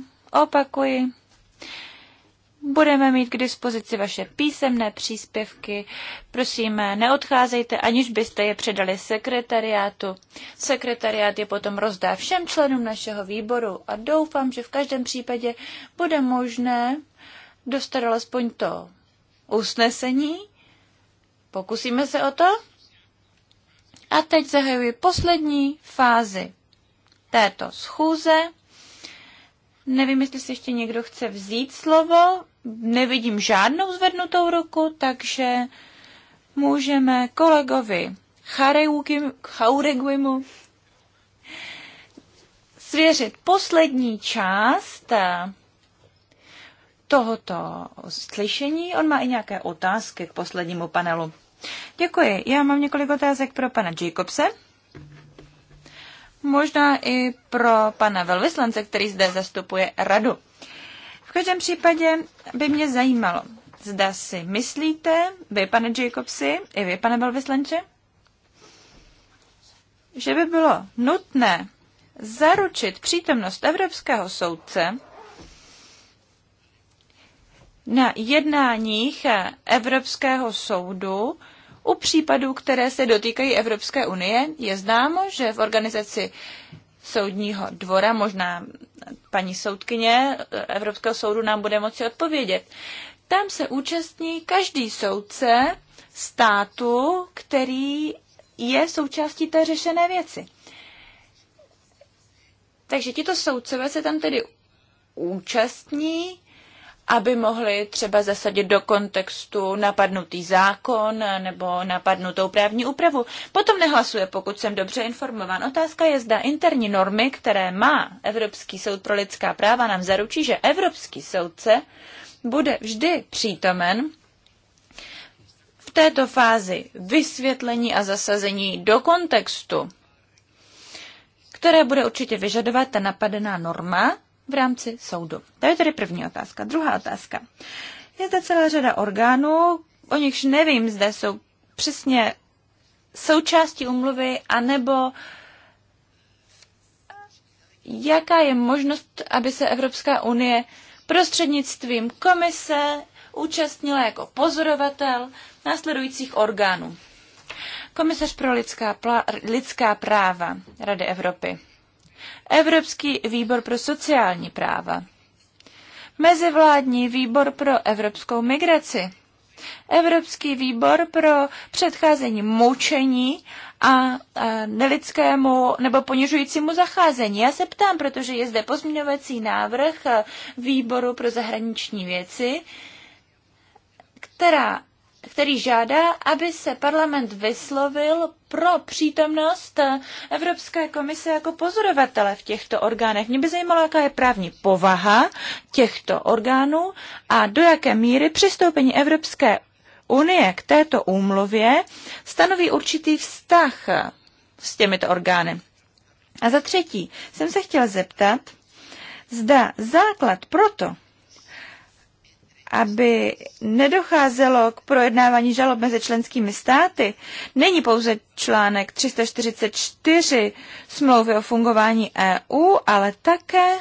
opakuji, Budeme mít k dispozici vaše písemné příspěvky. Prosím, neodcházejte, aniž byste je předali sekretariátu. Sekretariát je potom rozdá všem členům našeho výboru a doufám, že v každém případě bude možné dostat alespoň to usnesení. Pokusíme se o to. A teď zahajuji poslední fázi této schůze. Nevím, jestli si ještě někdo chce vzít slovo. Nevidím žádnou zvednutou ruku, takže můžeme kolegovi Chaureguimu svěřit poslední část eh, tohoto slyšení. On má i nějaké otázky k poslednímu panelu. Děkuji. Já mám několik otázek pro pana Jacobse možná i pro pana velvyslance, který zde zastupuje radu. V každém případě by mě zajímalo, zda si myslíte, vy, pane Jacobsi, i vy, pane velvyslanče, že by bylo nutné zaručit přítomnost evropského soudce na jednáních Evropského soudu u případů, které se dotýkají Evropské unie, je známo, že v organizaci soudního dvora, možná paní soudkyně Evropského soudu nám bude moci odpovědět. Tam se účastní každý soudce státu, který je součástí té řešené věci. Takže tito soudcové se tam tedy účastní aby mohli třeba zasadit do kontextu napadnutý zákon nebo napadnutou právní úpravu. Potom nehlasuje, pokud jsem dobře informován. Otázka je, zda interní normy, které má Evropský soud pro lidská práva, nám zaručí, že Evropský soudce bude vždy přítomen v této fázi vysvětlení a zasazení do kontextu, které bude určitě vyžadovat ta napadená norma, v rámci soudu. To je tedy první otázka. Druhá otázka. Je zde celá řada orgánů, o nichž nevím, zda jsou přesně součástí umluvy, anebo jaká je možnost, aby se Evropská unie prostřednictvím komise účastnila jako pozorovatel následujících orgánů. Komisař pro lidská, lidská práva Rady Evropy. Evropský výbor pro sociální práva, Mezivládní výbor pro evropskou migraci, Evropský výbor pro předcházení mučení a, a nelidskému nebo ponižujícímu zacházení. Já se ptám, protože je zde pozměňovací návrh výboru pro zahraniční věci, která který žádá, aby se parlament vyslovil pro přítomnost Evropské komise jako pozorovatele v těchto orgánech. Mě by zajímalo, jaká je právní povaha těchto orgánů a do jaké míry přistoupení Evropské unie k této úmluvě stanoví určitý vztah s těmito orgány. A za třetí jsem se chtěla zeptat, zda základ proto, aby nedocházelo k projednávání žalob mezi členskými státy, není pouze článek 344 smlouvy o fungování EU, ale také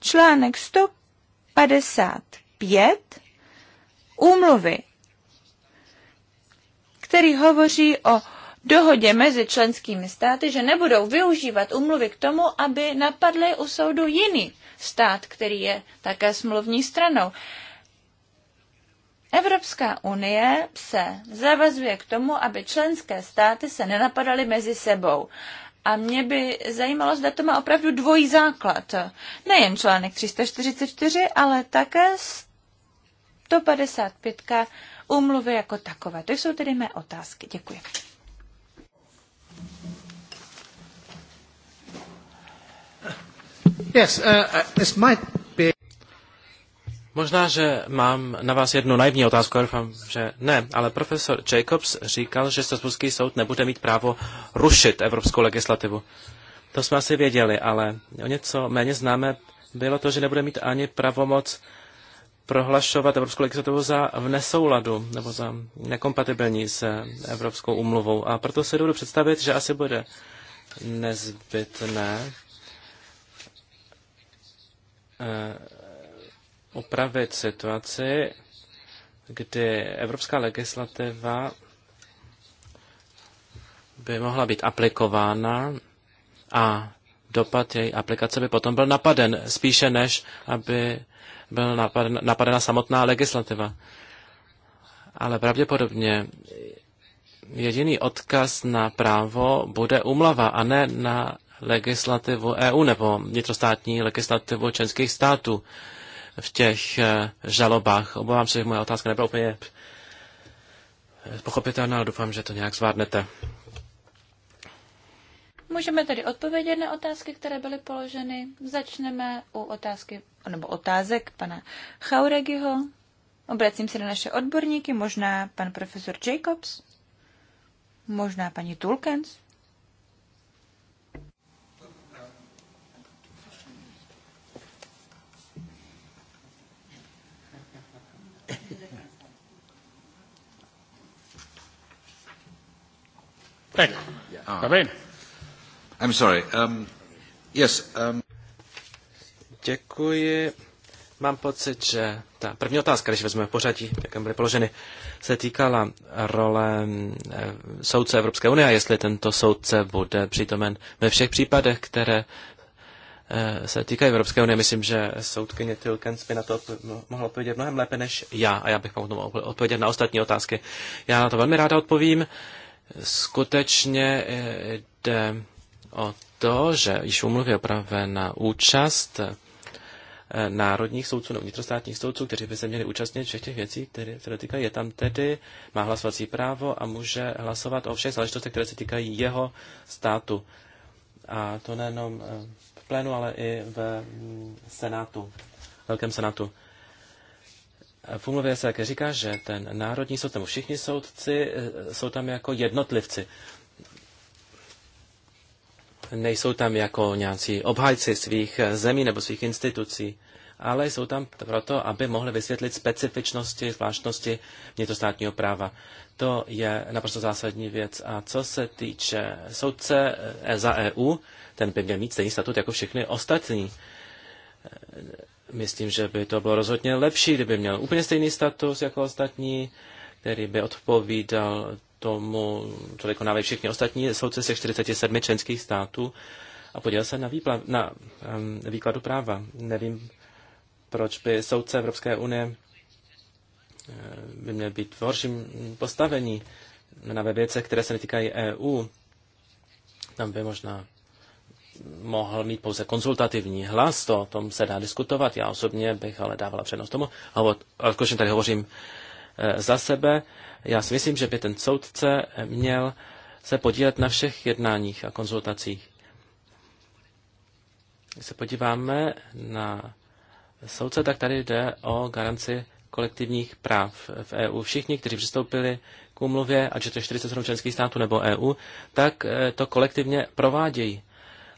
článek 155 úmluvy, který hovoří o dohodě mezi členskými státy, že nebudou využívat umluvy k tomu, aby napadly u soudu jiný stát, který je také smluvní stranou. Evropská unie se zavazuje k tomu, aby členské státy se nenapadaly mezi sebou. A mě by zajímalo, zda to má opravdu dvojí základ. Nejen článek 344, ale také 155 umluvy jako takové. To jsou tedy mé otázky. Děkuji. Uh, uh, Možná, že mám na vás jednu naivní otázku, doufám, že ne, ale profesor Jacobs říkal, že Strasburský soud nebude mít právo rušit evropskou legislativu. To jsme asi věděli, ale o něco méně známe bylo to, že nebude mít ani pravomoc prohlašovat evropskou legislativu za v nesouladu nebo za nekompatibilní s Evropskou umluvou. A proto se dovedu představit, že asi bude nezbytné Eh, opravit situaci, kdy evropská legislativa by mohla být aplikována a dopad její aplikace by potom byl napaden, spíše než aby byl napaden, napadena samotná legislativa. Ale pravděpodobně jediný odkaz na právo bude umlava a ne na legislativu EU nebo vnitrostátní legislativu členských států v těch eh, žalobách. Obávám se, že moje otázka nebyla úplně eh, pochopitelná, ale doufám, že to nějak zvládnete. Můžeme tedy odpovědět na otázky, které byly položeny. Začneme u otázky, nebo otázek pana Chauregiho. Obracím se na naše odborníky, možná pan profesor Jacobs, možná paní Tulkens. Ecco, ah. va bene. I'm sorry. Um, yes, um... Děkuji. Mám pocit, že ta první otázka, když vezmeme pořadí, jak byly položeny, se týkala role eh, soudce Evropské unie a jestli tento soudce bude přítomen ve všech případech, které eh, se týkají Evropské unie. Myslím, že soudkyně Tilkens by na to mohla odpovědět mnohem lépe než já a já bych mohl odpovědět na ostatní otázky. Já na to velmi ráda odpovím. Skutečně eh, jde o to, že již umluvě na účast eh, národních soudců nebo vnitrostátních soudců, kteří by se měli účastnit všech těch věcí, které se dotýkají. Je tam tedy, má hlasovací právo a může hlasovat o všech záležitostech, které se týkají jeho státu. A to nejenom eh, v plénu, ale i v mm, senátu, v velkém senátu. V umluvě se také říká, že ten Národní soud, nebo všichni soudci eh, jsou tam jako jednotlivci. Nejsou tam jako nějací obhajci svých eh, zemí nebo svých institucí, ale jsou tam proto, aby mohli vysvětlit specifičnosti, zvláštnosti vnitrostátního práva. To je naprosto zásadní věc. A co se týče soudce eh, za EU, ten by měl mít stejný statut jako všechny ostatní Myslím, že by to bylo rozhodně lepší, kdyby měl úplně stejný status jako ostatní, který by odpovídal tomu, co vykonávají všichni ostatní soudce ze 47 členských států a podílel se na, výpla- na um, výkladu práva. Nevím, proč by soudce Evropské unie eh, by měl být v horším postavení na ve které se netýkají EU. Tam by možná mohl mít pouze konzultativní hlas, to o tom se dá diskutovat. Já osobně bych ale dávala přednost tomu, ale jakože tady hovořím eh, za sebe, já si myslím, že by ten soudce měl se podílet na všech jednáních a konzultacích. Když se podíváme na soudce, tak tady jde o garanci kolektivních práv v EU. Všichni, kteří přistoupili k úmluvě, ať je to 47 členských států nebo EU, tak eh, to kolektivně provádějí.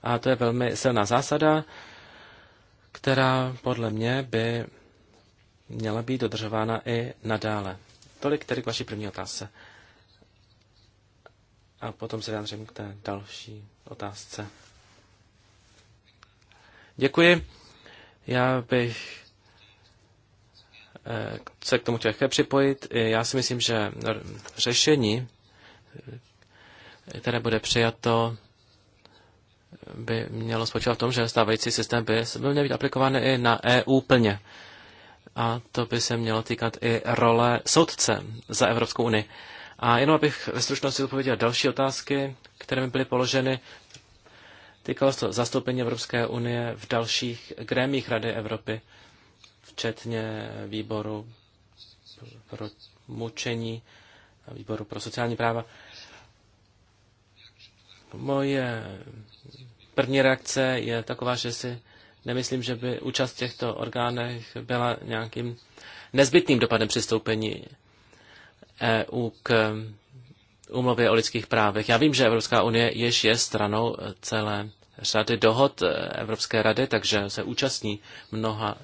A to je velmi silná zásada, která podle mě by měla být dodržována i nadále. Tolik tedy k vaší první otázce. A potom se vyjádřím k té další otázce. Děkuji. Já bych eh, se k tomu chtěl připojit. Já si myslím, že řešení, které bude přijato, by mělo spočívat v tom, že stávající systém by měl být aplikován i na EU plně. A to by se mělo týkat i role soudce za Evropskou unii. A jenom abych ve stručnosti odpověděl další otázky, které mi byly položeny. Týkalo se to zastoupení Evropské unie v dalších grémích Rady Evropy, včetně výboru pro mučení a výboru pro sociální práva. Moje První reakce je taková, že si nemyslím, že by účast v těchto orgánech byla nějakým nezbytným dopadem přistoupení EU k úmluvě o lidských právech. Já vím, že Evropská unie již je stranou celé řady dohod Evropské rady, takže se účastní mnoha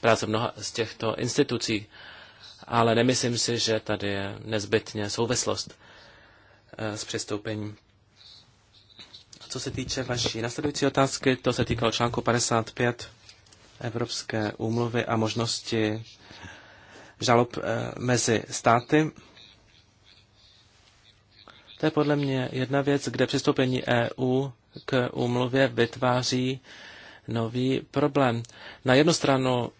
práce mnoha z těchto institucí, ale nemyslím si, že tady je nezbytně souvislost e, s přistoupením. Co se týče vaší následující otázky, to se týkalo článku 55 Evropské úmluvy a možnosti žalob eh, mezi státy. To je podle mě jedna věc, kde přistoupení EU k úmluvě vytváří nový problém. Na jednu stranu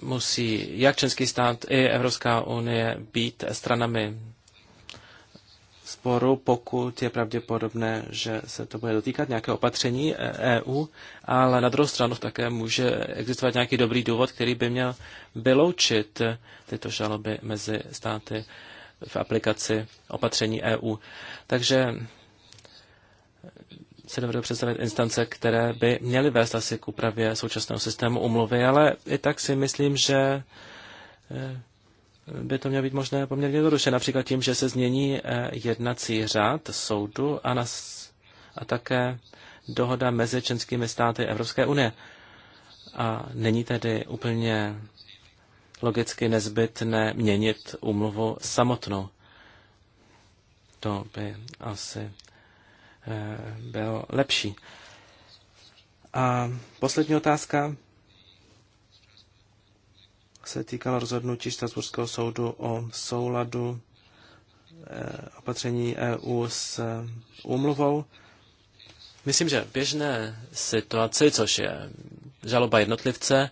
musí jak Český stát i Evropská unie být stranami sporu, pokud je pravděpodobné, že se to bude dotýkat nějaké opatření EU, e ale na druhou stranu také může existovat nějaký dobrý důvod, který by měl vyloučit tyto žaloby mezi státy v aplikaci opatření EU. Takže se dovedu představit instance, které by měly vést asi k úpravě současného systému umluvy, ale i tak si myslím, že eh, by to mělo být možné poměrně jednoduše, například tím, že se změní eh, jednací řád soudu a, nas, a také dohoda mezi členskými státy Evropské unie. A není tedy úplně logicky nezbytné měnit úmluvu samotnou. To by asi eh, bylo lepší. A poslední otázka se týkala rozhodnutí Štrasburského soudu o souladu eh, opatření EU s eh, úmluvou. Myslím, že v běžné situaci, což je žaloba jednotlivce,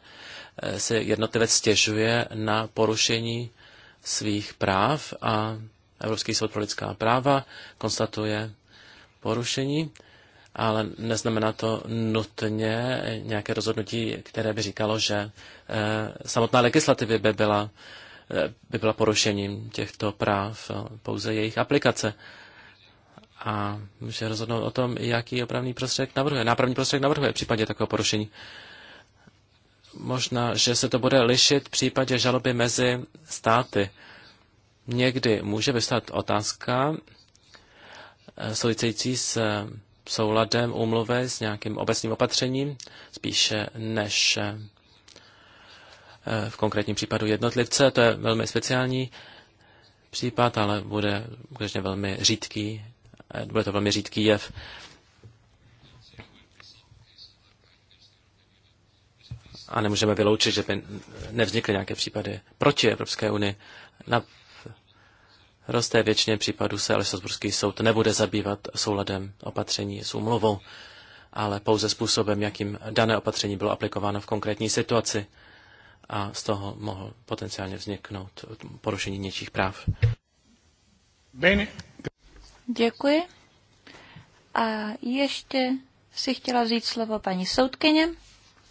eh, se jednotlivec stěžuje na porušení svých práv a Evropský soud pro lidská práva konstatuje porušení ale neznamená to nutně nějaké rozhodnutí, které by říkalo, že eh, samotná legislativy by byla, eh, by byla porušením těchto práv, eh, pouze jejich aplikace. A může rozhodnout o tom, jaký opravný prostředek navrhuje, nápravný prostředek navrhuje v případě takového porušení. Možná, že se to bude lišit v případě žaloby mezi státy. Někdy může vystat otázka související s souladem úmluvy s nějakým obecným opatřením, spíše než eh, v konkrétním případu jednotlivce. To je velmi speciální případ, ale bude skutečně velmi řídký. Eh, bude to velmi řídký jev. A nemůžeme vyloučit, že by nevznikly nějaké případy proti Evropské unii. Na Roste většině případů se ale Salzburský soud nebude zabývat souladem opatření s úmluvou, ale pouze způsobem, jakým dané opatření bylo aplikováno v konkrétní situaci a z toho mohl potenciálně vzniknout porušení něčích práv. Bene. Děkuji. A ještě si chtěla vzít slovo paní soudkyně.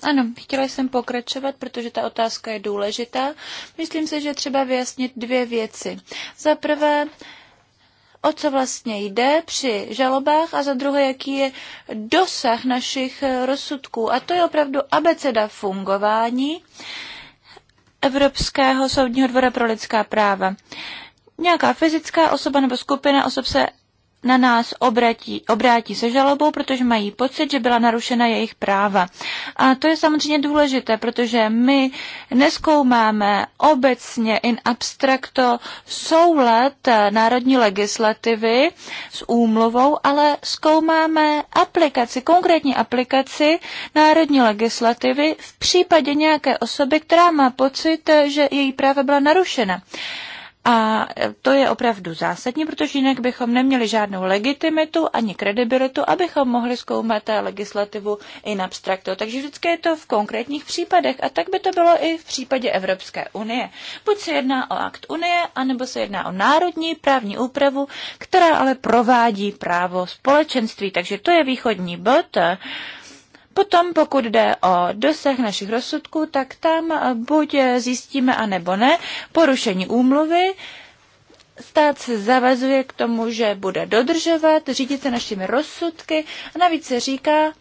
Ano, chtěla jsem pokračovat, protože ta otázka je důležitá. Myslím si, že třeba vyjasnit dvě věci. Za prvé, o co vlastně jde při žalobách a za druhé, jaký je dosah našich eh, rozsudků. A to je opravdu abeceda fungování Evropského soudního dvora pro lidská práva. Nějaká fyzická osoba nebo skupina osob se na nás obratí, obrátí se žalobou, protože mají pocit, že byla narušena jejich práva. A to je samozřejmě důležité, protože my neskoumáme obecně in abstracto soulad národní legislativy s úmluvou, ale zkoumáme aplikaci, konkrétní aplikaci národní legislativy v případě nějaké osoby, která má pocit, že její práva byla narušena. A to je opravdu zásadní, protože jinak bychom neměli žádnou legitimitu ani kredibilitu, abychom mohli zkoumat legislativu in abstracto. Takže vždycky je to v konkrétních případech a tak by to bylo i v případě Evropské unie. Buď se jedná o akt unie, anebo se jedná o národní právní úpravu, která ale provádí právo společenství. Takže to je východní bod Potom, pokud jde o dosah našich rozsudků, tak tam eh, buď zjistíme, anebo ne, porušení úmluvy, stát se zavazuje k tomu, že bude dodržovat, řídit se našimi rozsudky a navíc se říká,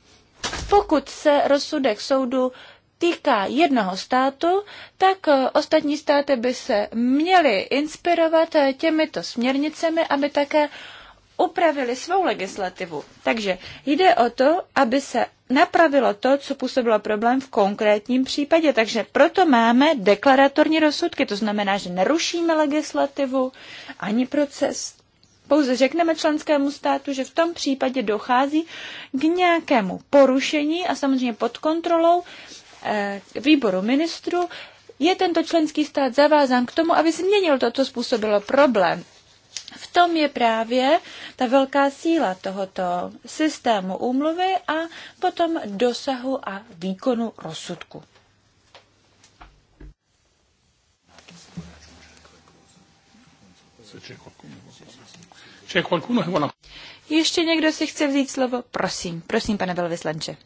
pokud se rozsudek soudu týká jednoho státu, tak eh, ostatní státy by se měly inspirovat eh, těmito směrnicemi, aby také upravili svou legislativu. Takže jde o to, aby se napravilo to, co působilo problém v konkrétním případě. Takže proto máme deklaratorní rozsudky. To znamená, že nerušíme legislativu ani proces. Pouze řekneme členskému státu, že v tom případě dochází k nějakému porušení a samozřejmě pod kontrolou eh, výboru ministru je tento členský stát zavázán k tomu, aby změnil to, co způsobilo problém v tom je právě ta velká síla tohoto systému úmluvy a potom dosahu a výkonu rozsudku. Ještě někdo si chce vzít slovo? Prosím, prosím, pane velvyslanče.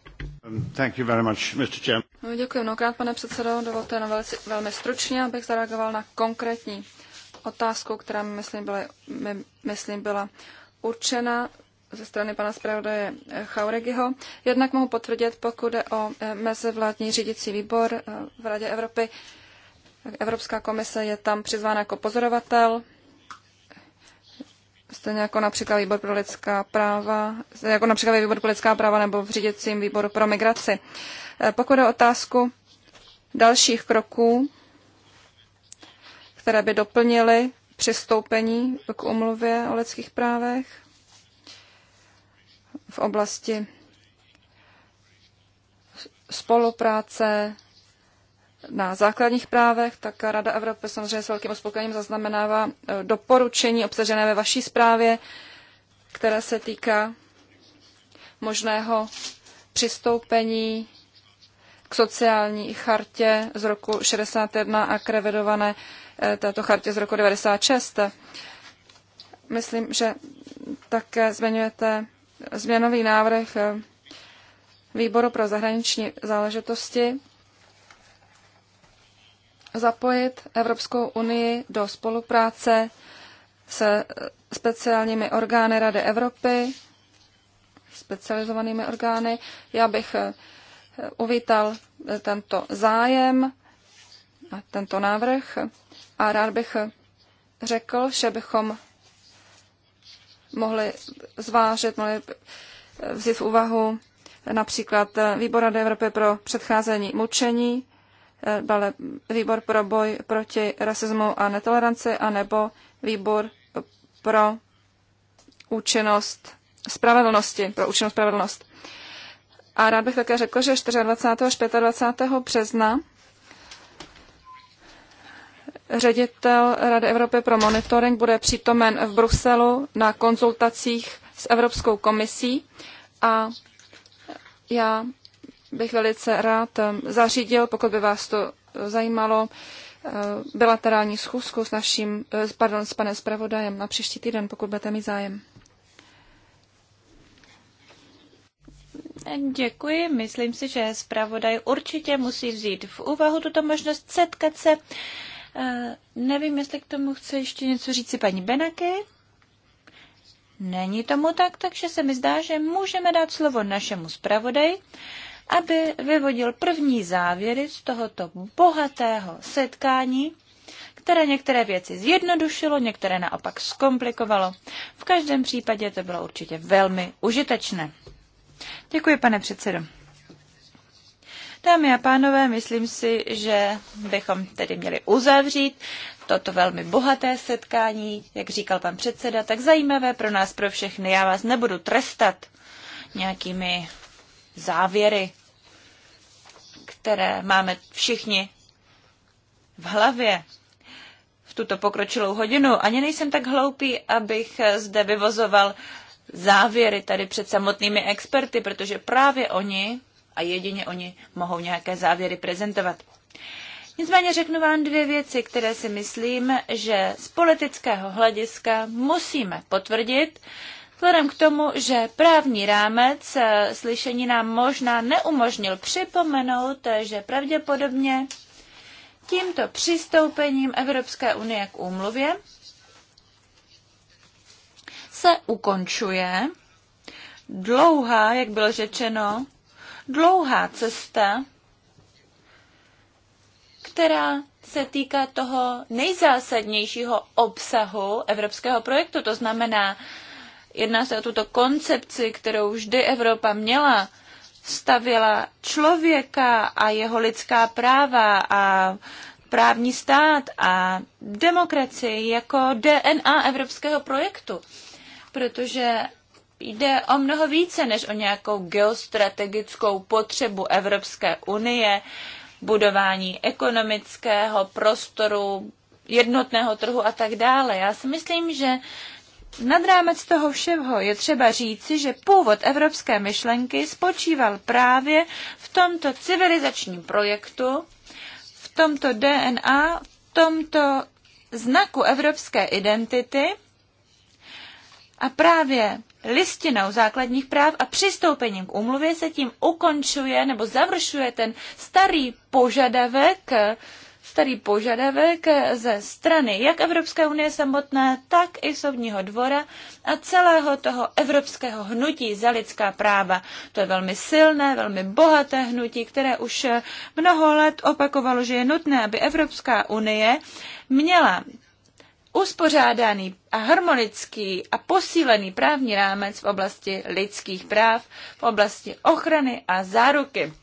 Um, thank you very much, Mr. Chairman. No, děkuji mnohokrát, pane předsedo. Dovolte jenom velmi stručně, abych zareagoval na konkrétní otázkou, která mi myslím byla, mi, myslím byla určena ze strany pana zpravodaje Chauregiho. Jednak mohu potvrdit, pokud jde o eh, mezivládní řídící výbor eh, v Radě Evropy, Evropská komise je tam přizvána jako pozorovatel, stejně jako například výbor pro lidská práva, jako například výbor pro lidská práva nebo v řídícím výboru pro migraci. Eh, pokud je otázku dalších kroků, které by doplnily přistoupení k umluvě o lidských právech v oblasti spolupráce na základních právech, tak Rada Evropy samozřejmě s velkým uspokojením zaznamenává eh, doporučení obsažené ve vaší zprávě, které se týká možného přistoupení k sociální chartě z roku 61 a k revidované Eh, této chartě z roku 96. Myslím, že také zmiňujete změnový návrh eh, výboru pro zahraniční záležitosti zapojit Evropskou unii do spolupráce se speciálními orgány Rady Evropy, specializovanými orgány. Já bych eh, uvítal tento zájem a tento návrh. A rád bych řekl, že bychom mohli zvážit, mohli vzít v úvahu například Výbor Rady Evropy pro předcházení mučení, dále Výbor pro boj proti rasismu a netoleranci, anebo Výbor pro účinnost spravedlnosti, pro účinnost spravedlnost. A rád bych také řekl, že 24. až 25. března ředitel Rady Evropy pro monitoring bude přítomen v Bruselu na konzultacích s Evropskou komisí a já bych velice rád um, zařídil, pokud by vás to uh, zajímalo, uh, bilaterální schůzku s naším, uh, pardon, s panem zpravodajem na příští týden, pokud budete mít zájem. Děkuji. Myslím si, že zpravodaj určitě musí vzít v úvahu tuto možnost setkat se Eh, nevím, jestli k tomu chce ještě něco říci paní Benaky. Není tomu tak, takže se mi zdá, že můžeme dát slovo našemu zpravodaji, aby vyvodil první závěry z tohoto bohatého setkání, které některé věci zjednodušilo, některé naopak zkomplikovalo. V každém případě to bylo určitě velmi užitečné. Děkuji, pane předsedo. Dámy a pánové, myslím si, že bychom tedy měli uzavřít toto velmi bohaté setkání, jak říkal pan předseda, tak zajímavé pro nás, pro všechny. Já vás nebudu trestat nějakými závěry, které máme všichni v hlavě v tuto pokročilou hodinu. Ani nejsem tak hloupý, abych zde vyvozoval závěry tady před samotnými experty, protože právě oni a jedině oni mohou nějaké závěry prezentovat. Nicméně řeknu vám dvě věci, které si myslím, že z politického hlediska musíme potvrdit, vzhledem k tomu, že právní rámec eh, slyšení nám možná neumožnil připomenout, eh, že pravděpodobně tímto přistoupením Evropské unie k úmluvě se ukončuje dlouhá, jak bylo řečeno, dlouhá cesta, která se týká toho nejzásadnějšího obsahu evropského projektu. To znamená, jedná se o tuto koncepci, kterou vždy Evropa měla, stavěla člověka a jeho lidská práva a právní stát a demokracii jako DNA evropského projektu. Protože Jde o mnoho více než o nějakou geostrategickou potřebu Evropské unie, budování ekonomického prostoru, jednotného trhu a tak dále. Já si myslím, že nad rámec toho všeho je třeba říci, že původ evropské myšlenky spočíval právě v tomto civilizačním projektu, v tomto DNA, v tomto znaku evropské identity a právě listinou základních práv a přistoupením k úmluvě se tím ukončuje nebo završuje ten starý požadavek, starý požadavek ze strany jak Evropské unie samotné, tak i Soudního dvora a celého toho evropského hnutí za lidská práva. To je velmi silné, velmi bohaté hnutí, které už mnoho let opakovalo, že je nutné, aby Evropská unie měla uspořádaný a harmonický a posílený právní rámec v oblasti lidských práv, v oblasti ochrany a záruky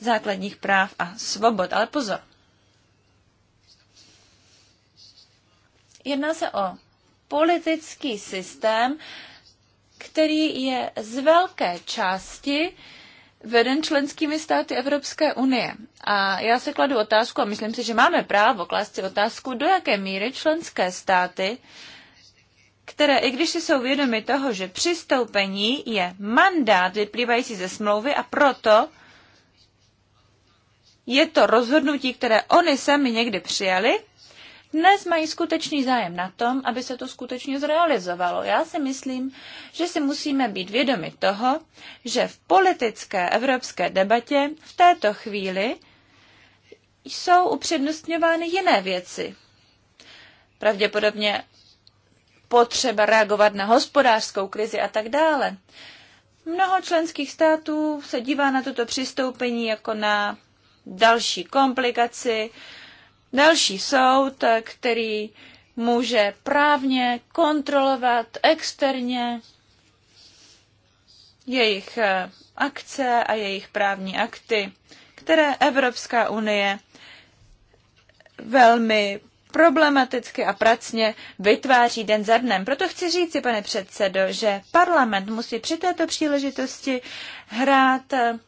základních práv a svobod. Ale pozor. Jedná se o politický systém, který je z velké části veden členskými státy Evropské unie. A já se kladu otázku, a myslím si, že máme právo klást si otázku, do jaké míry členské státy, které, i když si jsou vědomi toho, že přistoupení je mandát vyplývající ze smlouvy a proto je to rozhodnutí, které oni sami někdy přijali, dnes mají skutečný zájem na tom, aby se to skutečně zrealizovalo. Já si myslím, že si musíme být vědomi toho, že v politické evropské debatě v této chvíli jsou upřednostňovány jiné věci. Pravděpodobně potřeba reagovat na hospodářskou krizi a tak dále. Mnoho členských států se dívá na toto přistoupení jako na další komplikaci, další soud, který může právně kontrolovat externě jejich eh, akce a jejich právní akty, které Evropská unie velmi problematicky a pracně vytváří den za dnem. Proto chci říci, pane předsedo, že parlament musí při této příležitosti hrát eh,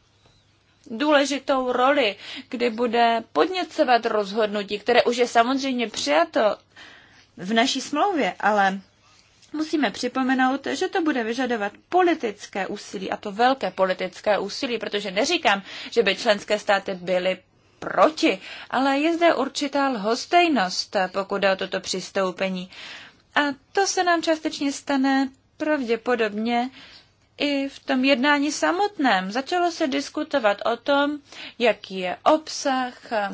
důležitou roli, kdy bude podněcovat rozhodnutí, které už je samozřejmě přijato v naší smlouvě, ale musíme připomenout, že to bude vyžadovat politické úsilí, a to velké politické úsilí, protože neříkám, že by členské státy byly proti, ale je zde určitá lhostejnost, pokud jde o toto přistoupení. A to se nám částečně stane pravděpodobně i v tom jednání samotném začalo se diskutovat o tom, jaký je obsah eh,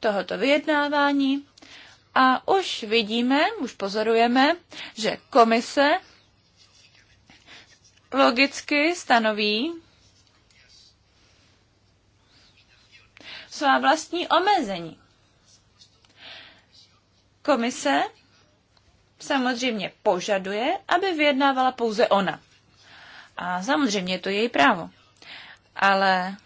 tohoto vyjednávání. A už vidíme, už pozorujeme, že komise logicky stanoví svá vlastní omezení. Komise samozřejmě požaduje, aby vyjednávala pouze ona. A samozřejmě je to její právo. Ale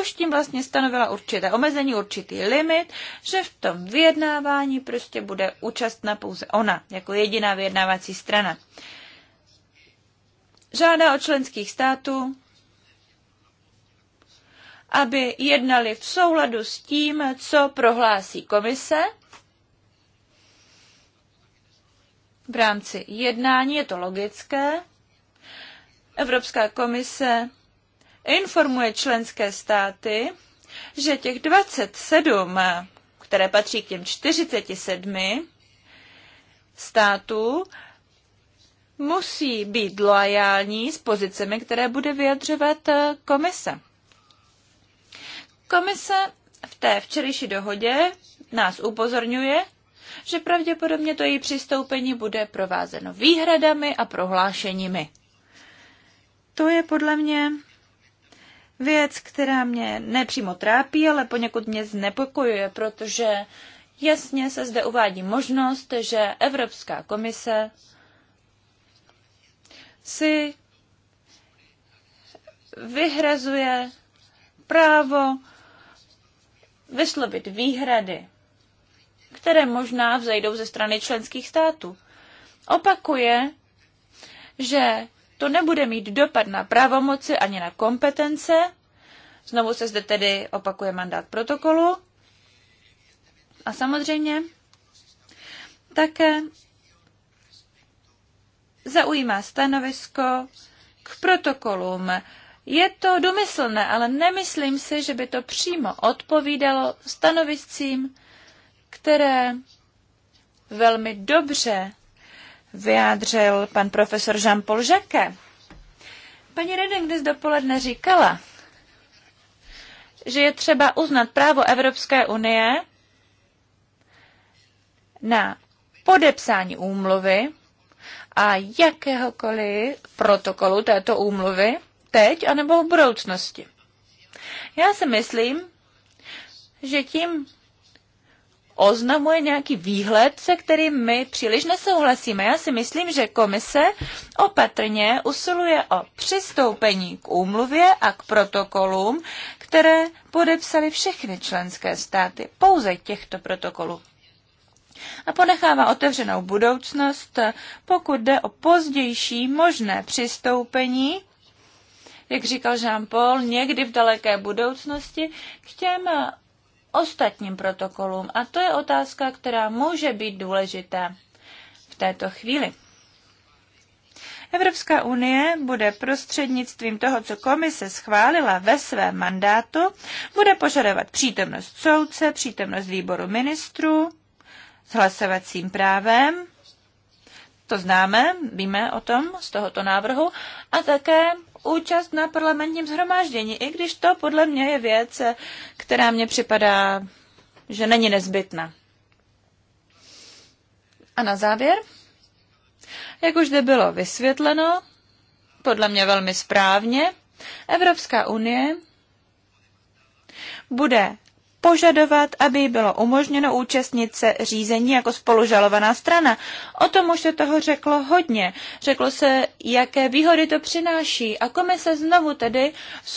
už tím vlastně stanovila určité omezení, určitý limit, že v tom vyjednávání prostě bude účastna pouze ona, jako jediná vyjednávací strana. Žádá od členských států, aby jednali v souladu s tím, co prohlásí komise. V rámci jednání je to logické, Evropská komise informuje členské státy, že těch 27, které patří k těm 47 států, musí být loajální s pozicemi, které bude vyjadřovat komise. Komise v té včerejší dohodě nás upozorňuje, že pravděpodobně to její přistoupení bude provázeno výhradami a prohlášeními. To je podle mě věc, která mě nepřímo trápí, ale poněkud mě znepokojuje, protože jasně se zde uvádí možnost, že Evropská komise si vyhrazuje právo vyslovit výhrady, které možná vzejdou ze strany členských států. Opakuje, že to nebude mít dopad na pravomoci ani na kompetence. Znovu se zde tedy opakuje mandát protokolu. A samozřejmě také zaujímá stanovisko k protokolům. Je to domyslné, ale nemyslím si, že by to přímo odpovídalo stanoviscím, které velmi dobře vyjádřil pan profesor Jean-Paul Jacquet. Paní Reding dnes dopoledne říkala, že je třeba uznat právo Evropské unie na podepsání úmluvy a jakéhokoliv protokolu této úmluvy teď anebo v budoucnosti. Já si myslím, že tím oznamuje nějaký výhled, se kterým my příliš nesouhlasíme. Já si myslím, že komise opatrně usiluje o přistoupení k úmluvě a k protokolům, které podepsaly všechny členské státy, pouze těchto protokolů. A ponechává otevřenou budoucnost, pokud jde o pozdější možné přistoupení jak říkal Jean-Paul, někdy v daleké budoucnosti k těm ostatním protokolům. A to je otázka, která může být důležitá v této chvíli. Evropská unie bude prostřednictvím toho, co komise schválila ve svém mandátu, bude požadovat přítomnost soudce, přítomnost výboru ministrů s hlasovacím právem, to známe, víme o tom z tohoto návrhu, a také účast na parlamentním zhromáždění, i když to podle mě je věc, která mně připadá, že není nezbytná. A na závěr, jak už zde bylo vysvětleno, podle mě velmi správně, Evropská unie bude požadovat, aby jí bylo umožněno účastnit se řízení jako spolužalovaná strana. O tom už se toho řeklo hodně. Řeklo se, jaké výhody to přináší. A komise znovu tedy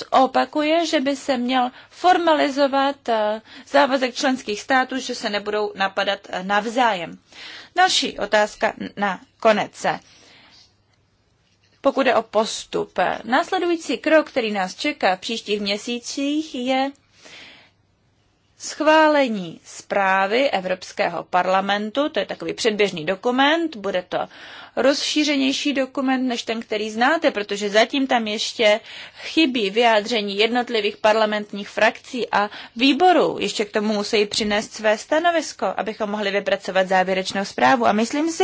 opakuje, že by se měl formalizovat eh, závazek členských států, že se nebudou napadat eh, navzájem. Další otázka na konec. Pokud je o postup, eh, následující krok, který nás čeká v příštích měsících, je schválení zprávy Evropského parlamentu, to je takový předběžný dokument, bude to rozšířenější dokument než ten, který znáte, protože zatím tam ještě chybí vyjádření jednotlivých parlamentních frakcí a výborů. Ještě k tomu musí přinést své stanovisko, abychom mohli vypracovat závěrečnou zprávu. A myslím si,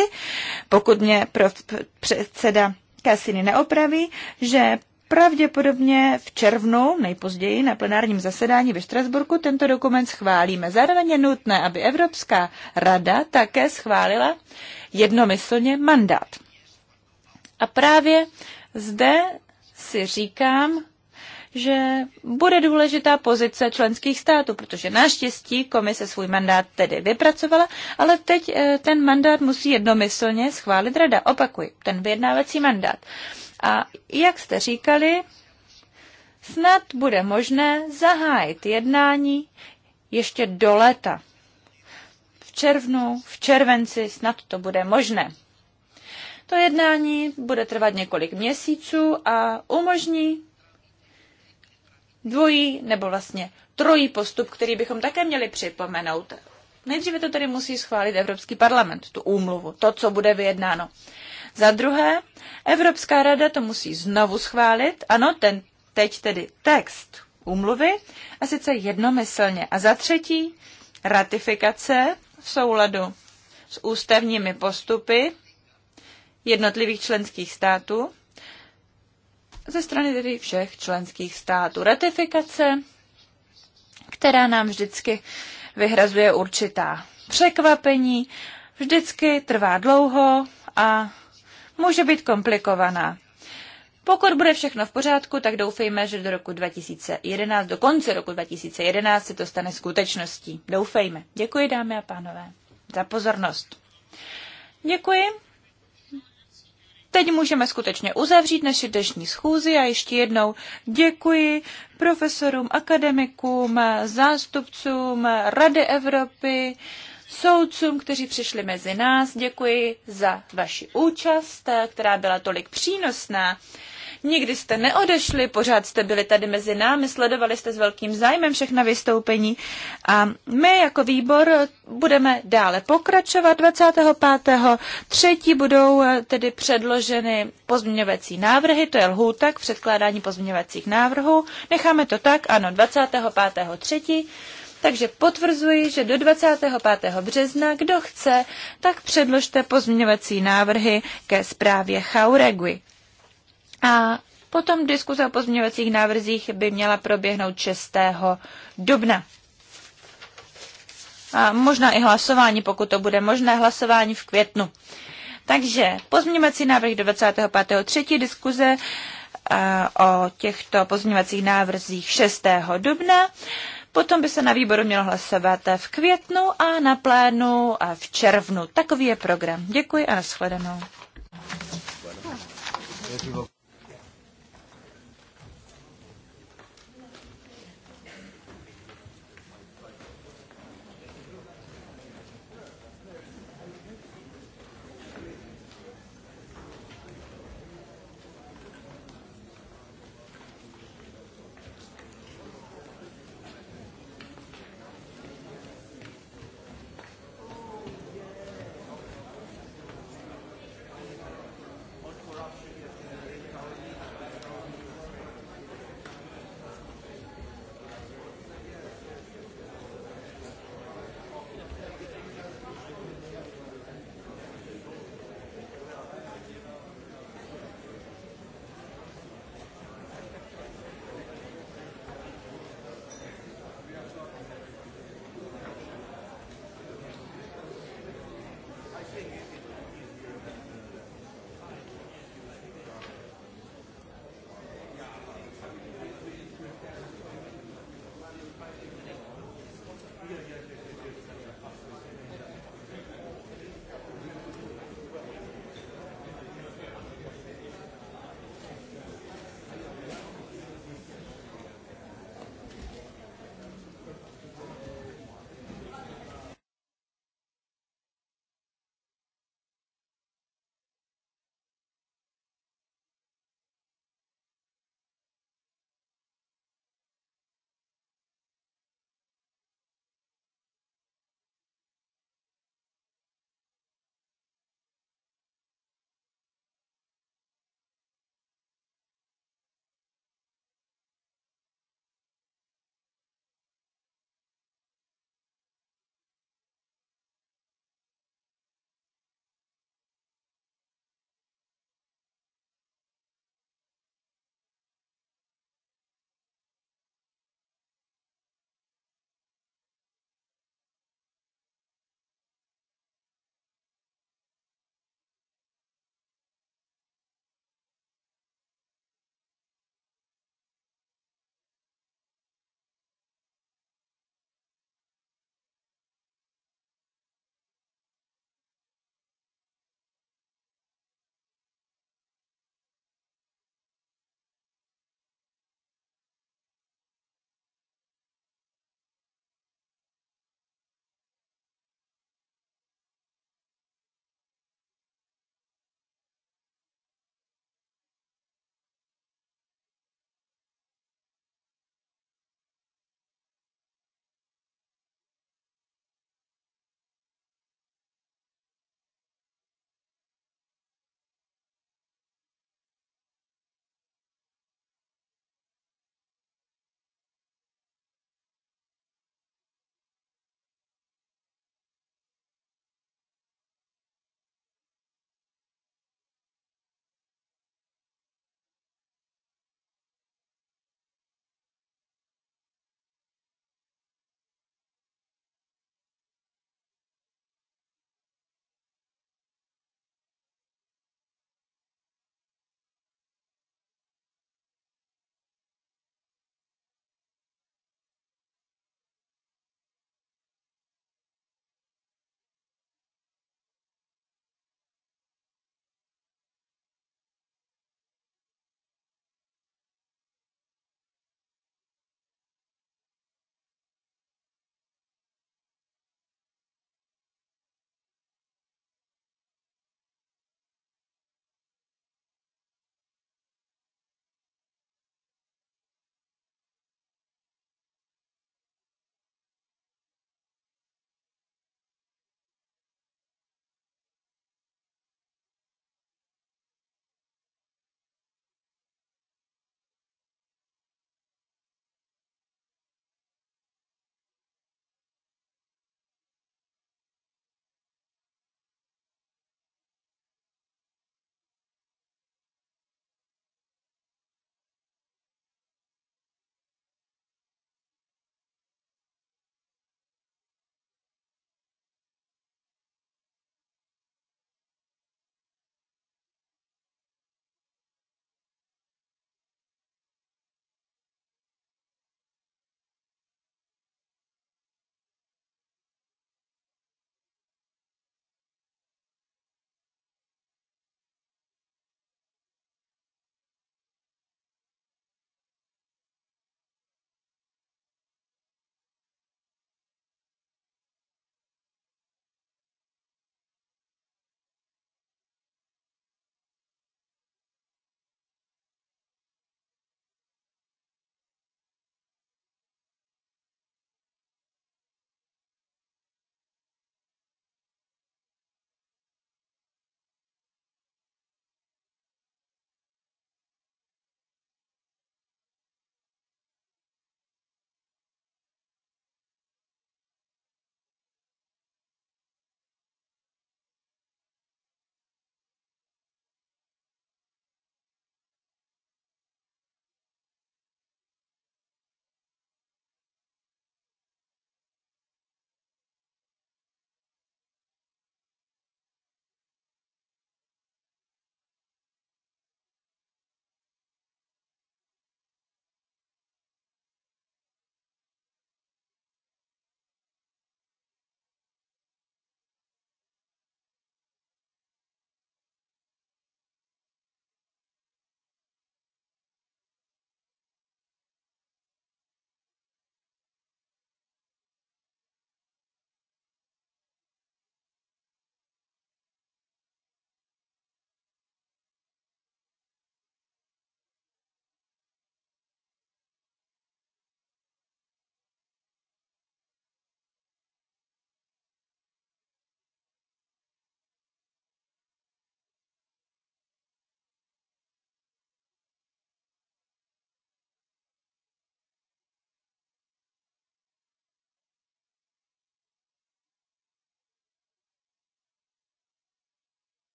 pokud mě prof. předseda Kasiny neopraví, že Pravděpodobně v červnu, nejpozději na plenárním zasedání ve Štrasburku, tento dokument schválíme. Zároveň je nutné, aby Evropská rada také schválila jednomyslně mandát. A právě zde si říkám, že bude důležitá pozice členských států, protože naštěstí komise svůj mandát tedy vypracovala, ale teď eh, ten mandát musí jednomyslně schválit rada. Opakuji, ten vyjednávací mandát. Uh, a jak jste říkali, snad bude možné zahájit jednání ještě do léta. V červnu, v červenci snad to bude možné. To jednání bude trvat několik měsíců a umožní dvojí nebo vlastně trojí postup, který bychom také měli připomenout. Nejdříve to tedy musí schválit Evropský parlament, tu úmluvu, to, co bude vyjednáno. Za druhé, Evropská rada to musí znovu schválit, ano, ten teď tedy text úmluvy, a sice jednomyslně. A za třetí, ratifikace v souladu s ústavními postupy jednotlivých členských států ze strany tedy všech členských států. Ratifikace, která nám vždycky vyhrazuje určitá překvapení, vždycky trvá dlouho a může být komplikovaná. Pokud bude všechno v pořádku, tak doufejme, že do roku 2011, do konce roku 2011 se to stane skutečností. Doufejme. Děkuji, dámy a pánové, za pozornost. Děkuji. Teď můžeme skutečně uzavřít naši dnešní schůzi a ještě jednou děkuji profesorům, akademikům, zástupcům Rady Evropy, soudcům, kteří přišli mezi nás. Děkuji za vaši účast, která byla tolik přínosná. Nikdy jste neodešli, pořád jste byli tady mezi námi, sledovali jste s velkým zájmem všechna vystoupení a my jako výbor budeme dále pokračovat. 25. třetí budou eh, tedy předloženy pozměňovací návrhy, to je lhůta k předkládání pozměňovacích návrhů. Necháme to tak, ano, třetí. Takže potvrzuji, že do 25. března, kdo chce, tak předložte pozměňovací návrhy ke zprávě Chauregui. A potom diskuse o pozměňovacích návrzích by měla proběhnout 6. dubna. A možná i hlasování, pokud to bude možné, hlasování v květnu. Takže pozměňovací návrh 25.3. diskuze o těchto pozměňovacích návrzích 6. dubna. Potom by se na výboru mělo hlasovat v květnu a na plénu a v červnu. Takový je program. Děkuji a nashledanou.